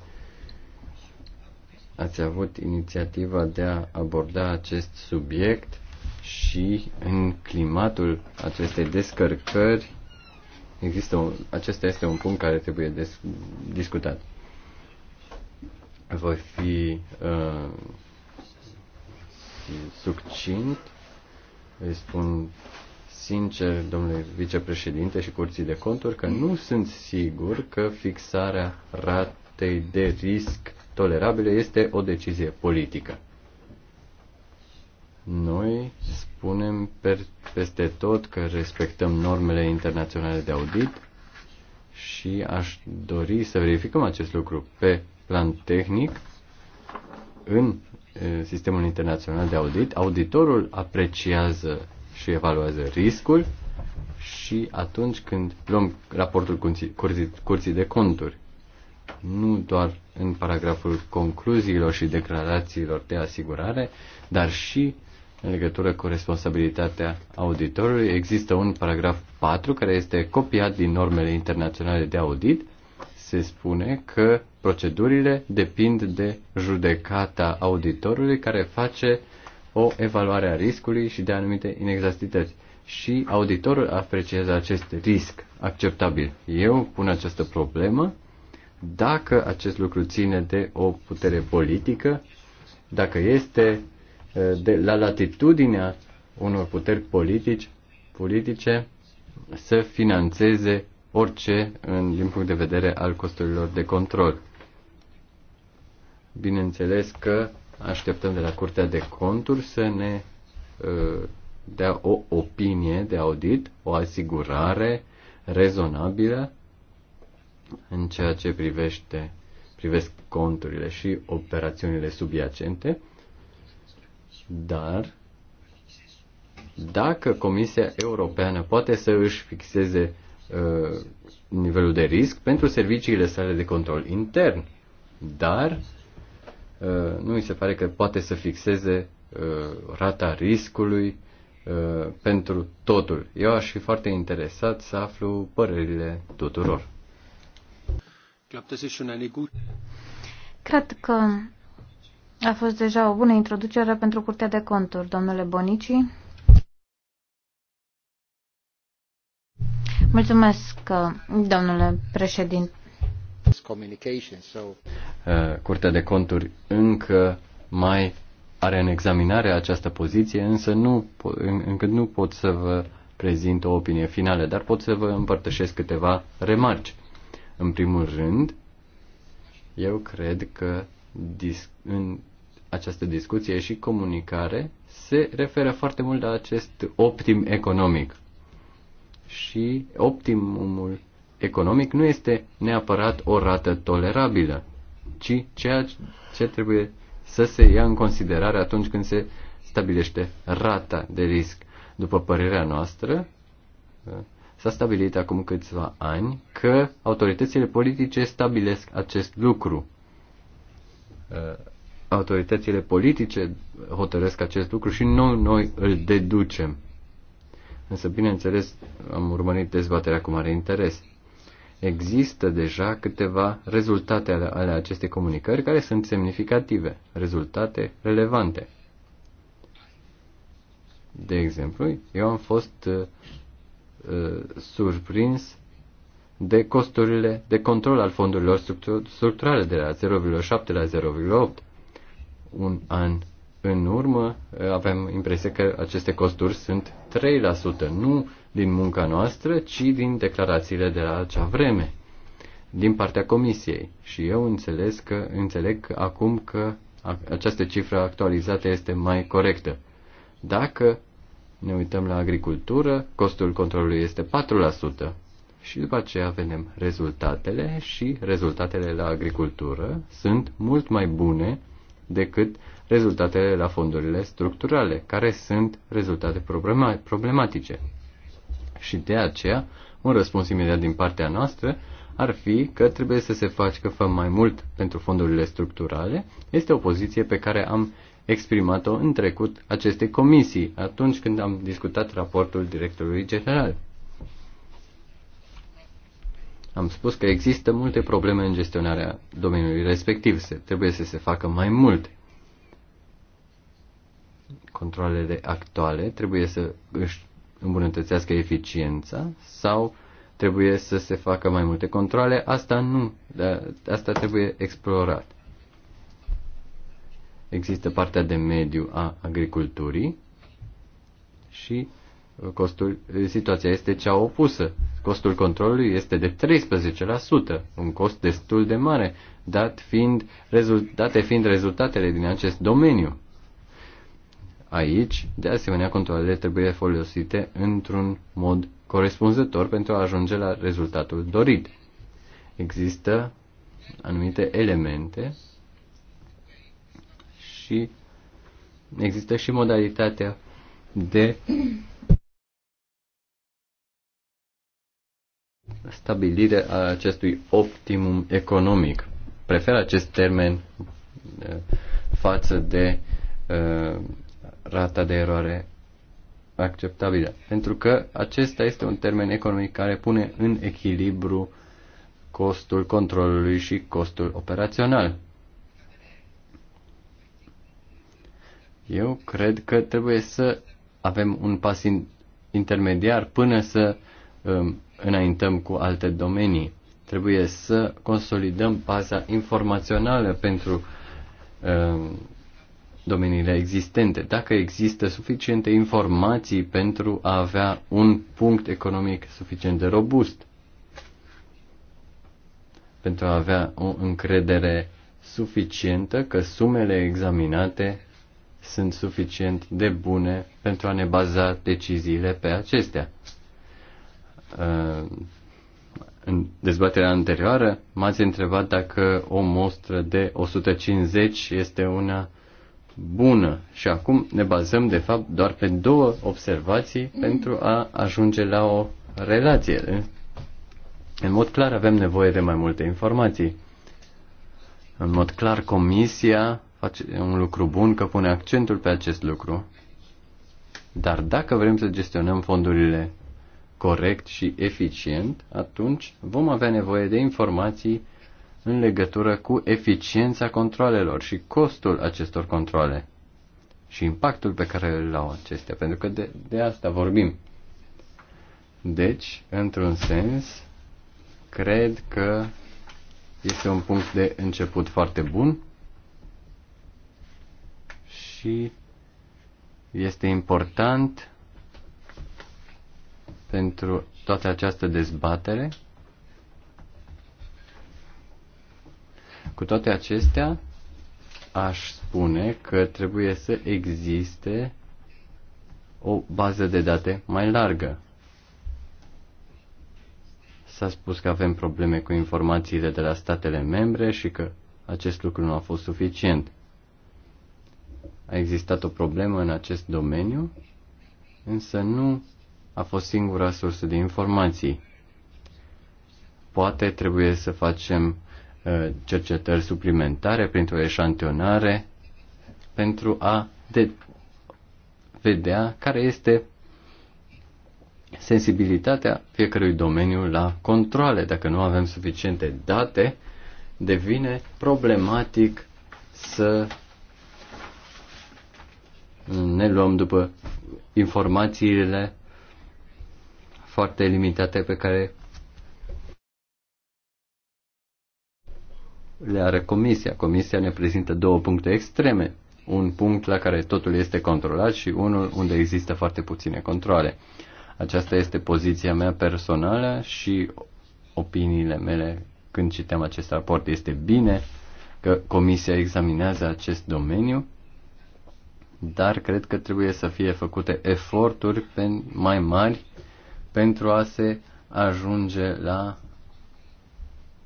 ați avut inițiativa de a aborda acest subiect și în climatul acestei descărcări există un, acesta este un punct care trebuie des, discutat. Voi fi uh, succint, îi spun sincer, domnule vicepreședinte și curții de conturi, că nu sunt sigur că fixarea ratei de risc tolerabile este o decizie politică. Noi spunem peste tot că respectăm normele internaționale de audit și aș dori să verificăm acest lucru pe plan tehnic în sistemul internațional de audit. Auditorul apreciază și evaluează riscul și atunci când luăm raportul curții, curții de conturi, nu doar în paragraful concluziilor și declarațiilor de asigurare, dar și în legătură cu responsabilitatea auditorului. Există un paragraf 4 care este copiat din normele internaționale de audit. Se spune că procedurile depind de judecata auditorului care face o evaluare a riscului și de anumite inexactități. Și auditorul apreciază acest risc acceptabil. Eu pun această problemă dacă acest lucru ține de o putere politică, dacă este uh, de la latitudinea unor puteri politici, politice să financeze orice în, din punct de vedere al costurilor de control. Bineînțeles că așteptăm de la Curtea de Conturi să ne uh, dea o opinie de audit, o asigurare rezonabilă în ceea ce privește privesc conturile și operațiunile subiacente, dar dacă Comisia Europeană poate să își fixeze uh, nivelul de risc pentru serviciile sale de control intern, dar uh, nu mi se pare că poate să fixeze uh, rata riscului uh, pentru totul. Eu aș fi foarte interesat să aflu părerile tuturor. Cred că a fost deja o bună introducere pentru Curtea de Conturi, domnule Bonici. Mulțumesc, domnule președinte. Eh, Curtea de Conturi încă mai are în examinare această poziție, însă nu, încă nu pot să vă prezint o opinie finală, dar pot să vă împărtășesc câteva remarci. În primul rând, eu cred că dis- în această discuție și comunicare se referă foarte mult la acest optim economic. Și optimumul economic nu este neapărat o rată tolerabilă, ci ceea ce trebuie să se ia în considerare atunci când se stabilește rata de risc. După părerea noastră, S-a stabilit acum câțiva ani că autoritățile politice stabilesc acest lucru. Uh, autoritățile politice hotărăsc acest lucru și noi noi îl deducem. Însă, bineînțeles, am urmărit dezbaterea cu mare interes. Există deja câteva rezultate ale, ale acestei comunicări care sunt semnificative, rezultate relevante. De exemplu, eu am fost uh, Uh, surprins de costurile de control al fondurilor structurale de la 0,7 la 0,8. Un an în urmă uh, avem impresia că aceste costuri sunt 3%, nu din munca noastră, ci din declarațiile de la acea vreme, din partea comisiei. Și eu înțeles că, înțeleg acum că această cifră actualizată este mai corectă. Dacă ne uităm la agricultură, costul controlului este 4% și după aceea vedem rezultatele și rezultatele la agricultură sunt mult mai bune decât rezultatele la fondurile structurale, care sunt rezultate problematice. Și de aceea, un răspuns imediat din partea noastră ar fi că trebuie să se facă mai mult pentru fondurile structurale. Este o poziție pe care am exprimat-o în trecut acestei comisii, atunci când am discutat raportul directorului general. Am spus că există multe probleme în gestionarea domeniului respectiv, se, trebuie să se facă mai multe. Controlele actuale trebuie să își îmbunătățească eficiența sau trebuie să se facă mai multe controle, asta nu, dar asta trebuie explorat. Există partea de mediu a agriculturii și uh, costul, uh, situația este cea opusă. Costul controlului este de 13%, un cost destul de mare, dat fiind, date fiind rezultatele din acest domeniu. Aici, de asemenea, controlele trebuie folosite într-un mod corespunzător pentru a ajunge la rezultatul dorit. Există anumite elemente și există și modalitatea de stabilire a acestui optimum economic. Prefer acest termen eh, față de uh, rata de eroare acceptabilă. Pentru că acesta este un termen economic care pune în echilibru costul controlului și costul operațional. Eu cred că trebuie să avem un pas intermediar până să um, înaintăm cu alte domenii. Trebuie să consolidăm baza informațională pentru um, domeniile existente. Dacă există suficiente informații pentru a avea un punct economic suficient de robust, pentru a avea o încredere suficientă că sumele examinate sunt suficient de bune pentru a ne baza deciziile pe acestea. Uh, în dezbaterea anterioară m-ați întrebat dacă o mostră de 150 este una bună și acum ne bazăm de fapt doar pe două observații pentru a ajunge la o relație. În mod clar avem nevoie de mai multe informații. În mod clar comisia face un lucru bun, că pune accentul pe acest lucru. Dar dacă vrem să gestionăm fondurile corect și eficient, atunci vom avea nevoie de informații în legătură cu eficiența controlelor și costul acestor controle și impactul pe care îl au acestea, pentru că de, de asta vorbim. Deci, într-un sens, cred că este un punct de început foarte bun și este important pentru toată această dezbatere. Cu toate acestea, aș spune că trebuie să existe o bază de date mai largă. S-a spus că avem probleme cu informațiile de la statele membre și că acest lucru nu a fost suficient. A existat o problemă în acest domeniu, însă nu a fost singura sursă de informații. Poate trebuie să facem uh, cercetări suplimentare printr-o eșantionare pentru a de- vedea care este sensibilitatea fiecărui domeniu la controle. Dacă nu avem suficiente date, devine problematic să ne luăm după informațiile foarte limitate pe care le are comisia. Comisia ne prezintă două puncte extreme. Un punct la care totul este controlat și unul unde există foarte puține controle. Aceasta este poziția mea personală și opiniile mele când citeam acest raport. Este bine că comisia examinează acest domeniu dar cred că trebuie să fie făcute eforturi mai mari pentru a se ajunge la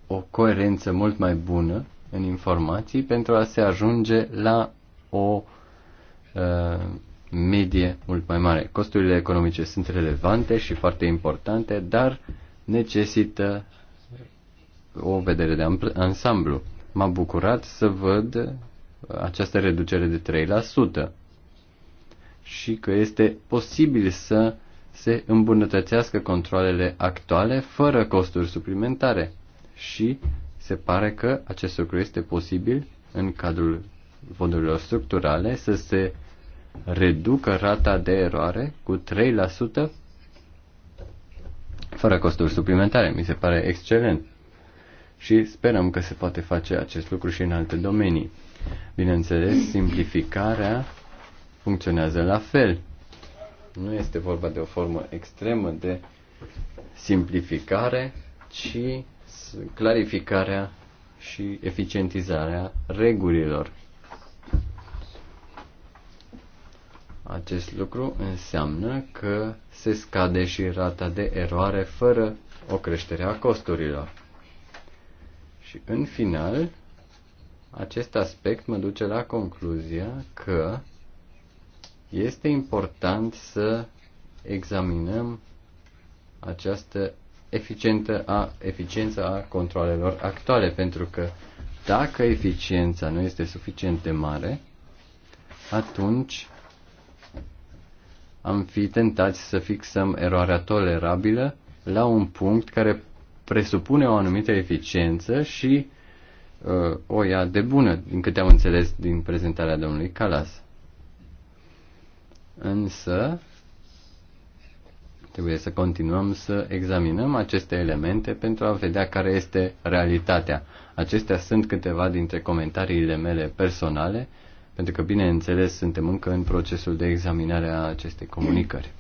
o coerență mult mai bună în informații, pentru a se ajunge la o uh, medie mult mai mare. Costurile economice sunt relevante și foarte importante, dar necesită o vedere de ansamblu. M-a bucurat să văd această reducere de și că este posibil să se îmbunătățească controlele actuale fără costuri suplimentare și se pare că acest lucru este posibil în cadrul fondurilor structurale să se reducă rata de eroare cu 3% fără costuri suplimentare. Mi se pare excelent și sperăm că se poate face acest lucru și în alte domenii. Bineînțeles, simplificarea funcționează la fel. Nu este vorba de o formă extremă de simplificare, ci clarificarea și eficientizarea regulilor. Acest lucru înseamnă că se scade și rata de eroare fără o creștere a costurilor. Și în final, acest aspect mă duce la concluzia că este important să examinăm această eficientă a, eficiența a controlelor actuale, pentru că dacă eficiența nu este suficient de mare, atunci am fi tentați să fixăm eroarea tolerabilă la un punct care presupune o anumită eficiență și uh, o ia de bună, din câte am înțeles din prezentarea domnului Calas. Însă, trebuie să continuăm să examinăm aceste elemente pentru a vedea care este realitatea. Acestea sunt câteva dintre comentariile mele personale, pentru că, bineînțeles, suntem încă în procesul de examinare a acestei comunicări.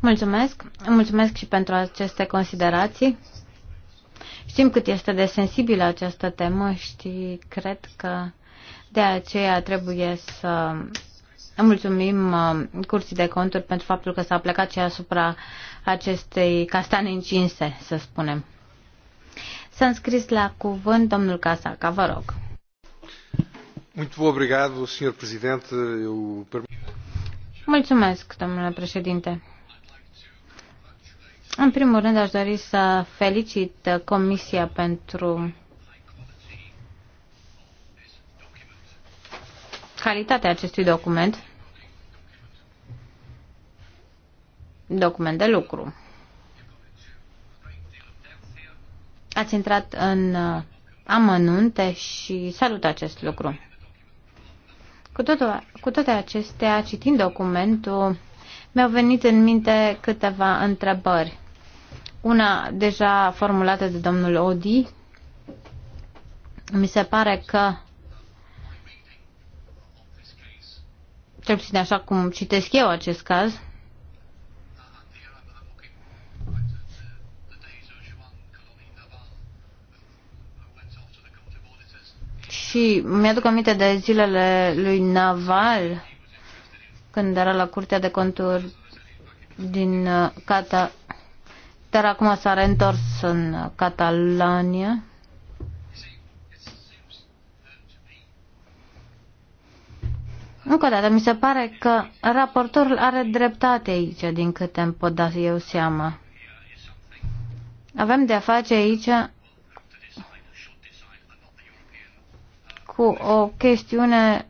Mulțumesc. Mulțumesc și pentru aceste considerații. Știm cât este de sensibilă această temă și cred că de aceea trebuie să mulțumim uh, Curții de Conturi pentru faptul că s-a plecat și asupra acestei castane încinse, să spunem. S-a înscris la cuvânt domnul Casaca, vă rog. Mulțumesc, domnule președinte. În primul rând, aș dori să felicit Comisia pentru calitatea acestui document, document de lucru. Ați intrat în uh, amănunte și salut acest lucru. Cu, totul, cu toate acestea, citind documentul, mi-au venit în minte câteva întrebări. Una deja formulată de domnul Odi. Mi se pare că cel puțin așa cum citesc eu acest caz, și mi-aduc aminte de zilele lui Naval, când era la Curtea de Conturi din uh, Cata, dar acum s-a reîntors în uh, Catalania. Încă o dată, mi se pare că raportorul are dreptate aici, din câte îmi pot da eu seama. Avem de-a face aici cu o chestiune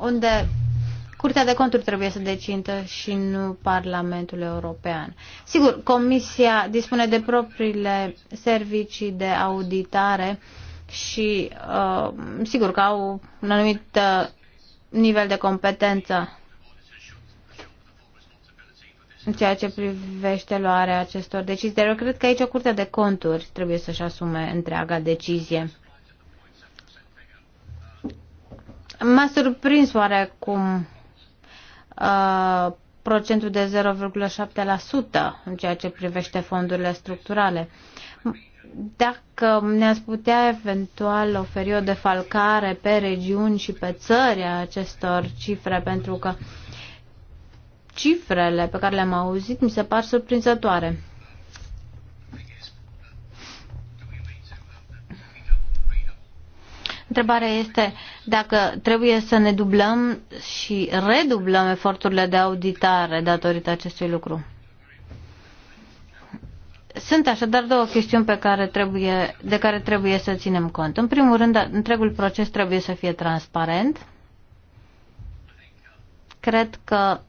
unde Curtea de Conturi trebuie să decintă și nu Parlamentul European. Sigur, Comisia dispune de propriile servicii de auditare uh, și uh, sigur că au un anumit uh, nivel de competență în ceea ce privește luarea acestor decizii. Dar eu cred că aici o curte de conturi trebuie să-și asume întreaga decizie. M-a surprins oarecum uh, procentul de 0,7% în ceea ce privește fondurile structurale. Uh, dacă ne-ați putea eventual oferi o defalcare pe regiuni și pe țări a acestor cifre, pentru că cifrele pe care le-am auzit mi se par surprinzătoare. Întrebarea este dacă trebuie să ne dublăm și redublăm eforturile de auditare datorită acestui lucru. Sunt așadar două chestiuni pe care trebuie, de care trebuie să ținem cont. În primul rând, întregul proces trebuie să fie transparent. Cred că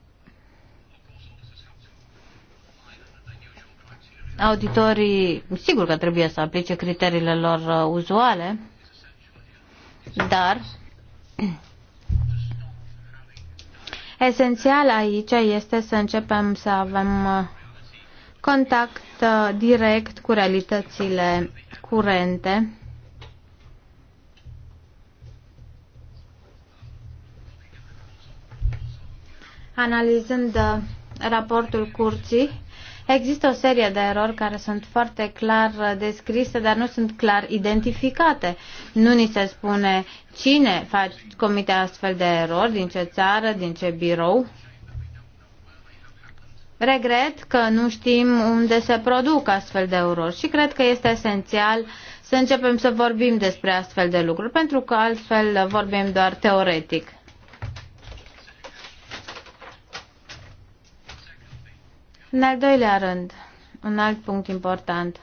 auditorii, sigur că trebuie să aplice criteriile lor uh, uzuale, dar esențial aici este să începem să avem uh, contact uh, direct cu realitățile curente. Analizând uh, raportul curții, există o serie de erori care sunt foarte clar uh, descrise, dar nu sunt clar identificate. Nu ni se spune cine comite astfel de erori, din ce țară, din ce birou. Regret că nu știm unde se produc astfel de urori și cred că este esențial să începem să vorbim despre astfel de lucruri, pentru că altfel vorbim doar teoretic. În al doilea rând, un alt punct important.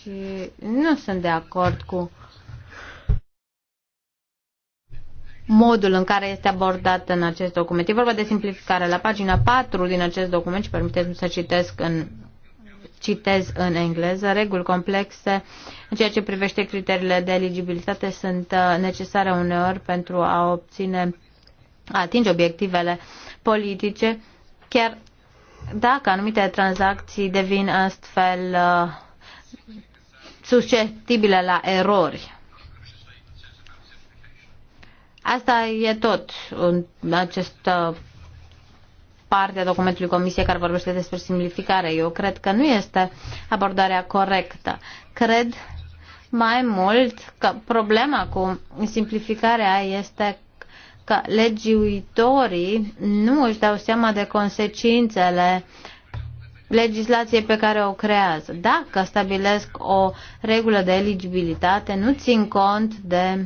Și nu sunt de acord cu modul în care este abordat în acest document. E vorba de simplificare. La pagina 4 din acest document, și permiteți-mi să citesc în, citez în engleză, reguli complexe în ceea ce privește criteriile de eligibilitate sunt uh, necesare uneori pentru a obține, a atinge obiectivele politice, chiar dacă anumite tranzacții devin astfel uh, susceptibile la erori. Asta e tot în această parte a documentului Comisiei care vorbește despre simplificare. Eu cred că nu este abordarea corectă. Cred mai mult că problema cu simplificarea este că legiuitorii nu își dau seama de consecințele legislației pe care o creează. Dacă stabilesc o regulă de eligibilitate, nu țin cont de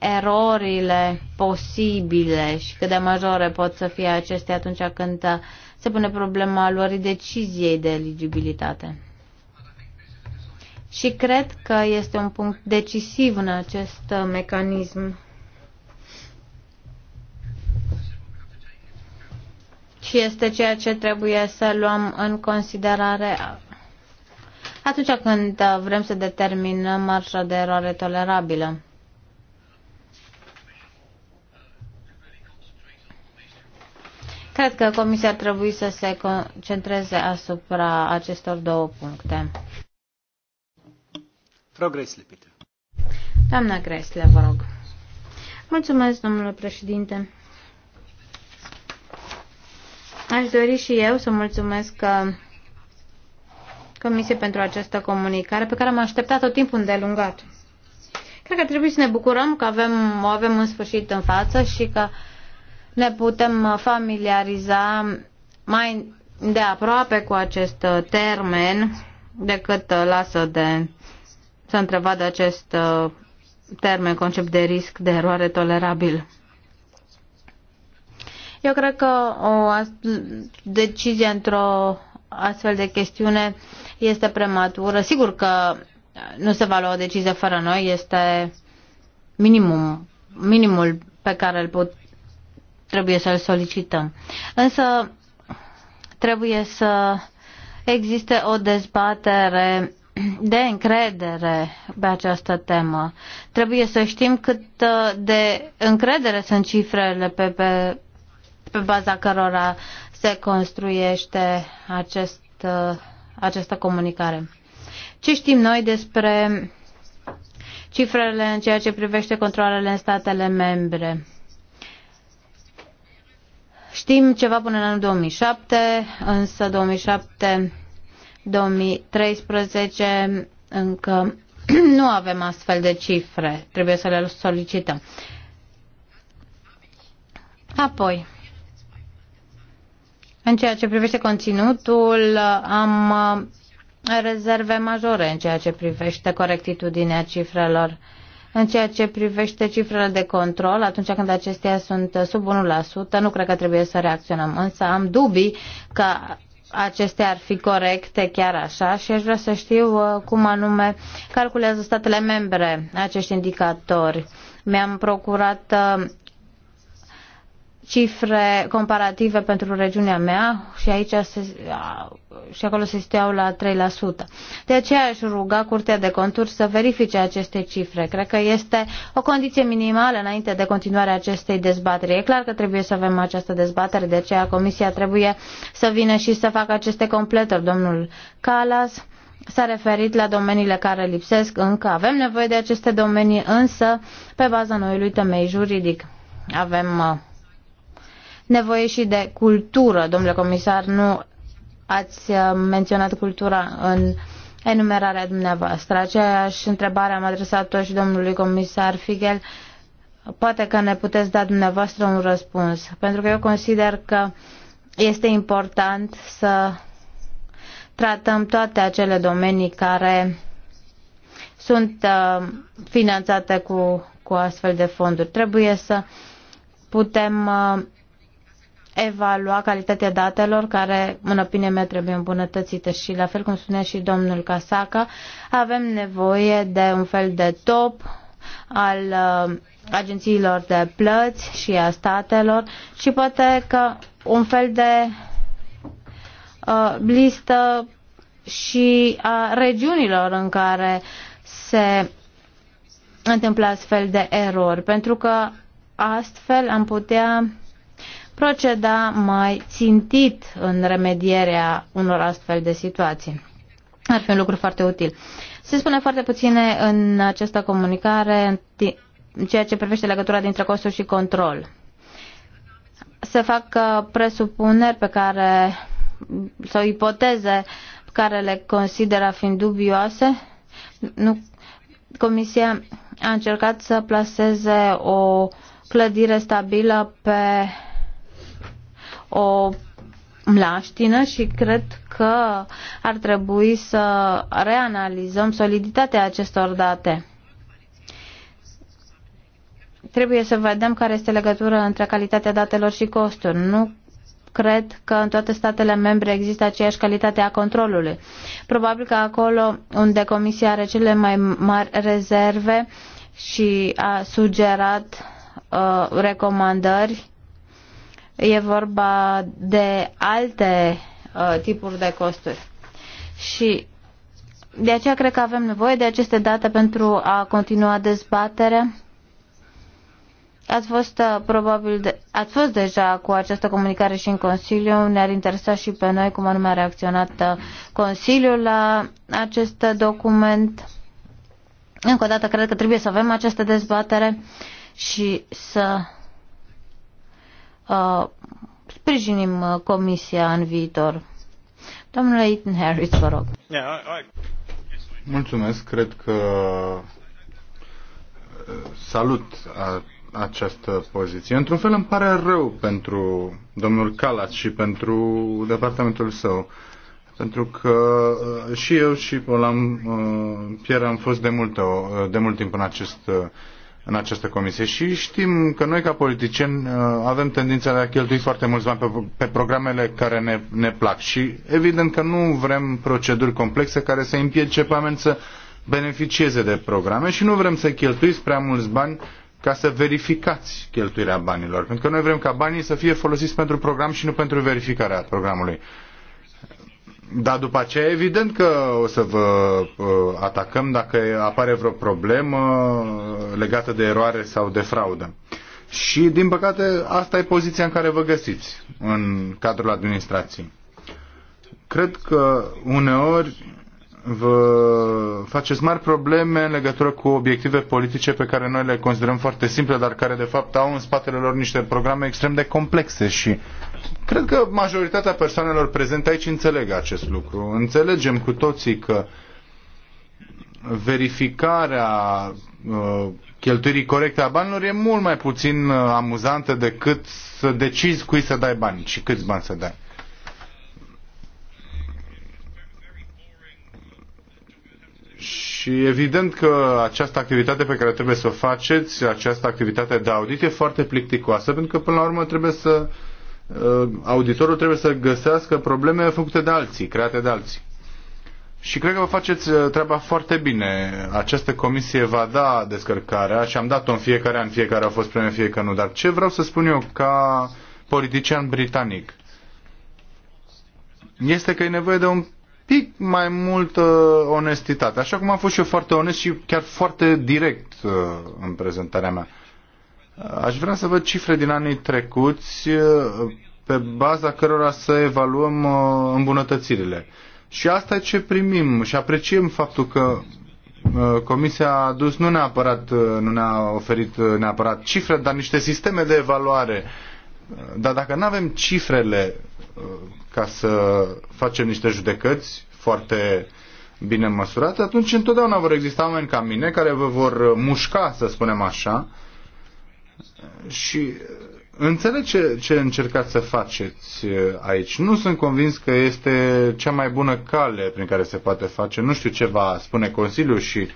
erorile posibile și cât de majore pot să fie acestea atunci când se pune problema luării deciziei de eligibilitate. Și cred că este un punct decisiv în acest mecanism. Și este ceea ce trebuie să luăm în considerare atunci când vrem să determinăm marja de eroare tolerabilă. Cred că Comisia ar trebui să se concentreze asupra acestor două puncte. Frau Gresle, bitte. Doamna Gresle, vă rog. Mulțumesc, domnule președinte. Aș dori și eu să mulțumesc că uh, Comisie pentru această comunicare pe care am așteptat tot timpul îndelungat. Cred că trebuie să ne bucurăm că avem, o avem în sfârșit în față și că ne putem familiariza mai de aproape cu acest termen decât uh, lasă de să întrevadă acest uh, termen, concept de risc de eroare tolerabil. Eu cred că o decizie într-o astfel de chestiune este prematură. Sigur că nu se va lua o decizie fără noi, este minimum, minimul pe care îl put, trebuie să-l solicităm. Însă trebuie să existe o dezbatere de încredere pe această temă. Trebuie să știm cât uh, de încredere sunt cifrele pe, pe, pe baza cărora se construiește acest, uh, această comunicare. Ce știm noi despre cifrele în ceea ce privește controlele în statele membre? Știm ceva până în anul 2007, însă 2007-2013 încă nu avem astfel de cifre. Trebuie să le solicităm. Apoi, în ceea ce privește conținutul, am rezerve majore în ceea ce privește corectitudinea cifrelor în ceea ce privește cifrele de control, atunci când acestea sunt sub 1%, nu cred că trebuie să reacționăm. Însă am dubii că acestea ar fi corecte chiar așa și aș vrea să știu uh, cum anume calculează statele membre acești indicatori. Mi-am procurat uh, cifre comparative pentru regiunea mea și aici se, și acolo se steau la 3%. De aceea aș ruga Curtea de Conturi să verifice aceste cifre. Cred că este o condiție minimală înainte de continuarea acestei dezbateri. E clar că trebuie să avem această dezbatere, de aceea Comisia trebuie să vină și să facă aceste completări. Domnul Calas s-a referit la domeniile care lipsesc încă. Avem nevoie de aceste domenii, însă pe baza noului temei juridic. Avem uh, nevoie și de cultură, domnule comisar, nu ați uh, menționat cultura în enumerarea dumneavoastră. Aceeași întrebare am adresat-o și domnului comisar Figel. Poate că ne puteți da dumneavoastră un răspuns, pentru că eu consider că este important să tratăm toate acele domenii care sunt uh, finanțate cu, cu astfel de fonduri. Trebuie să putem uh, evalua calitatea datelor care, în opinia mea, trebuie îmbunătățite și, la fel cum spunea și domnul Casaca, avem nevoie de un fel de top al uh, agențiilor de plăți și a statelor și poate că un fel de uh, listă și a regiunilor în care se întâmplă astfel de erori, pentru că astfel am putea proceda mai țintit în remedierea unor astfel de situații. Ar fi un lucru foarte util. Se spune foarte puține în această comunicare în ceea ce privește legătura dintre costuri și control. Se fac uh, presupuneri pe care sau ipoteze pe care le consideră fiind dubioase. Nu, Comisia a încercat să placeze o clădire stabilă pe o mlaștină și cred că ar trebui să reanalizăm soliditatea acestor date. Trebuie să vedem care este legătura între calitatea datelor și costuri. Nu cred că în toate statele membre există aceeași calitate a controlului. Probabil că acolo unde Comisia are cele mai mari rezerve și a sugerat uh, recomandări E vorba de alte uh, tipuri de costuri. Și de aceea cred că avem nevoie de aceste date pentru a continua dezbaterea. Ați fost uh, probabil, de, ați fost deja cu această comunicare și în Consiliu. Ne-ar interesa și pe noi cum anume a reacționat uh, Consiliul la acest document. Încă o dată, cred că trebuie să avem această dezbatere și să uh, sprijinim uh, Comisia în viitor. Domnule Ethan Harris, vă rog. Mulțumesc, cred că uh, salut a, uh, această poziție. Într-un fel îmi pare rău pentru domnul Calat și pentru departamentul său, pentru că uh, și eu și Olam Pierre am fost de, multă, de mult timp în acest în această comisie și știm că noi ca politicieni uh, avem tendința de a cheltui foarte mulți bani pe, pe programele care ne, ne plac și evident că nu vrem proceduri complexe care să împiedice pe oameni să beneficieze de programe și nu vrem să cheltuiți prea mulți bani ca să verificați cheltuirea banilor. Pentru că noi vrem ca banii să fie folosiți pentru program și nu pentru verificarea programului. Da, după aceea, evident că o să vă uh, atacăm dacă apare vreo problemă legată de eroare sau de fraudă. Și, din păcate, asta e poziția în care vă găsiți în cadrul administrației. Cred că uneori vă faceți mari probleme în legătură cu obiective politice pe care noi le considerăm foarte simple, dar care de fapt au în spatele lor niște programe extrem de complexe și Cred că majoritatea persoanelor prezente aici înțeleg acest lucru. Înțelegem cu toții că verificarea uh, cheltuirii corecte a banilor e mult mai puțin uh, amuzantă decât să decizi cui să dai bani și câți bani să dai. Și evident că această activitate pe care trebuie să o faceți, această activitate de audit e foarte plicticoasă, pentru că până la urmă trebuie să uh, Uh, auditorul trebuie să găsească probleme făcute de alții, create de alții. Și cred că vă faceți uh, treaba foarte bine. Această comisie va da descărcarea și am dat-o în fiecare an, fiecare a fost premiu, fiecare nu. Dar ce vreau să spun eu ca politician britanic este că e nevoie de un pic mai multă onestitate. Așa cum am fost și eu foarte onest și chiar foarte direct uh, în prezentarea mea. Aș vrea să văd cifre din anii trecuți eh, pe baza cărora să evaluăm eh, îmbunătățirile. Și asta e ce primim și apreciem faptul că eh, Comisia a adus nu neapărat, nu ne-a oferit neapărat cifre, dar niște sisteme de evaluare. Dar dacă nu avem cifrele ca să facem niște judecăți foarte bine măsurate, atunci întotdeauna vor exista oameni ca mine care vă vor mușca, să spunem așa, și uh, înțeleg ce, ce încercați să faceți uh, aici. Nu sunt convins că este cea mai bună cale prin care se poate face. Nu știu ce va spune Consiliul și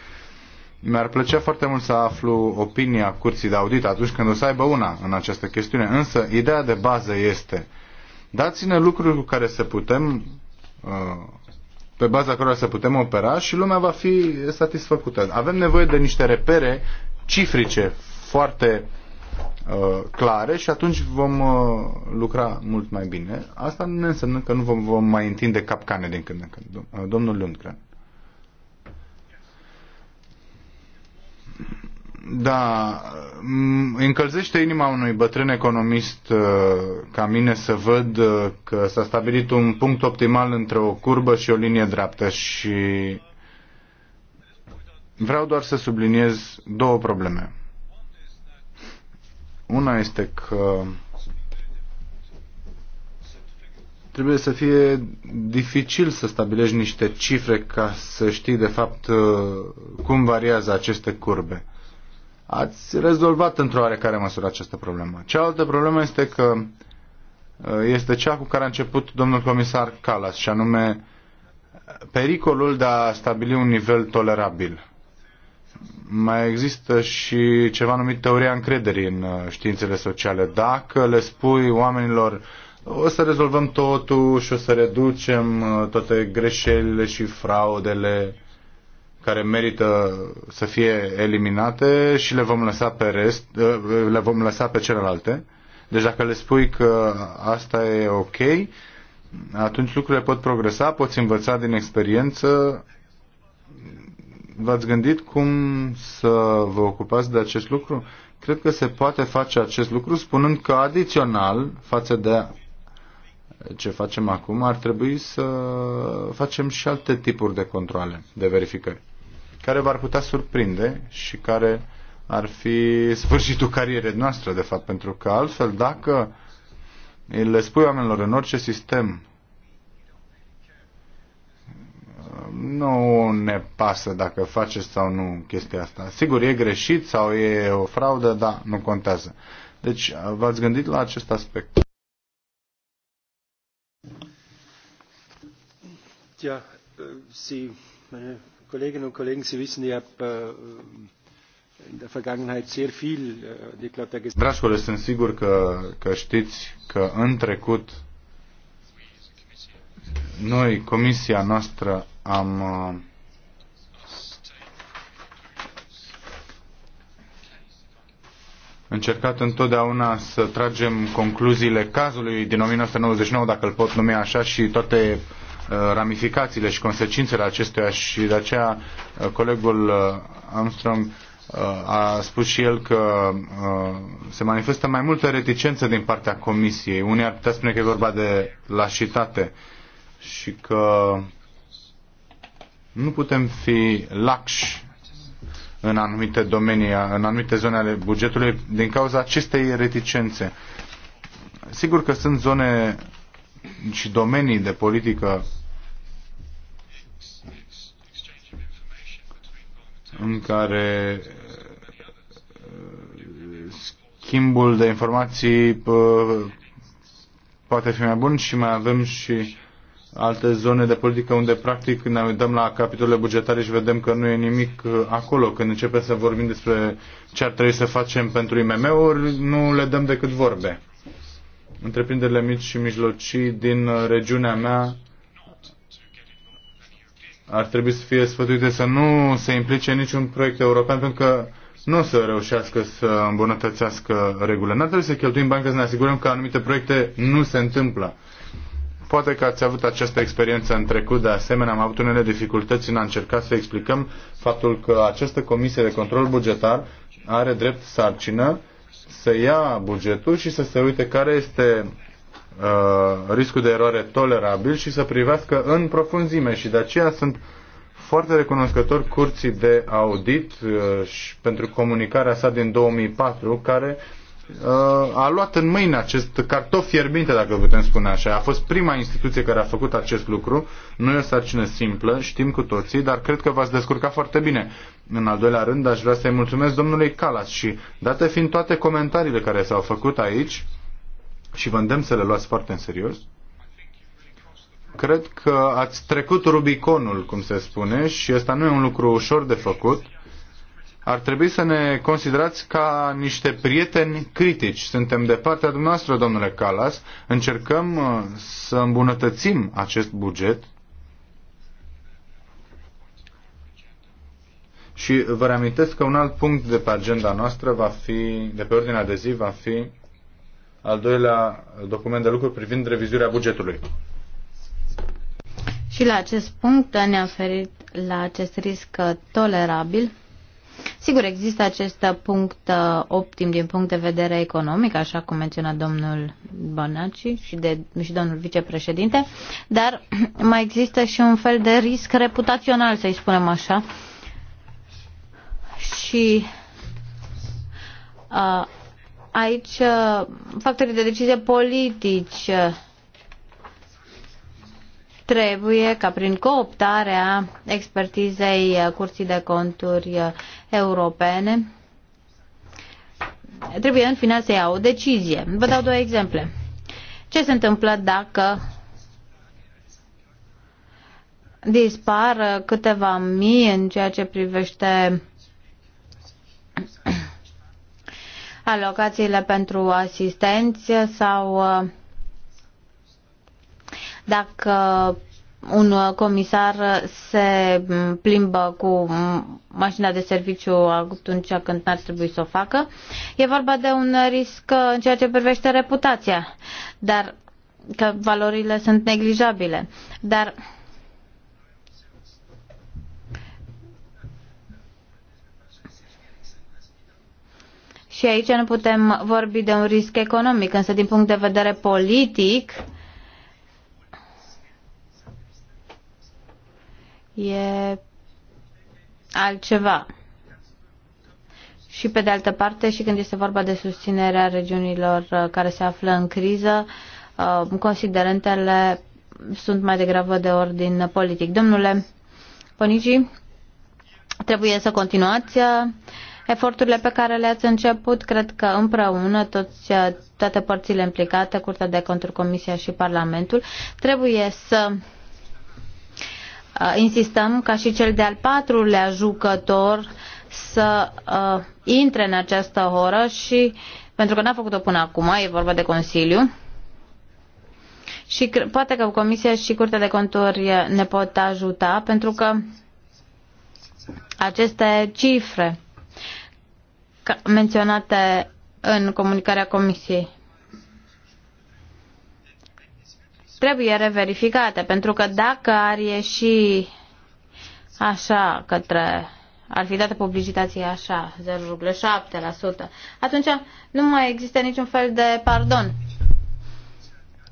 mi-ar plăcea foarte mult să aflu opinia Curții de Audit atunci când o să aibă una în această chestiune. Însă, ideea de bază este dați-ne lucruri cu care să putem uh, pe baza cărora să putem opera și lumea va fi satisfăcută. Avem nevoie de niște repere cifrice foarte uh, Uh, clare și atunci vom uh, lucra mult mai bine. Asta nu înseamnă că nu vom, vom mai întinde capcane din când în când. Uh, domnul Lundgren. Da, încălzește inima unui bătrân economist ca mine să văd că s-a stabilit un punct optimal între o curbă și o linie dreaptă și vreau doar să subliniez două probleme. Una este că trebuie să fie dificil să stabilești niște cifre ca să știi de fapt uh, cum variază aceste curbe. Ați rezolvat într-o oarecare măsură această problemă. Cealaltă problemă este că uh, este cea cu care a început domnul comisar Calas, și anume pericolul de a stabili un nivel tolerabil mai există și ceva numit teoria încrederii în uh, științele sociale. Dacă le spui oamenilor o să rezolvăm totul și o să reducem uh, toate greșelile și fraudele care merită să fie eliminate și le vom lăsa pe rest, uh, le vom lăsa pe celelalte. Deci dacă le spui că asta e ok, atunci lucrurile pot progresa, poți învăța din experiență V-ați gândit cum să vă ocupați de acest lucru? Cred că se poate face acest lucru spunând că adițional față de ce facem acum, ar trebui să facem și alte tipuri de controle, de verificări, care v-ar putea surprinde și care ar fi sfârșitul carierei noastre, de fapt, pentru că altfel, dacă le spui oamenilor în orice sistem nu ne pasă dacă face sau nu chestia asta. Sigur, e greșit sau e o fraudă, dar nu contează. Deci, v-ați gândit la acest aspect? Ja, Sie, meine Kolleginnen und Kollegen, Sie wissen, ich habe äh, in der Vergangenheit sehr viel äh, deklarat. Dragi colegi, sunt sigur că, că știți că în trecut noi, comisia noastră, am uh, încercat întotdeauna să tragem concluziile cazului din 1999, dacă îl pot numi așa, și toate uh, ramificațiile și consecințele acestuia și de aceea uh, colegul Armstrong a spus și el că se manifestă mai multă reticență din partea Comisiei. Unii ar putea spune că e vorba de lașitate și că nu putem fi laxi în anumite domenii, în anumite zone ale bugetului din cauza acestei reticențe. Sigur că sunt zone și domenii de politică în care schimbul de informații poate fi mai bun și mai avem și alte zone de politică unde practic ne uităm la capitolele bugetare și vedem că nu e nimic uh, acolo. Când începem să vorbim despre ce ar trebui să facem pentru IMM-uri, nu le dăm decât vorbe. Întreprinderile mici și mijlocii din uh, regiunea mea ar trebui să fie sfătuite să nu se implice niciun proiect european pentru că nu o să reușească să îmbunătățească regulile. Nu trebuie să cheltuim bani ca să ne asigurăm că anumite proiecte nu se întâmplă. Poate că ați avut această experiență în trecut, de asemenea am avut unele dificultăți în a încerca să explicăm faptul că această comisie de control bugetar are drept sarcină să ia bugetul și să se uite care este uh, riscul de eroare tolerabil și să privească în profunzime și de aceea sunt foarte recunoscător curții de audit uh, și pentru comunicarea sa din 2004 care uh, Uh, a luat în mâini acest cartof fierbinte, dacă putem spune așa. A fost prima instituție care a făcut acest lucru. Nu e o sarcină simplă, știm cu toții, dar cred că v-ați descurcat foarte bine. În al doilea rând, aș vrea să-i mulțumesc domnului Calas și, date fiind toate comentariile care s-au făcut aici, și vă îndemn să le luați foarte în serios, cred că ați trecut Rubiconul, cum se spune, și ăsta nu e un lucru ușor de făcut ar trebui să ne considerați ca niște prieteni critici. Suntem de partea dumneavoastră, domnule Calas. Încercăm uh, să îmbunătățim acest buget. Și vă reamintesc că un alt punct de pe agenda noastră va fi, de pe ordinea de zi, va fi al doilea document de lucru privind revizuirea bugetului. Și la acest punct ne-a oferit la acest risc tolerabil Sigur, există acest punct uh, optim din punct de vedere economic, așa cum menționa domnul Banaci și, de, și domnul vicepreședinte, dar mai există și un fel de risc reputațional, să-i spunem așa. Și a, uh, aici uh, factorii de decizie politici a, trebuie ca prin cooptarea expertizei uh, Curții de Conturi uh, Europene trebuie în final să ia o decizie. Vă dau două exemple. Ce se întâmplă dacă dispar uh, câteva mii în ceea ce privește alocațiile pentru asistenți sau uh, dacă un comisar se plimbă cu mașina de serviciu atunci când n-ar trebui să o facă. E vorba de un risc în ceea ce privește reputația, dar că valorile sunt neglijabile. Dar Și aici nu putem vorbi de un risc economic, însă din punct de vedere politic, uh, e altceva. Și pe de altă parte, și când este vorba de susținerea regiunilor uh, care se află în criză, uh, considerentele sunt mai degrabă de ordin politic. Domnule Ponici, trebuie să continuați uh, eforturile pe care le-ați început. Cred că împreună toți, toate părțile implicate, Curtea de Conturi, Comisia și Parlamentul, trebuie să Uh, insistăm ca și cel de-al patrulea jucător să uh, intre în această oră și pentru că n-a făcut-o până acum, e vorba de Consiliu. Și poate că Comisia și Curtea de Conturi ne pot ajuta pentru că aceste cifre menționate în comunicarea Comisiei trebuie reverificate, pentru că dacă ar ieși așa către ar fi dată publicitatea așa, 0,7%, atunci nu mai există niciun fel de pardon.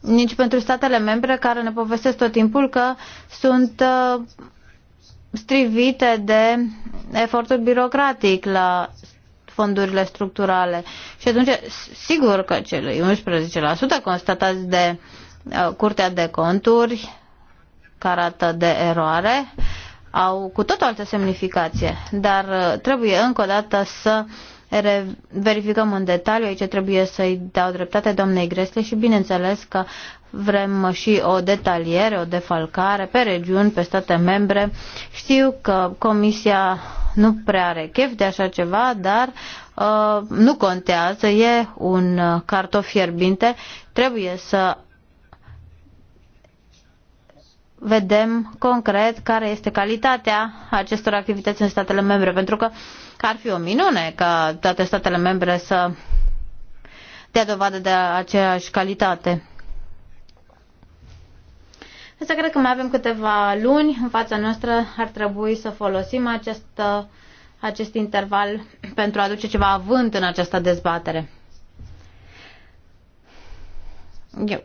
Nici pentru statele membre care ne povestesc tot timpul că sunt uh, strivite de efortul birocratic la fondurile structurale. Și atunci, sigur că celui 11% constatați de uh, Uh, Curtea de Conturi, care arată de eroare, au cu tot o altă semnificație, dar uh, trebuie încă o dată să verificăm în detaliu. Aici trebuie să-i dau dreptate doamnei Gresle și bineînțeles că vrem și o detaliere, o defalcare pe regiuni, pe state membre. Știu că Comisia nu prea are chef de așa ceva, dar uh, nu contează, e un uh, cartof fierbinte. Trebuie să vedem concret care este calitatea acestor activități în statele membre, pentru că ar fi o minune ca toate statele membre să dea dovadă de aceeași calitate. Însă cred că mai avem câteva luni în fața noastră, ar trebui să folosim acest, acest interval pentru a aduce ceva avânt în această dezbatere. Eu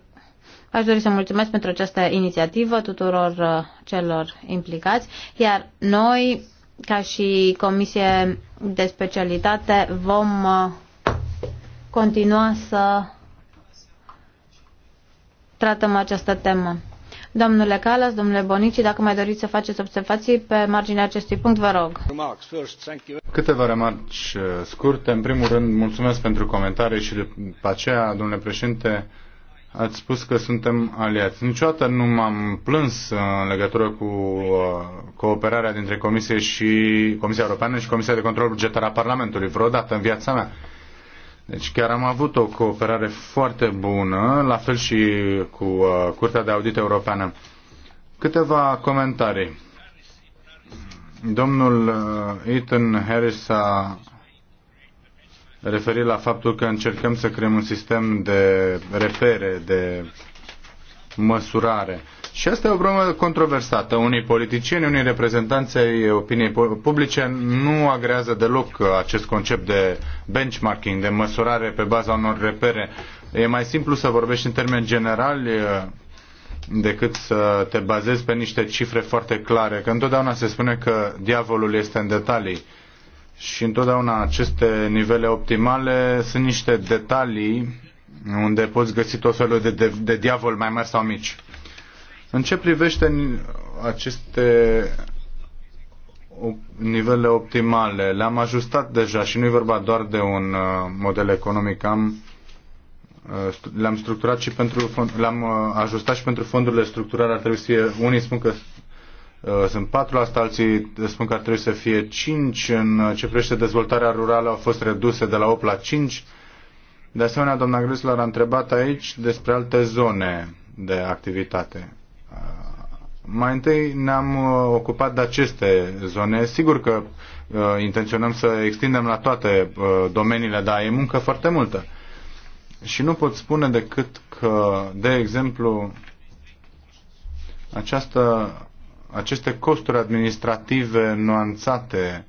Aș dori să mulțumesc pentru această inițiativă tuturor uh, celor implicați, iar noi, ca și Comisie de Specialitate, vom uh, continua să tratăm această temă. Domnule Calas, domnule Bonici, dacă mai doriți să faceți observații pe marginea acestui punct, vă rog. Câteva remarci uh, scurte. În primul rând, mulțumesc pentru comentarii și după aceea, domnule președinte, Ați spus că suntem aliați. Niciodată nu m-am plâns în legătură cu uh, cooperarea dintre Comisie și Comisia Europeană și Comisia de Control Bugetar a Parlamentului vreodată în viața mea. Deci chiar am avut o cooperare foarte bună, la fel și cu uh, Curtea de Audit Europeană. Câteva comentarii. Domnul uh, Ethan Harris a referi la faptul că încercăm să creăm un sistem de repere, de măsurare. Și asta e o problemă controversată. Unii politicieni, unii reprezentanți ai opiniei publice nu agrează deloc acest concept de benchmarking, de măsurare pe baza unor repere. E mai simplu să vorbești în termeni generali decât să te bazezi pe niște cifre foarte clare, că întotdeauna se spune că diavolul este în detalii și întotdeauna aceste nivele optimale sunt niște detalii unde poți găsi tot felul de, de, de diavol mai mari sau mici. În ce privește aceste nivele optimale, le-am ajustat deja și nu e vorba doar de un uh, model economic, am uh, le-am structurat și pentru le-am uh, ajustat și pentru fondurile structurale ar trebui să fie, unii spun că Uh, sunt 4%, alții spun că ar trebui să fie 5%, în uh, ce privește dezvoltarea rurală au fost reduse de la 8 la 5%. De asemenea, doamna Grisler a întrebat aici despre alte zone de activitate. Uh, mai întâi ne-am ocupat de aceste zone. Sigur că intenționăm să extindem la toate domeniile, dar e muncă foarte multă. Și nu pot spune decât că, de exemplu, această aceste costuri administrative nuanțate.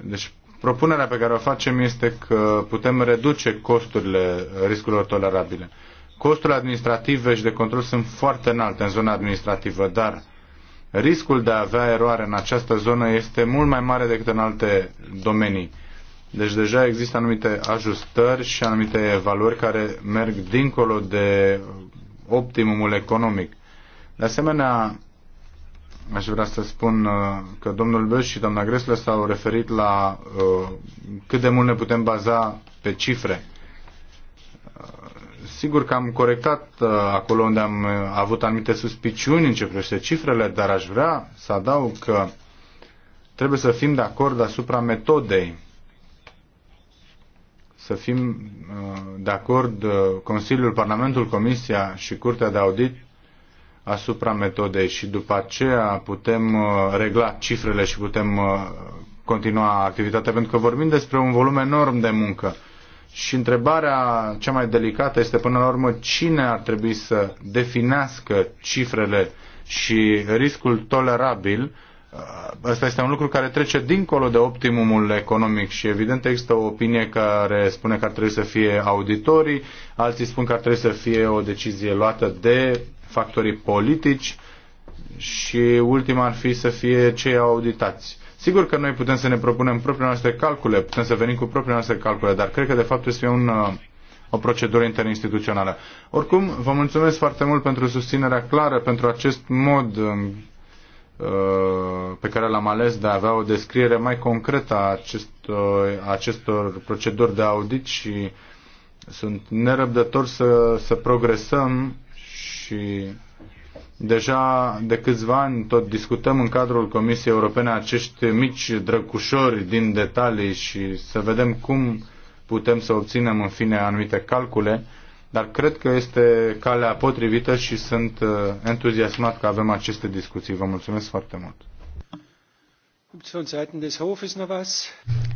Deci propunerea pe care o facem este că putem reduce costurile riscurilor tolerabile. Costurile administrative și de control sunt foarte înalte în zona administrativă, dar riscul de a avea eroare în această zonă este mult mai mare decât în alte domenii. Deci deja există anumite ajustări și anumite valori care merg dincolo de optimumul economic. De asemenea, Aș vrea să spun uh, că domnul Băș și doamna Gresle s-au referit la uh, cât de mult ne putem baza pe cifre. Uh, sigur că am corectat acolo unde am avut anumite suspiciuni în ce privește cifrele, dar aș vrea să adaug că trebuie să fim de acord asupra metodei. Să fim de acord Consiliul, Parlamentul, Comisia și Curtea de Audit asupra metodei și după aceea putem uh, regla cifrele și putem uh, continua activitatea, pentru că vorbim despre un volum enorm de muncă. Și întrebarea cea mai delicată este până la urmă cine ar trebui să definească cifrele și riscul tolerabil. Asta uh, este un lucru care trece dincolo de optimumul economic și evident există o opinie care spune că ar trebui să fie auditorii, alții spun că ar trebui să fie o decizie luată de factorii politici și ultima ar fi să fie cei auditați. Sigur că noi putem să ne propunem propriile noastre calcule, putem să venim cu propriile noastre calcule, dar cred că de fapt este un, uh, o procedură interinstituțională. Oricum, vă mulțumesc foarte mult pentru susținerea clară, pentru acest mod um, uh, pe care l-am ales de a avea o descriere mai concretă a acestor, a uh, acestor proceduri de audit și sunt nerăbdător să, să progresăm și deja de câțiva ani tot discutăm în cadrul Comisiei Europene acești mici drăgușori din detalii și să vedem cum putem să obținem în fine anumite calcule, dar cred că este calea potrivită și sunt uh, entuziasmat că avem aceste discuții. Vă mulțumesc foarte mult!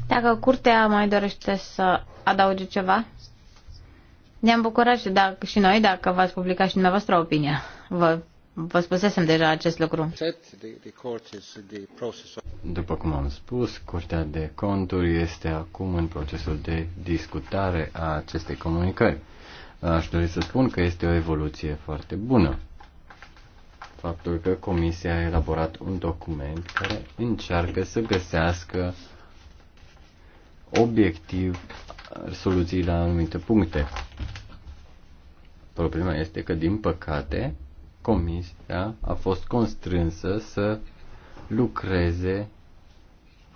Dacă curtea mai dorește să adauge ceva? Ne-am bucurat și, dacă, și noi dacă v-ați publicat și dumneavoastră opinia. Vă, vă spusesem deja acest lucru. După cum am spus, Curtea de Conturi este acum în procesul de discutare a acestei comunicări. Aș dori să spun că este o evoluție foarte bună. Faptul că Comisia a elaborat un document care încearcă să găsească obiectiv soluții la anumite puncte. Problema este că, din păcate, comisia a fost constrânsă să lucreze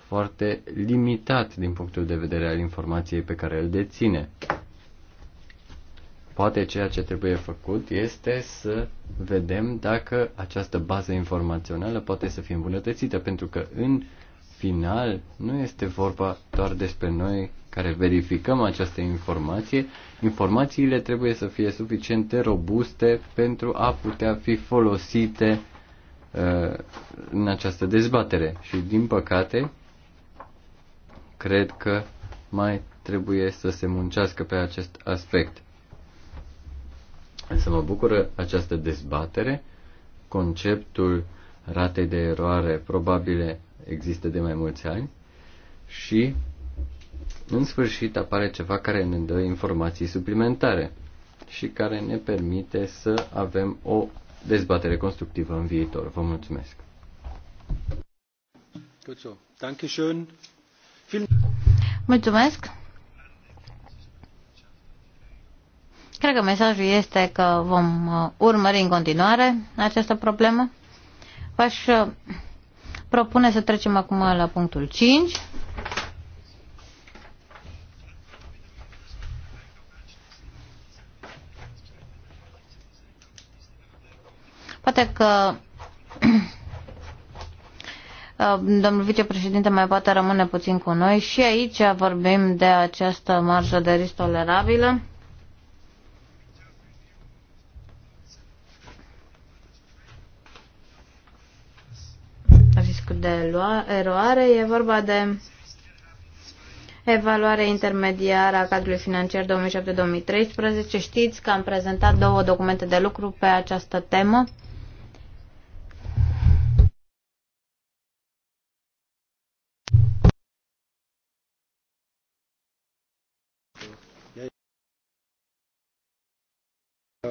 foarte limitat din punctul de vedere al informației pe care îl deține. Poate ceea ce trebuie făcut este să vedem dacă această bază informațională poate să fie îmbunătățită, pentru că în uh, final nu este vorba doar despre noi care verificăm această informație. Informațiile trebuie să fie suficiente, robuste pentru a putea fi folosite uh, în această dezbatere. Și din păcate, cred că mai trebuie să se muncească pe acest aspect. Însă mă bucură această dezbatere. Conceptul ratei de eroare probabile există de mai mulți ani și, în sfârșit, apare ceva care ne dă informații suplimentare și care ne permite să avem o dezbatere constructivă în viitor. Vă mulțumesc! Mulțumesc! Cred că mesajul este că vom uh, urmări în continuare această problemă. V-aș uh, propune să trecem acum la punctul 5. Poate că uh, domnul vicepreședinte mai poate rămâne puțin cu noi și aici vorbim de această marjă de risc tolerabilă. risc de eroare. E vorba de evaluare intermediară a cadrului financiar 2007-2013. Știți că am prezentat două documente de lucru pe această temă.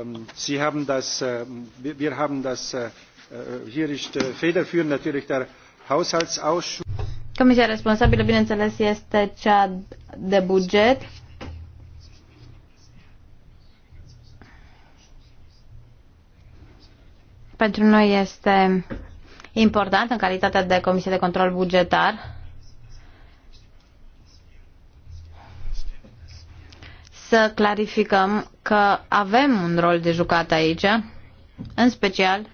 Ähm, Sie haben das, äh, wir haben das, äh, äh, hier ist federführend natürlich der Comisia responsabilă, bineînțeles, este cea de buget. Pentru noi este important în calitate de Comisie de Control Bugetar să clarificăm că avem un rol de jucat aici, în special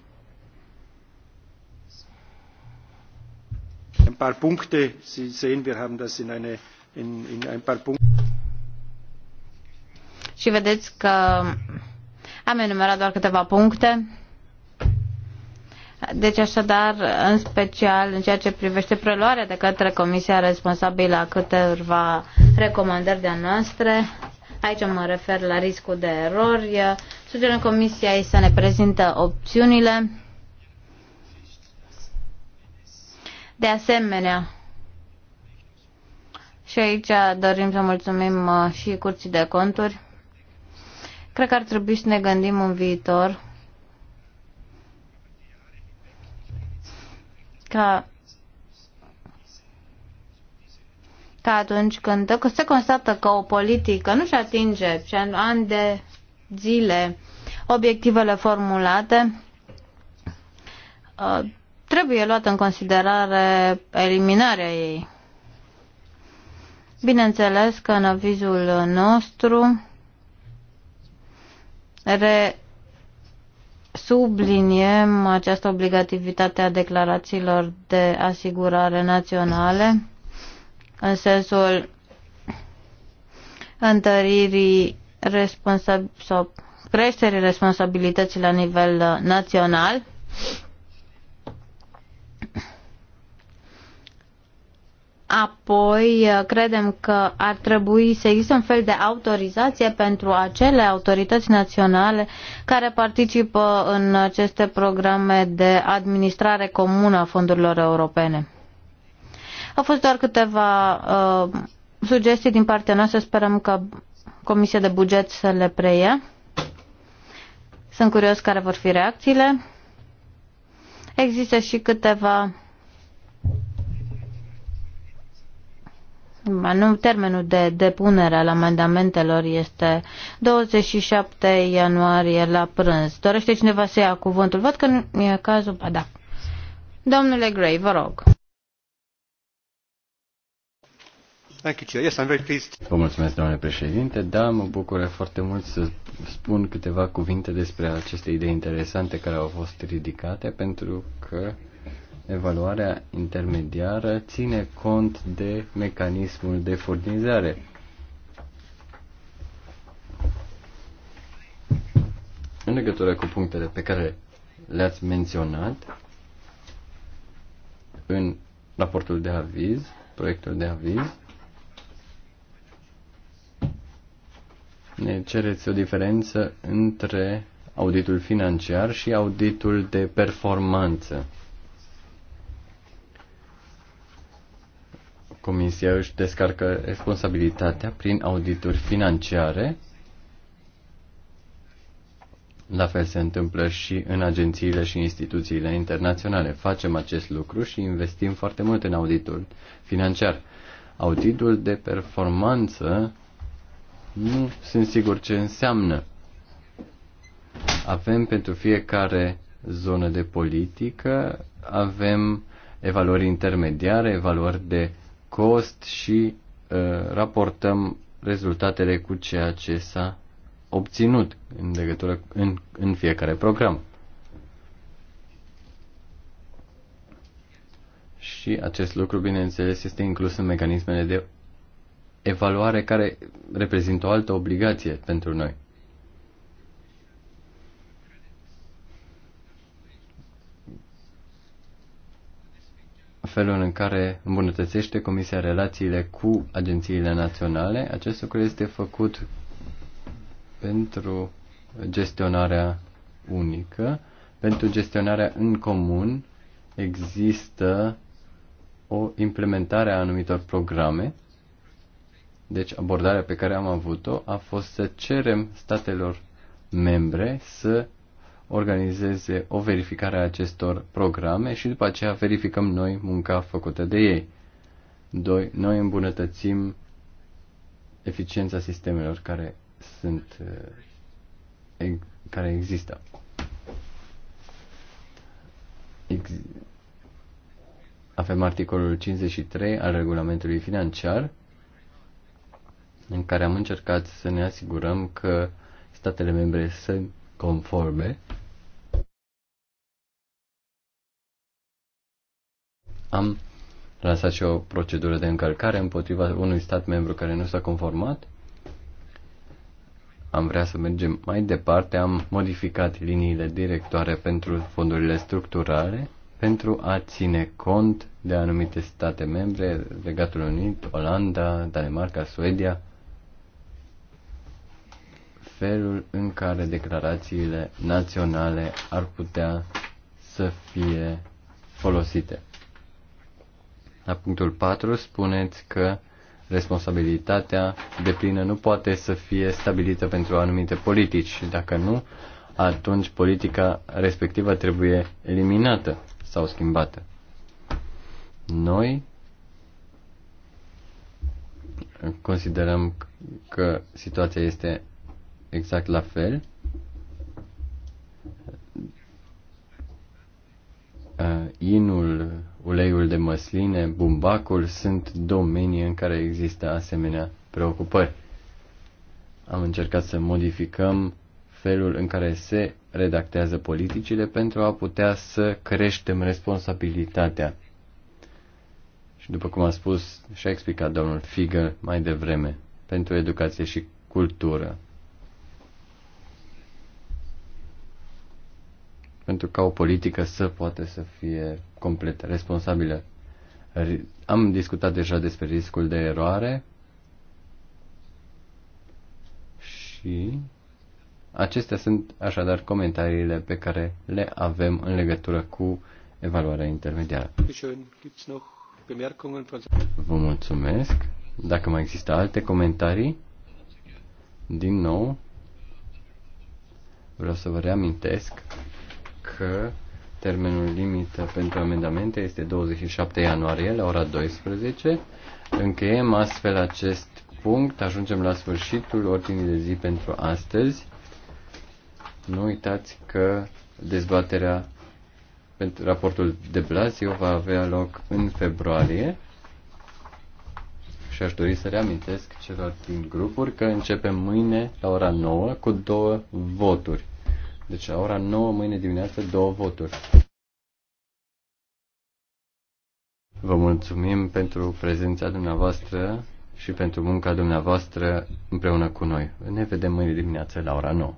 paar Punkte. Sie sehen, wir haben das in, eine, in, in ein paar Punkte. Și vedeți că am enumerat doar câteva puncte. Deci așadar, în special în ceea ce privește preluarea de către Comisia responsabilă a câteva recomandări de-a noastre, aici mă refer la riscul de erori, sugerăm Comisiei să ne prezintă opțiunile De asemenea, și aici dorim să mulțumim uh, și curții de conturi. Cred că ar trebui să ne gândim în viitor ca ca atunci când se constată că o politică nu-și atinge și ani de zile obiectivele formulate, uh, trebuie luată în considerare eliminarea ei. Bineînțeles că în avizul nostru re subliniem această obligativitate a declarațiilor de asigurare naționale în sensul întăririi responsab- sau creșterii responsabilității la nivel național Apoi, uh, credem că ar trebui să existe un fel de autorizație pentru acele autorități naționale care participă în aceste programe de administrare comună a fondurilor europene. Au fost doar câteva uh, sugestii din partea noastră, sperăm că Comisia de Buget să le preia. Sunt curios care vor fi reacțiile. Există și câteva Nu, termenul de depunere al amendamentelor este 27 ianuarie la prânz. Dorește cineva să ia cuvântul? Văd că nu e cazul. Ba da. Domnule Gray, vă rog. Vă mulțumesc, domnule președinte. Da, mă bucură foarte mult să spun câteva cuvinte despre aceste idei interesante care au fost ridicate, pentru că evaluarea intermediară ține cont de mecanismul de furnizare. În legătură cu punctele pe care le-ați menționat în raportul de aviz, proiectul de aviz, ne cereți o diferență între auditul financiar și auditul de performanță. Comisia își descarcă responsabilitatea prin audituri financiare. La fel se întâmplă și în agențiile și instituțiile internaționale. Facem acest lucru și investim foarte mult în auditul financiar. Auditul de performanță nu sunt sigur ce înseamnă. Avem pentru fiecare zonă de politică, avem evaluări intermediare, evaluări de cost și uh, raportăm rezultatele cu ceea ce s-a obținut în legătură în, în fiecare program. Și acest lucru, bineînțeles, este inclus în mecanismele de evaluare care reprezintă o altă obligație pentru noi. felul în care îmbunătățește Comisia relațiile cu agențiile naționale. Acest lucru este făcut pentru gestionarea unică. Pentru gestionarea în comun există o implementare a anumitor programe. Deci abordarea pe care am avut-o a fost să cerem statelor membre să organizeze o verificare a acestor programe și după aceea verificăm noi munca făcută de ei. 2. Noi îmbunătățim eficiența sistemelor care sunt eh, care există. Ex- avem articolul 53 al regulamentului financiar în care am încercat să ne asigurăm că statele membre sunt conforme am lansat și o procedură de încălcare împotriva unui stat membru care nu s-a conformat. Am vrea să mergem mai departe, am modificat liniile directoare pentru fondurile structurale pentru a ține cont de anumite state membre, Regatul Unit, Olanda, Danemarca, Suedia, felul în care declarațiile naționale ar putea să fie folosite. La punctul 4 spuneți că responsabilitatea de plină nu poate să fie stabilită pentru anumite politici și dacă nu, atunci politica respectivă trebuie eliminată sau schimbată. Noi considerăm că situația este exact la fel. Uh, inul uleiul de măsline, bumbacul, sunt domenii în care există asemenea preocupări. Am încercat să modificăm felul în care se redactează politicile pentru a putea să creștem responsabilitatea. Și după cum a spus și a explicat domnul Figel mai devreme, pentru educație și cultură. pentru ca o politică să poată să fie complet responsabilă. Am discutat deja despre riscul de eroare și acestea sunt așadar comentariile pe care le avem în legătură cu evaluarea intermediară. Vă mulțumesc. Dacă mai există alte comentarii, din nou, vreau să vă reamintesc că termenul limită pentru amendamente este 27 ianuarie la ora 12. Încheiem astfel acest punct, ajungem la sfârșitul ordinii de zi pentru astăzi. Nu uitați că dezbaterea pentru raportul de Blasio va avea loc în februarie și aș dori să reamintesc celor din grupuri că începem mâine la ora 9 cu două voturi. Deci la ora 9 mâine dimineață două voturi. Vă mulțumim pentru prezența dumneavoastră și pentru munca dumneavoastră împreună cu noi. Ne vedem mâine dimineață la ora 9.